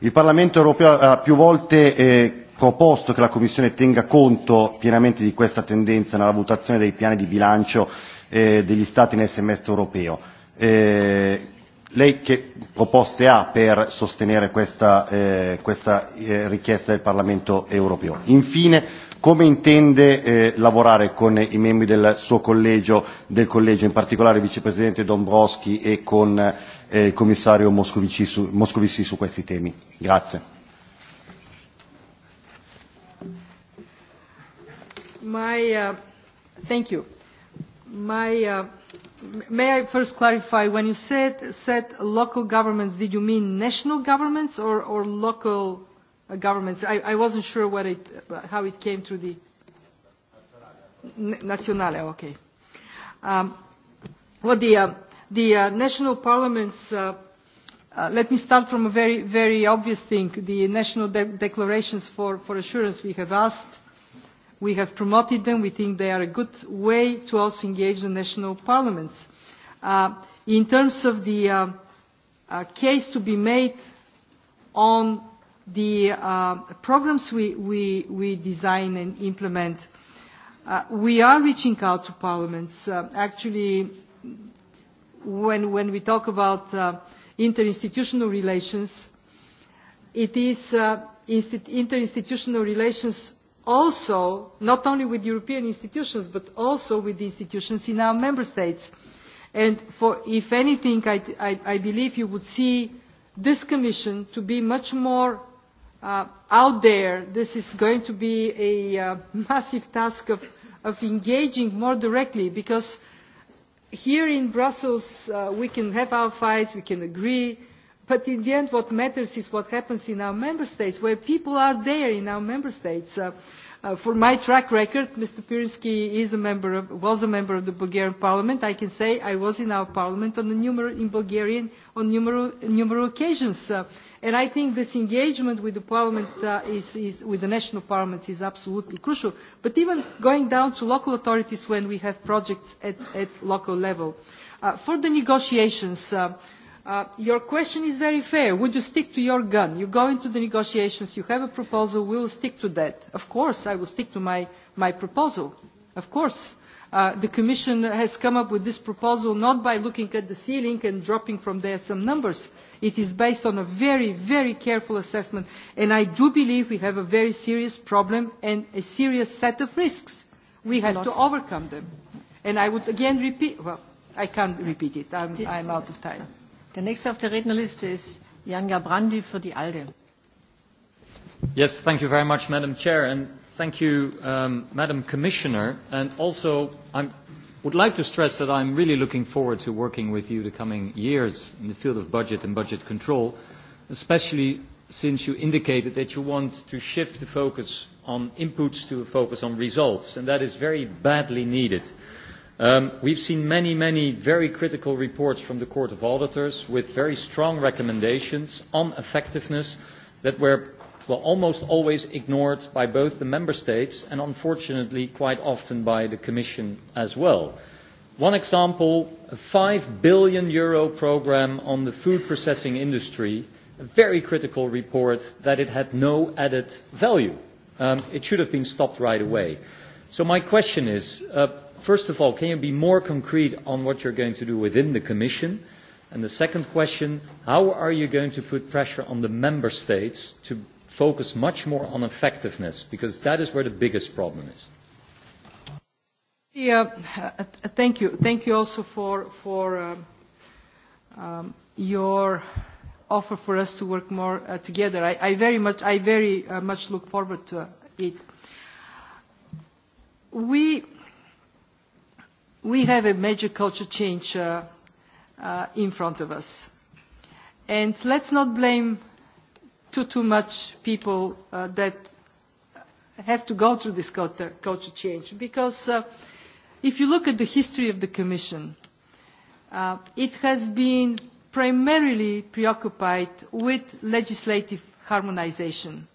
Il Parlamento europeo ha più volte eh, proposto che la Commissione tenga conto pienamente di questa tendenza nella valutazione dei piani di bilancio eh, degli Stati nel semestre europeo. Eh, lei che proposte ha per sostenere questa, eh, questa eh, richiesta del Parlamento europeo? Infine, come intende eh, lavorare con i membri del suo collegio, del collegio in particolare il vicepresidente Dombrovski e con eh, il commissario Moscovici su, Moscovici su questi temi? Grazie. My, uh, thank you. My, uh, may I first clarify, when you said, said local governments, did you mean national governments or, or local uh, governments? I, I wasn't sure what it, uh how it came through the... Nazionale, okay. Um, well, the, uh, the uh, national parliaments... Uh, Uh, let me start from a very, very obvious thing, the national de declarations for, for assurance we have asked We have promoted them. We think they are a good way to also engage the national parliaments. Uh, in terms of the uh, uh, case to be made on the uh, programs we, we, we design and implement, uh, we are reaching out to parliaments. Uh, actually, when, when we talk about uh, interinstitutional relations, it is uh, interinstitutional relations also not only with European institutions but also with the institutions in our member states. And for, if anything, I, I, I believe you would see this commission to be much more uh, out there. This is going to be a uh, [laughs] massive task of, of engaging more directly because here in Brussels uh, we can have our fights, we can agree, But in the end, what matters is what happens in our member states, where people are there in our member states. Uh, uh, for my track record, Mr. Pirinsky is a member of, was a member of the Bulgarian parliament. I can say I was in our parliament on a numer in Bulgarian on numerous, numerous occasions. Uh, and I think this engagement with the parliament uh, is, is, with the national parliaments is absolutely crucial. But even going down to local authorities when we have projects at, at local level. Uh, for the negotiations, uh, Uh, your question is very fair. Would you stick to your gun? You go into the negotiations, you have a proposal, we will stick to that. Of course, I will stick to my, my proposal. Of course. Uh, the Commission has come up with this proposal not by looking at the ceiling and dropping from there some numbers. It is based on a very, very careful assessment. And I do believe we have a very serious problem and a serious set of risks. We it's have to overcome them. And I would again repeat, well, I can't repeat it. I'm, I'm out of time. Der nächste auf der Rednerliste is Jan Gabrandi for the ALDE. Yes, thank you very much, Madam Chair, and thank you, um, Madam Commissioner. And also, I would like to stress that I'm really looking forward to working with you the coming years in the field of budget and budget control, especially since you indicated that you want to shift the focus on inputs to a focus on results, and that is very badly needed. Uh, Um, we've seen many, many very critical reports from the Court of Auditors with very strong recommendations on effectiveness that were well, almost always ignored by both the Member States and unfortunately quite often by the Commission as well. One example, a 5 billion euro program on the food processing industry, a very critical report that it had no added value. Um, it should have been stopped right away. So my question is, uh, first of all, can you be more concrete on what you're going to do within the Commission? And the second question, how are you going to put pressure on the member states to focus much more on effectiveness? Because that is where the biggest problem is. Yeah, uh, thank you. Thank you also for, for uh, um, your offer for us to work more uh, together. I, I very much, I very uh, much look forward to it. We we have a major culture change uh, uh, in front of us. And let's not blame too, too much people uh, that have to go through this culture, change because uh, if you look at the history of the Commission, uh, it has been primarily preoccupied with legislative harmonization.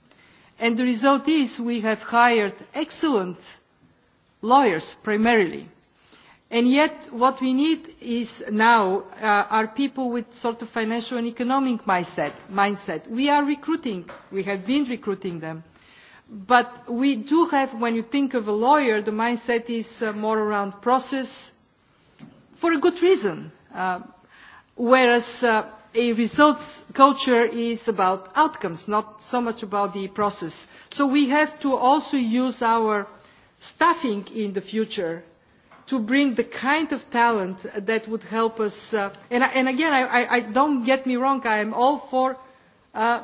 And the result is we have hired excellent lawyers primarily – And yet what we need is now uh, are people with sort of financial and economic mindset, mindset. We are recruiting. We have been recruiting them. But we do have, when you think of a lawyer, the mindset is uh, more around process for a good reason. Uh, whereas uh, a results culture is about outcomes, not so much about the process. So we have to also use our staffing in the future to bring the kind of talent that would help us. Uh, and, and again, I, I, I don't get me wrong, I am all for uh,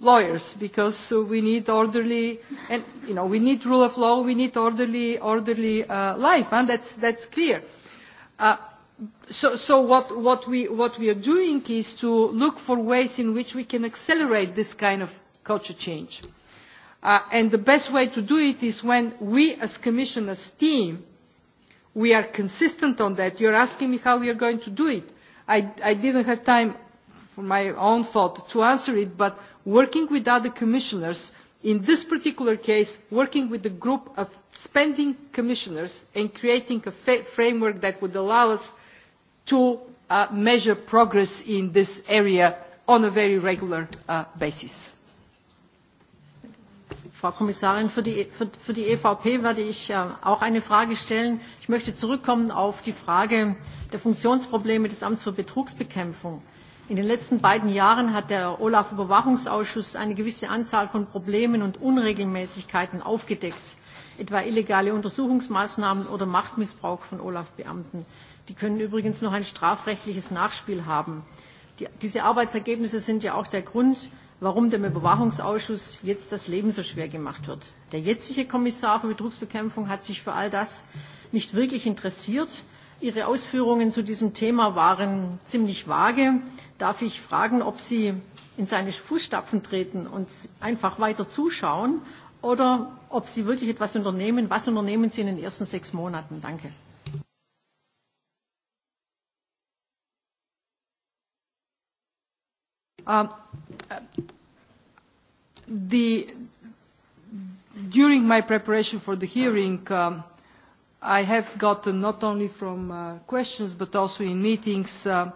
lawyers because we need orderly, and you know, we need rule of law, we need orderly, orderly uh, life, and that's, that's clear. Uh, so so what, what, we, what we are doing is to look for ways in which we can accelerate this kind of culture change. Uh, and the best way to do it is when we as commissioners team We are consistent on that. You're asking me how we are going to do it. I, I didn't have time for my own thought to answer it, but working with other commissioners, in this particular case, working with a group of spending commissioners and creating a framework that would allow us to uh, measure progress in this area on a very regular uh, basis. Frau Kommissarin, für die, für, für die EVP werde ich äh, auch eine Frage stellen. Ich möchte zurückkommen auf die Frage der Funktionsprobleme des Amts für Betrugsbekämpfung. In den letzten beiden Jahren hat der Olaf-Überwachungsausschuss eine gewisse Anzahl von Problemen und Unregelmäßigkeiten aufgedeckt, etwa illegale Untersuchungsmaßnahmen oder Machtmissbrauch von Olaf-Beamten. Die können übrigens noch ein strafrechtliches Nachspiel haben. Die, diese Arbeitsergebnisse sind ja auch der Grund, warum dem Überwachungsausschuss jetzt das Leben so schwer gemacht wird. Der jetzige Kommissar für Betrugsbekämpfung hat sich für all das nicht wirklich interessiert. Ihre Ausführungen zu diesem Thema waren ziemlich vage. Darf ich fragen, ob Sie in seine Fußstapfen treten und einfach weiter zuschauen oder ob Sie wirklich etwas unternehmen? Was unternehmen Sie in den ersten sechs Monaten? Danke. Uh, the, during my preparation for the hearing, um, I have gotten not only from uh, questions but also in meetings uh,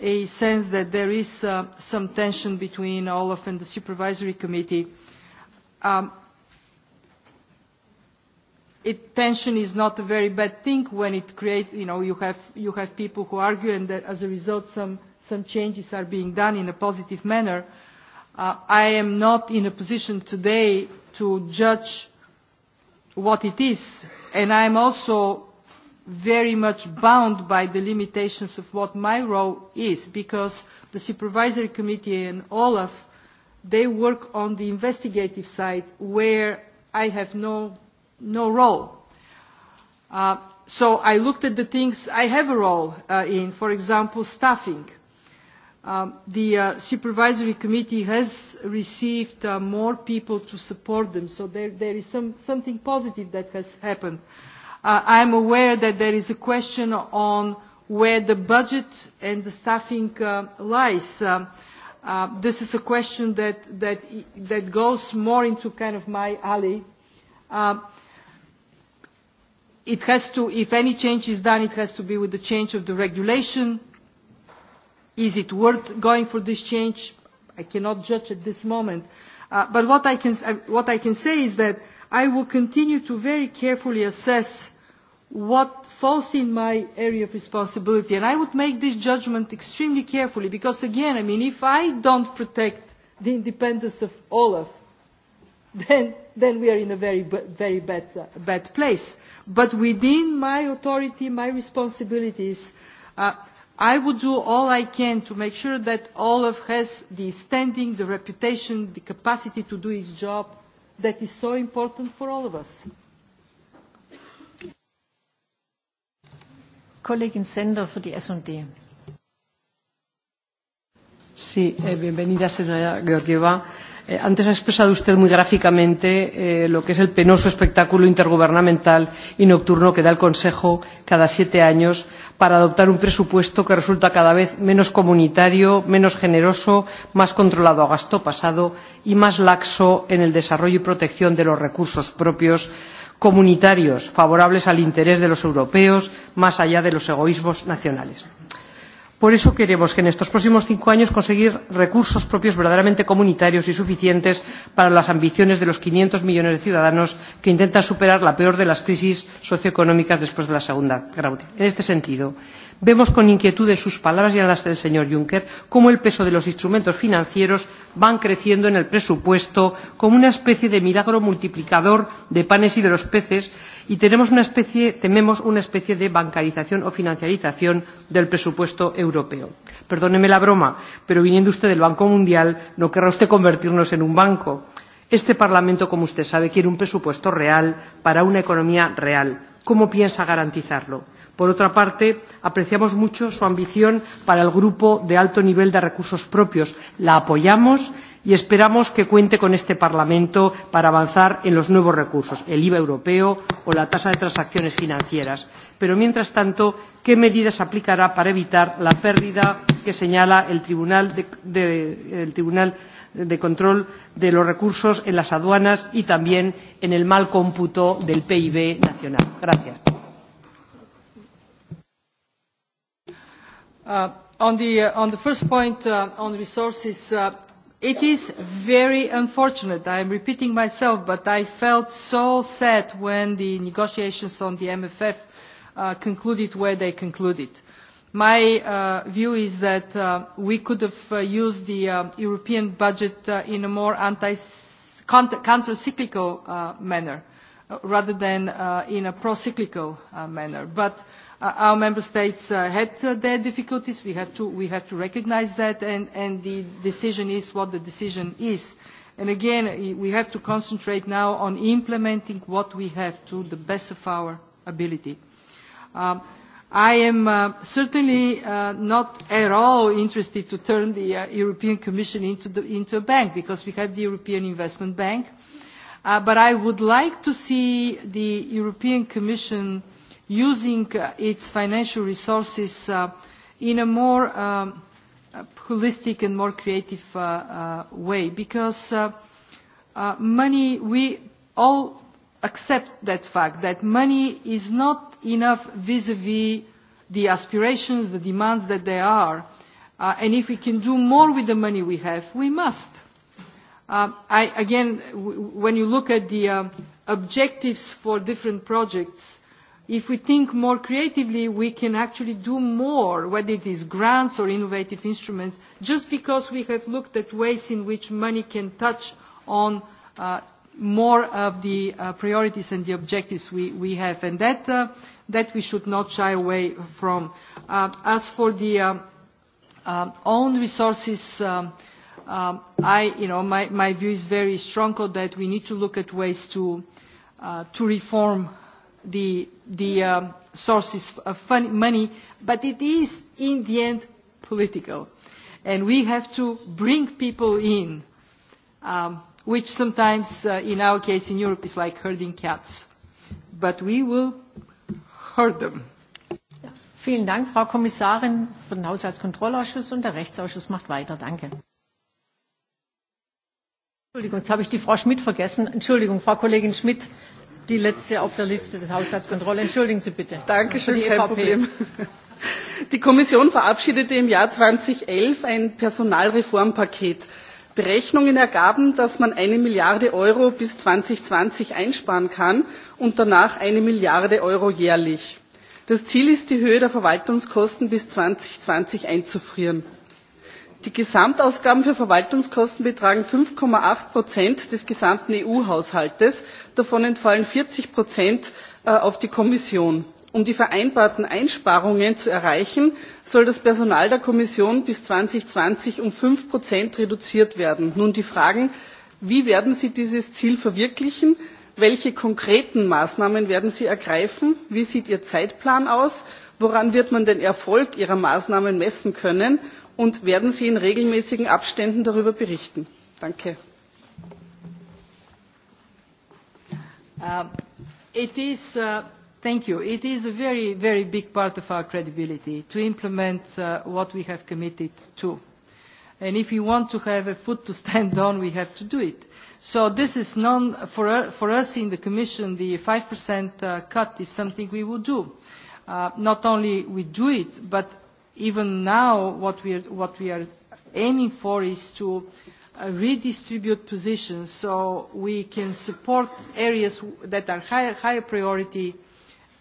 a sense that there is uh, some tension between Olaf and the Supervisory Committee. Um, it, tension is not a very bad thing when it creates, you know, you have, you have people who argue and that as a result some, some changes are being done in a positive manner. Uh, Uh, I am not in a position today to judge what it is, and I am also very much bound by the limitations of what my role is, because the Supervisory Committee and Olaf, they work on the investigative side where I have no, no role. Uh, so I looked at the things I have a role uh, in, for example, staffing. Uh, Um, the uh, supervisory committee has received uh, more people to support them, so there, there is some, something positive that has happened. Uh, am aware that there is a question on where the budget and the staffing uh, lies. Um, uh, this is a question that, that, that goes more into kind of my alley. Uh, it has to, if any change is done, it has to be with the change of the regulation Is it worth going for this change? I cannot judge at this moment. Uh, but what I, can, uh, what I can say is that I will continue to very carefully assess what falls in my area of responsibility. And I would make this judgment extremely carefully because, again, I mean, if I don't protect the independence of Olaf, then, then we are in a very, very bad, uh, bad place. But within my authority, my responsibilities, uh, I would do all I can to make sure that Olaf has the standing, the reputation, the capacity to do his job that is so important for all of us. Kollegin Sender für die S&D. Sí, eh, bienvenida, señora Georgieva. Eh, antes ha expresado usted muy gráficamente eh, lo que es el penoso espectáculo intergubernamental y nocturno que da el Consejo cada siete años para adoptar un presupuesto que resulta cada vez menos comunitario, menos generoso, más controlado a gasto pasado y más laxo en el desarrollo y protección de los recursos propios comunitarios, favorables al interés de los europeos, más allá de los egoísmos nacionales. Por eso queremos que en estos próximos cinco años conseguir recursos propios verdaderamente comunitarios y suficientes para las ambiciones de los 500 millones de ciudadanos que intentan superar la peor de las crisis socioeconómicas después de la Segunda Guerra Mundial. En este sentido, Vemos con inquietud en sus palabras y en las del señor Juncker cómo el peso de los instrumentos financieros van creciendo en el presupuesto como una especie de milagro multiplicador de panes y de los peces y tenemos una especie, tememos una especie de bancarización o financiarización del presupuesto europeo. Perdóneme la broma, pero viniendo usted del Banco Mundial no querrá usted convertirnos en un banco. Este Parlamento, como usted sabe, quiere un presupuesto real para una economía real. ¿Cómo piensa garantizarlo? Por otra parte, apreciamos mucho su ambición para el grupo de alto nivel de recursos propios. La apoyamos y esperamos que cuente con este Parlamento para avanzar en los nuevos recursos, el IVA europeo o la tasa de transacciones financieras. Pero, mientras tanto, ¿qué medidas aplicará para evitar la pérdida que señala el Tribunal de, de, el Tribunal de Control de los Recursos en las aduanas y también en el mal cómputo del PIB nacional? Gracias. Uh, on, the, uh, on the first point uh, on resources, uh, It is very unfortunate, I am repeating myself, but I felt so sad when the negotiations on the MFF uh, concluded where they concluded. My uh, view is that uh, we could have uh, used the uh, European budget uh, in a more counter-cyclical uh, manner uh, rather than uh, in a pro-cyclical uh, manner. But uh, our member states uh, had uh, their difficulties. We have to, we have to recognize that, and, and the decision is what the decision is. And again, we have to concentrate now on implementing what we have to the best of our ability. Um, I am uh, certainly uh, not at all interested to turn the uh, European Commission into, the, into a bank because we have the European Investment Bank. Uh, but I would like to see the European Commission uh, using uh, its financial resources uh, in a more um, uh, holistic and more creative uh, uh, way because uh, uh, money, we all accept that fact that money is not enough vis-a-vis -vis the aspirations, the demands that there are. Uh, and if we can do more with the money we have, we must. Uh, I, again, w when you look at the uh, objectives for different projects, if we think more creatively, we can actually do more, whether it is grants or innovative instruments, just because we have looked at ways in which money can touch on uh, more of the uh, priorities and the objectives we, we have, and that, uh, that we should not shy away from. Uh, as for the um, uh, own resources, um, um, I, you know, my, my view is very strong on that we need to look at ways to, uh, to reform the the um, sources of uh, fun money, but it is in the end political. And we have to bring people in, um, which sometimes uh, in our case in Europe is like herding cats. But we will herd them. vielen Dank, Frau Kommissarin für den Haushaltskontrollausschuss und der Rechtsausschuss macht weiter. Danke. Entschuldigung, jetzt habe ich die Frau Schmidt vergessen. Entschuldigung, Frau Kollegin Schmidt, die letzte auf der Liste des Haushaltskontrolle. Entschuldigen Sie bitte. Dankeschön, kein EVP. Problem. Die Kommission verabschiedete im Jahr 2011 ein Personalreformpaket. Berechnungen ergaben, dass man eine Milliarde Euro bis 2020 einsparen kann und danach eine Milliarde Euro jährlich. Das Ziel ist, die Höhe der Verwaltungskosten bis 2020 einzufrieren. Die Gesamtausgaben für Verwaltungskosten betragen 5,8 Prozent des gesamten EU-Haushaltes davon entfallen vierzig Prozent äh, auf die Kommission. Um die vereinbarten Einsparungen zu erreichen, soll das Personal der Kommission bis 2020 um fünf Prozent reduziert werden. Nun die Fragen, wie werden Sie dieses Ziel verwirklichen? Welche konkreten Maßnahmen werden Sie ergreifen? Wie sieht Ihr Zeitplan aus? Woran wird man den Erfolg Ihrer Maßnahmen messen können? Und werden Sie in regelmäßigen Abständen darüber berichten? Danke. Um, it is, uh, thank you, it is a very, very big part of our credibility to implement uh, what we have committed to. And if we want to have a foot to stand on, we have to do it. So this is non, for, uh, for us in the Commission, the 5% uh, cut is something we will do. Uh, not only we do it, but even now what we are, what we are aiming for is to uh, Uh, redistribute positions so we can support areas that are high, higher priority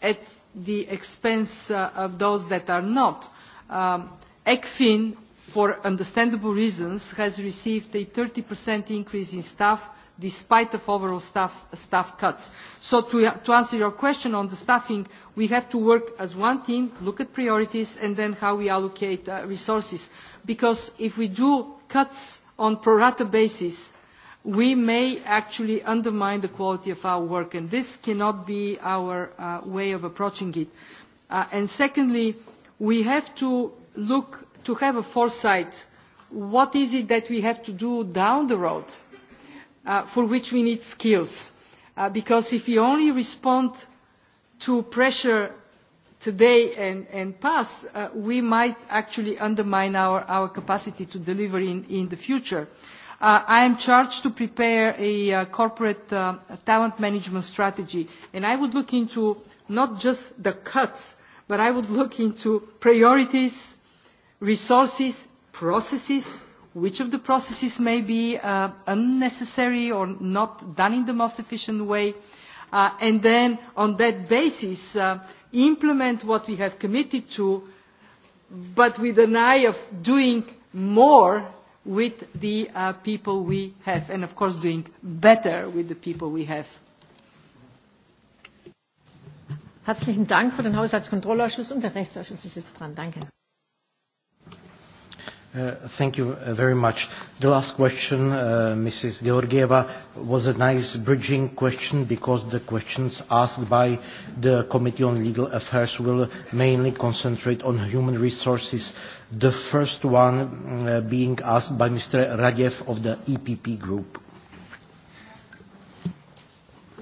at the expense uh, of those that are not. Um, ECFIN, for understandable reasons, has received a 30% increase in staff despite of overall staff, staff cuts. So to, to answer your question on the staffing, we have to work as one team, look at priorities, and then how we allocate uh, resources. Because if we do cuts on pro rata basis, we may actually undermine the quality of our work, and this cannot be our uh, way of approaching it. Uh, and secondly, we have to look to have a foresight. What is it that we have to do down the road uh, for which we need skills? Uh, because if we only respond to pressure today and, and pass, uh, we might actually undermine our, our capacity to deliver in, in the future. Uh, I am charged to prepare a uh, corporate uh, talent management strategy, and I would look into not just the cuts, but I would look into priorities, resources, processes, which of the processes may be uh, unnecessary or not done in the most efficient way, uh, and then on that basis, uh, implement what we have committed to, but with an eye of doing more with the uh, people we have, and of course doing better with the people we have. Herzlichen Dank für den Haushaltskontrollausschuss und der Rechtsausschuss ist jetzt dran. Danke. Uh, thank you uh, very much. The last question, uh, Mrs. Georgieva, was a nice bridging question because the questions asked by the Committee on Legal Affairs will mainly concentrate on human resources. The first one uh, being asked by Mr. Radev of the EPP Group.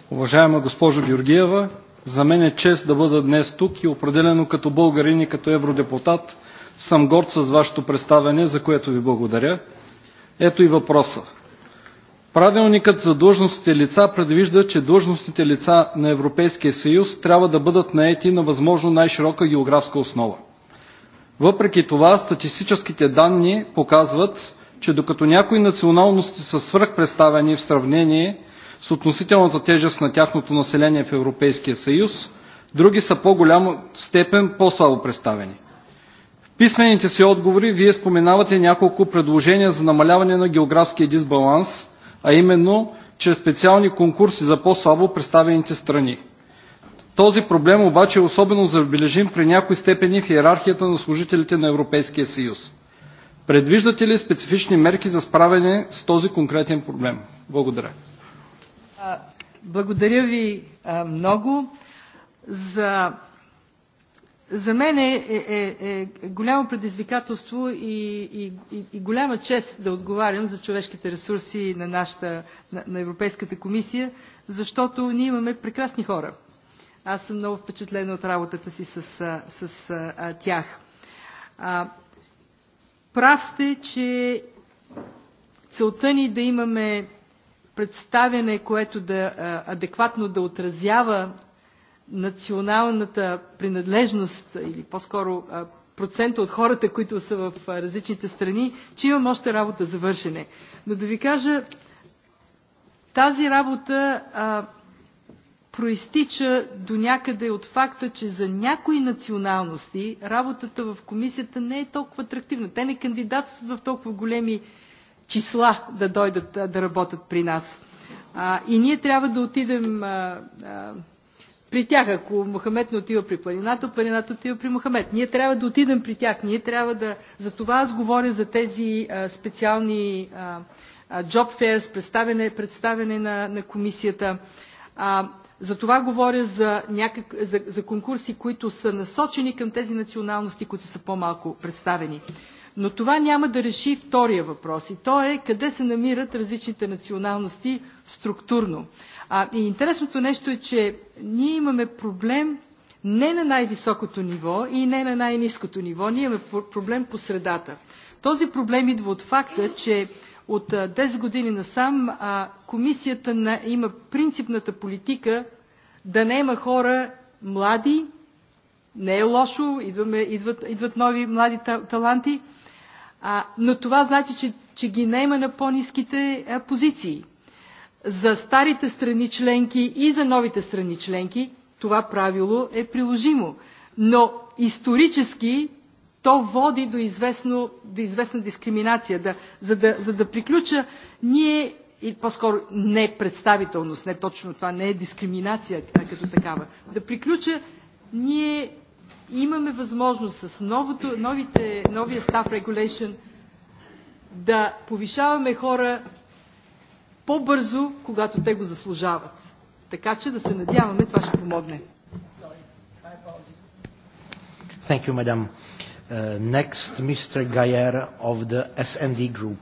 Уважаема госпожо Георгиева, за мен е чест да бъда днес тук и определено като българин и като евродепутат – Съм горд с вашето представяне, за което ви благодаря. Ето и въпроса. Правилникът за длъжностните лица предвижда, че длъжностните лица на Европейския съюз трябва да бъдат наети на възможно най-широка географска основа. Въпреки това, статистическите данни показват, че докато някои националности са свръхпредставени в сравнение с относителната тежест на тяхното население в Европейския съюз, други са по-голяма степен по-слабо представени писмените си отговори вие споменавате няколко предложения за намаляване на географския дисбаланс, а именно чрез специални конкурси за по-слабо представените страни. Този проблем обаче е особено забележим при някои степени в иерархията на служителите на Европейския съюз. Предвиждате ли специфични мерки за справяне с този конкретен проблем? Благодаря. Благодаря ви много за За мен е, е, е голямо предизвикателство и, и, и голяма чест да отговарям за човешките ресурси на, нашата, на, на Европейската комисия, защото ние имаме прекрасни хора. Аз съм много впечатлена от работата си с, с, с а, тях. А, прав сте, че целта ни да имаме представяне, което да а, адекватно да отразява националната принадлежност или по-скоро процента от хората, които са в различните страни, че имам още работа за вършене. Но да ви кажа, тази работа а, проистича до някъде от факта, че за някои националности работата в комисията не е толкова атрактивна. Те не кандидатстват в толкова големи числа да дойдат да работят при нас. А, и ние трябва да отидем а, а, при тях, ако Мохамед не отива при планината, планината отива при Мохамед. Ние трябва да отидем при тях, ние трябва да... За това аз говоря за тези а, специални а, а, job fairs, представяне, представяне на, на комисията. А, за това говоря за, някак, за, за конкурси, които са насочени към тези националности, които са по-малко представени. Но това няма да реши втория въпрос и то е къде се намират различните националности структурно. А, и интересното нещо е, че ние имаме проблем не на най-високото ниво и не на най-низкото ниво, ние имаме проблем по средата. Този проблем идва от факта, че от 10 години насам а, комисията на, има принципната политика да не има хора млади, не е лошо, идваме, идват, идват нови млади таланти, а, но това значи, че, че ги има на по-низките позиции за старите страни членки и за новите страни членки това правило е приложимо. Но исторически то води до, известно, до известна дискриминация. Да, за, да, за да приключа, ние, и по-скоро не представителност, не точно това, не е дискриминация а като такава. Да приключа, ние имаме възможност с новото, новите, новия staff regulation да повишаваме хора по-бързо, когато те го заслужават. Така че да се надяваме, това ще помогне. Thank you, madam. Uh, next, Mr. Gayer of the SND Group.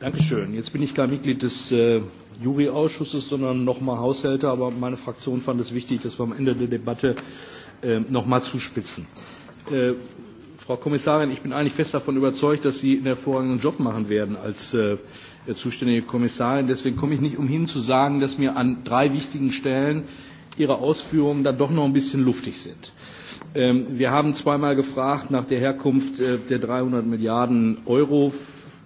Dankeschön. Jetzt bin ich kein Mitglied des äh, Jury-Ausschusses, sondern nochmal Haushälter. Aber meine Fraktion fand es wichtig, dass wir am Ende der Debatte äh, nochmal zuspitzen. Äh, Frau Kommissarin, ich bin eigentlich fest davon überzeugt, dass Sie einen hervorragenden Job machen werden als äh, zuständige Kommissarin. Deswegen komme ich nicht umhin zu sagen, dass mir an drei wichtigen Stellen Ihre Ausführungen dann doch noch ein bisschen luftig sind. Ähm, wir haben zweimal gefragt nach der Herkunft äh, der 300 Milliarden Euro,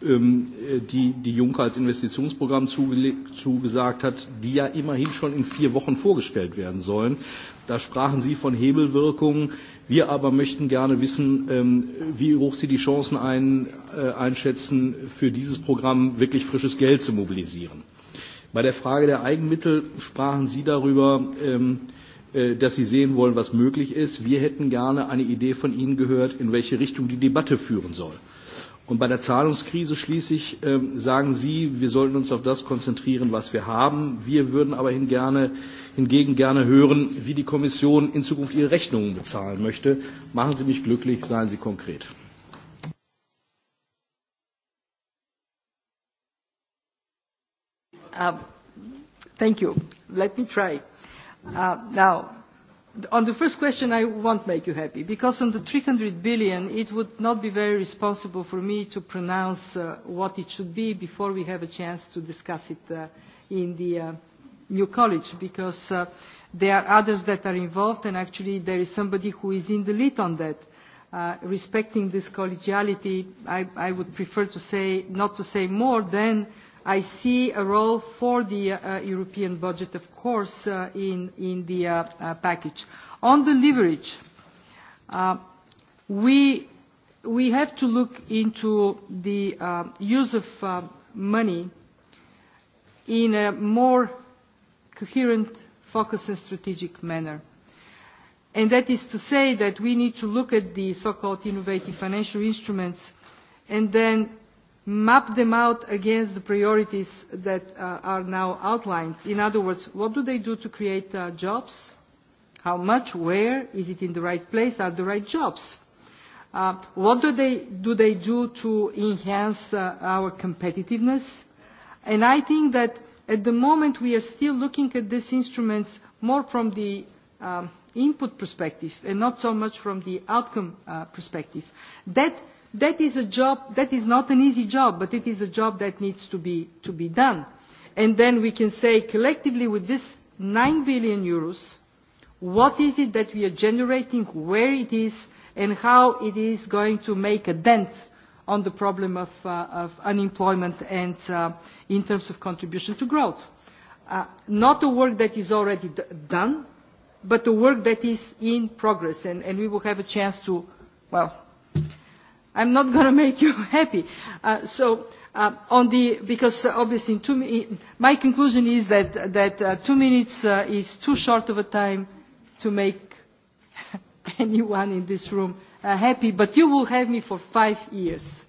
ähm, äh, die, die Juncker als Investitionsprogramm zugesagt hat, die ja immerhin schon in vier Wochen vorgestellt werden sollen. Da sprachen Sie von Hebelwirkungen Wir aber möchten gerne wissen, ähm, wie hoch Sie die Chancen ein, äh, einschätzen, für dieses Programm wirklich frisches Geld zu mobilisieren. Bei der Frage der Eigenmittel sprachen Sie darüber, ähm, äh, dass Sie sehen wollen, was möglich ist. Wir hätten gerne eine Idee von Ihnen gehört, in welche Richtung die Debatte führen soll. Und bei der Zahlungskrise schließlich ähm, sagen Sie, wir sollten uns auf das konzentrieren, was wir haben. Wir würden aber hin gerne hingegen gerne hören, wie die Kommission in Zukunft ihre Rechnungen bezahlen möchte. Machen Sie mich glücklich, seien Sie konkret. Uh, thank you. Let me try. Uh, now, on the first question, I won't make you happy because on the 300 billion, it would not be very responsible for me to pronounce uh, what it should be before we have a chance to discuss it uh, in the uh, new college because uh, there are others that are involved and actually there is somebody who is in the lead on that. Uh, respecting this collegiality, I, I would prefer to say, not to say more than I see a role for the uh, European budget, of course, uh, in, in the uh, uh, package. On the leverage, uh, we, we have to look into the uh, use of uh, money in a more coherent, focused and strategic manner. And that is to say that we need to look at the so-called innovative financial instruments and then map them out against the priorities that uh, are now outlined. In other words, what do they do to create uh, jobs? How much? Where? Is it in the right place? Are the right jobs? Uh, what do they, do they do to enhance uh, our competitiveness? And I think that At the moment, we are still looking at these instruments more from the um, input perspective and not so much from the outcome uh, perspective. That, that is a job, that is not an easy job, but it is a job that needs to be, to be done. And then we can say collectively with this 9 billion euros, what is it that we are generating, where it is, and how it is going to make a dent on the problem of, uh, of unemployment and uh, in terms of contribution to growth. Uh, not the work that is already d done, but the work that is in progress, and, and we will have a chance to, well, I'm not going [laughs] to make you happy. Uh, so, uh, on the, because obviously in two, my conclusion is that, that uh, two minutes uh, is too short of a time to make [laughs] anyone in this room uh, happy, but you will have me for five years.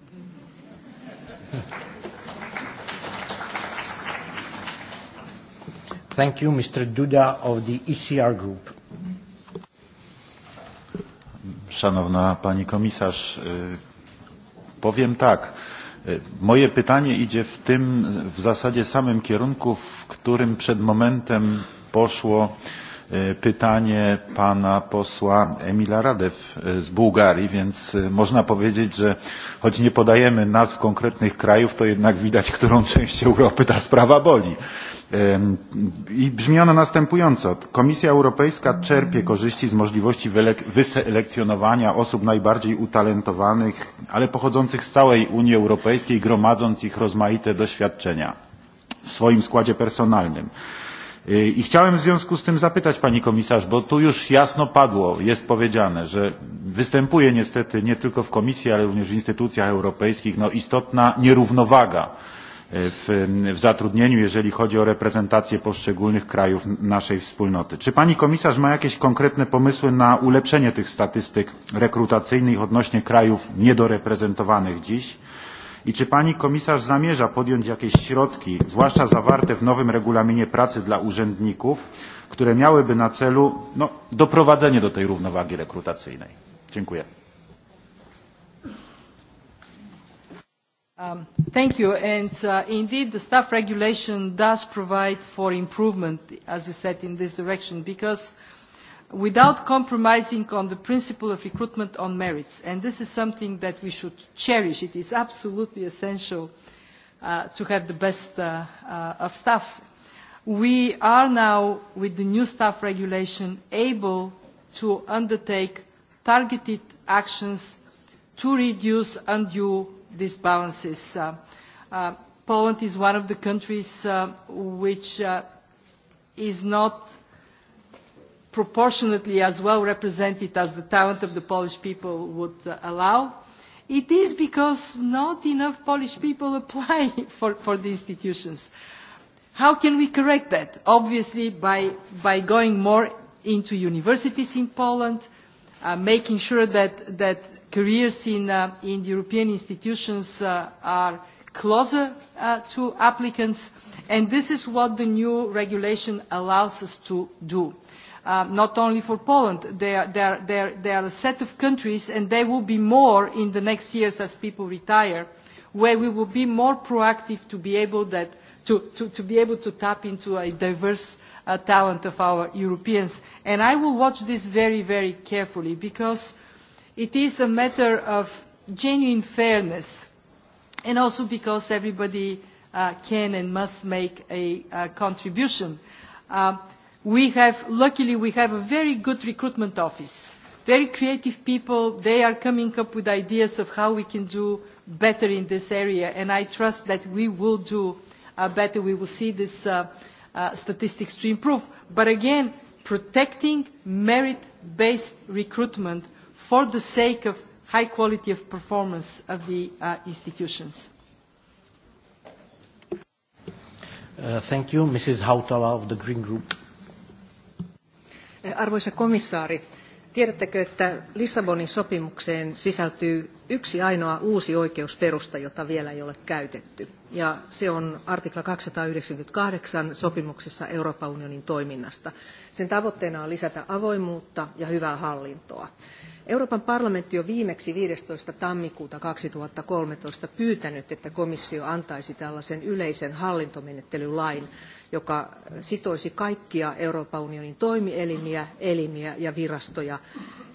Thank you, Mr. Duda of the ECR Group. Szanowna Pani Komisarz, powiem tak. Moje pytanie idzie w tym w zasadzie samym kierunku, w którym przed momentem poszło E, pytanie pana posła Emila Radew e, z Bułgarii, więc e, można powiedzieć, że choć nie podajemy nazw konkretnych krajów, to jednak widać, którą [laughs] część Europy ta sprawa boli. I brzmi ona następująco. Komisja Europejska czerpie korzyści z możliwości wyselekcjonowania osób najbardziej utalentowanych, ale pochodzących z całej Unii Europejskiej, gromadząc ich rozmaite doświadczenia w swoim składzie personalnym. E, I chciałem w związku z tym zapytać Pani Komisarz, bo tu już jasno padło, jest powiedziane, że występuje niestety nie tylko w Komisji, ale również w instytucjach europejskich no, istotna nierównowaga e, w, w zatrudnieniu, jeżeli chodzi o reprezentację poszczególnych krajów naszej wspólnoty. Czy Pani Komisarz ma jakieś konkretne pomysły na ulepszenie tych statystyk rekrutacyjnych odnośnie krajów niedoreprezentowanych dziś? I czy pani komisarz zamierza podjąć jakieś środki, zwłaszcza zawarte w nowym regulaminie pracy dla urzędników, które miałyby na celu no, doprowadzenie do tej równowagi rekrutacyjnej? Dziękuję. Um, thank you. And uh, indeed, the staff regulation does provide for improvement, as you said, in this direction, because uh, without compromising on the principle of recruitment on merits. And this is something that we should cherish. It is absolutely essential uh, to have the best uh, uh, of staff. We are now, with the new staff regulation, able to undertake targeted actions to reduce undue disbalances. Uh, uh, Poland is one of the countries uh, which uh, is not proportionately as well represented as the talent of the Polish people would uh, allow. It is because not enough Polish people [laughs] apply for, for the institutions. How can we correct that? Obviously by, by going more into universities in Poland, uh, making sure that, that careers in, uh, in European institutions uh, are closer uh, to applicants, and this is what the new regulation allows us to do um, not only for Poland. They are, they, are, they, are, they are a set of countries, and there will be more in the next years as people retire, where we will be more proactive to be able, that, to, to, to be able to tap into a diverse uh, talent of our Europeans. And I will watch this very, very carefully, because it is a matter of genuine fairness, and also because everybody uh, can and must make a, a contribution. Uh, we have, luckily we have a very good recruitment office. Very creative people, they are coming up with ideas of how we can do better in this area and I trust that we will do uh, better, we will see this uh, uh, statistics to improve. But again, protecting merit-based recruitment for the sake of high quality of performance of the uh, institutions. Uh, thank you, Mrs. Hautala of the Green Group. Arvoisa komissaari, tiedättekö, että Lissabonin sopimukseen sisältyy yksi ainoa uusi oikeusperusta, jota vielä ei ole käytetty, ja se on artikla 298 sopimuksessa Euroopan unionin toiminnasta. Sen tavoitteena on lisätä avoimuutta ja hyvää hallintoa. Euroopan parlamentti on viimeksi 15. tammikuuta 2013 pyytänyt, että komissio antaisi tällaisen yleisen hallintomenettelylain, joka sitoisi kaikkia Euroopan unionin toimielimiä, elimiä ja virastoja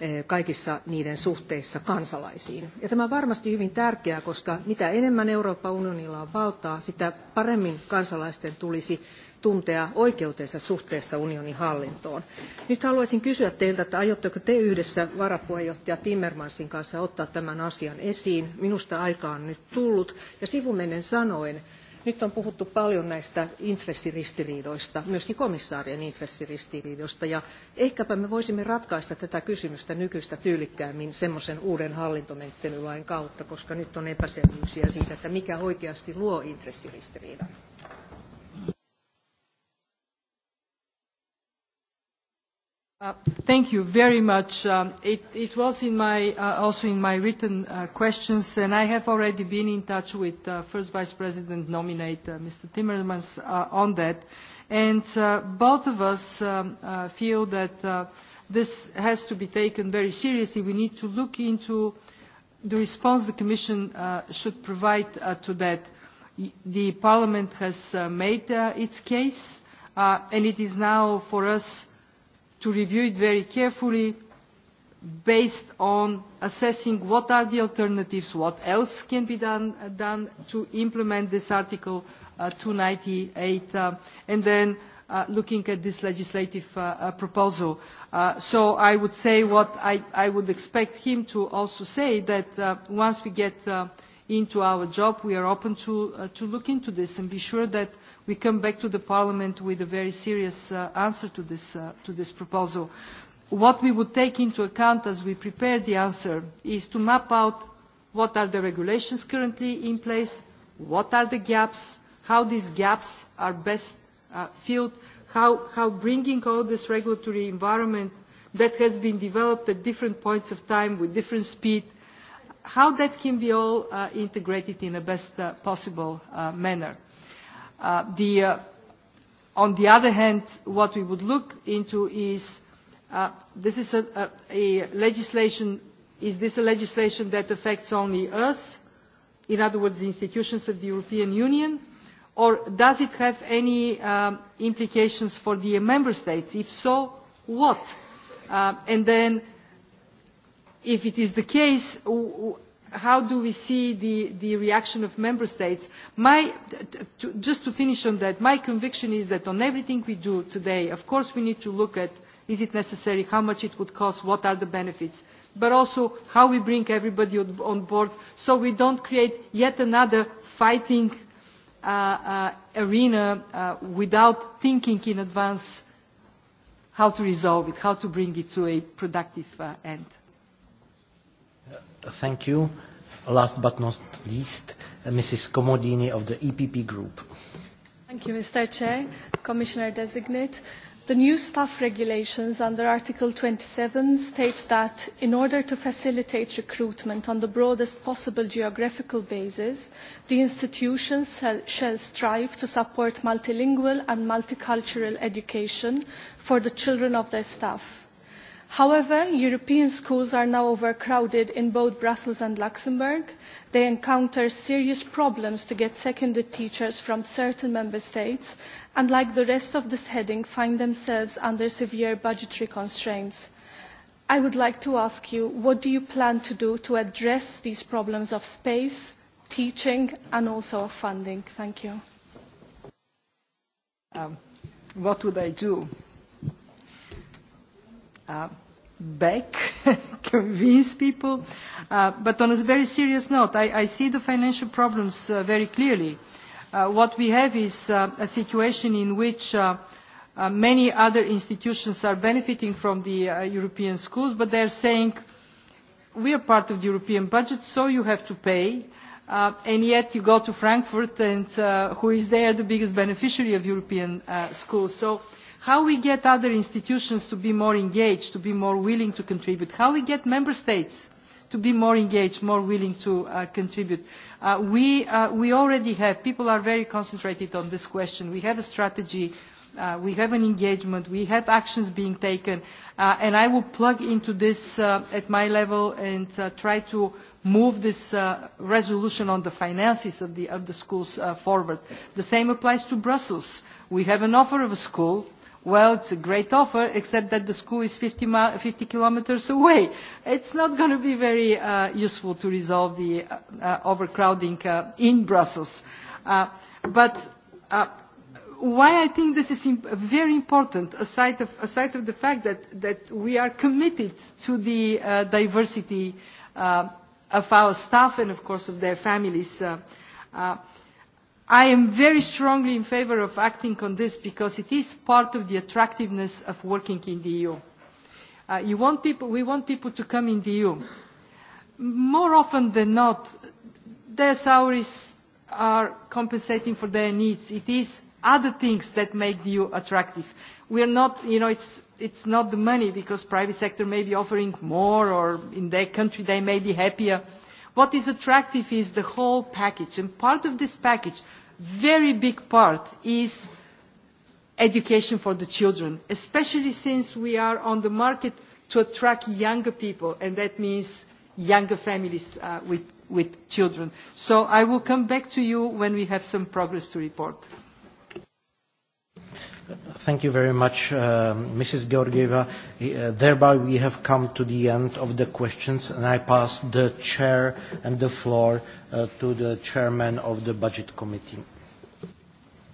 eh, kaikissa niiden suhteissa kansalaisiin. Ja tämä on varmasti hyvin tärkeää, koska mitä enemmän Euroopan unionilla on valtaa, sitä paremmin kansalaisten tulisi tuntea oikeutensa suhteessa unionin hallintoon. Nyt haluaisin kysyä teiltä, että aiotteko te yhdessä varapuheenjohtaja Timmermansin kanssa ottaa tämän asian esiin. Minusta aika on nyt tullut. Ja sivumennen sanoen, Nyt on puhuttu paljon näistä intressiristiriidoista, myöskin komissaarien intressiristiriidoista, ja ehkäpä me voisimme ratkaista tätä kysymystä nykyistä tyylikkäämmin semmoisen uuden hallintomenettelylain kautta, koska nyt on epäselvyyksiä siitä, että mikä oikeasti luo intressiristiriidan. Uh, thank you very much. Um, it, it was in my, uh, also in my written uh, questions, and I have already been in touch with uh, First Vice President nominate uh, Mr. Timmermans uh, on that. And uh, both of us um, uh, feel that uh, this has to be taken very seriously. We need to look into the response the Commission uh, should provide uh, to that. The Parliament has uh, made uh, its case, uh, and it is now for us to review it very carefully based on assessing what are the alternatives, what else can be done, uh, done to implement this Article uh, 298, uh, and then uh, looking at this legislative uh, uh, proposal. Uh, so I would say what I, I would expect him to also say, that uh, once we get uh, into our job. We are open to, uh, to look into this and be sure that we come back to the Parliament with a very serious uh, answer to this, uh, to this proposal. What we would take into account as we prepare the answer is to map out what are the regulations currently in place, what are the gaps, how these gaps are best uh, filled, how, how bringing all this regulatory environment that has been developed at different points of time with different speed – how that can be all uh, integrated in the best uh, possible uh, manner. Uh, the, uh, on the other hand, what we would look into is, uh, this is a, a, a legislation, is this a legislation that affects only us, in other words, the institutions of the European Union, or does it have any um, implications for the member states? If so, what? Uh, and then if it is the case, how do we see the, the reaction of member states? My, to, just to finish on that, my conviction is that on everything we do today, of course we need to look at is it necessary, how much it would cost, what are the benefits, but also how we bring everybody on board so we don't create yet another fighting uh, uh, arena uh, without thinking in advance how to resolve it, how to bring it to a productive uh, end. Thank you. Last but not least, uh, Mrs. Comodini of the EPP Group. Thank you, Mr. Chair, Commissioner Designate. The new staff regulations under Article 27 state that in order to facilitate recruitment on the broadest possible geographical basis, the institutions shall strive to support multilingual and multicultural education for the children of their staff However, European schools are now overcrowded in both Brussels and Luxembourg. They encounter serious problems to get secondary teachers from certain member states and like the rest of this heading find themselves under severe budgetary constraints. I would like to ask you, what do you plan to do to address these problems of space, teaching and also of funding? Thank you. Um, what would I do? uh, back, [laughs] convince people. Uh, but on a very serious note, I, I see the financial problems uh, very clearly. Uh, what we have is uh, a situation in which uh, uh, many other institutions are benefiting from the uh, European schools, but they're saying, we are part of the European budget, so you have to pay. Uh, and yet you go to Frankfurt, and uh, who is there the biggest beneficiary of European uh, schools. So how we get other institutions to be more engaged, to be more willing to contribute, how we get member states to be more engaged, more willing to uh, contribute. Uh, we, uh, we already have, people are very concentrated on this question. We have a strategy uh, we have an engagement, we have actions being taken, uh, and I will plug into this uh, at my level and uh, try to move this uh, resolution on the finances of the, of the schools uh, forward. The same applies to Brussels. We have an offer of a school well, it's a great offer, except that the school is 50, mi 50 kilometers away. It's not going to be very uh, useful to resolve the uh, uh, overcrowding uh, in Brussels. Uh, but uh, why I think this is imp very important, aside of, aside of the fact that, that we are committed to the uh, diversity uh, of our staff and, of course, of their families, uh, uh, I am very strongly in favor of acting on this because it is part of the attractiveness of working in the EU. Uh, you want people, we want people to come in the EU. More often than not, their salaries are compensating for their needs. It is other things that make the EU attractive. We are not, you know, it's, it's not the money because private sector may be offering more or in their country they may be happier. What is attractive is the whole package, and part of this package, very big part, is education for the children, especially since we are on the market to attract younger people, and that means younger families uh, with, with children. So I will come back to you when we have some progress to report. Thank you very much, uh, Mrs. Georgieva. Uh, thereby we have come to the end of the questions, and I pass the chair and the floor uh, to the chairman of the Budget Committee.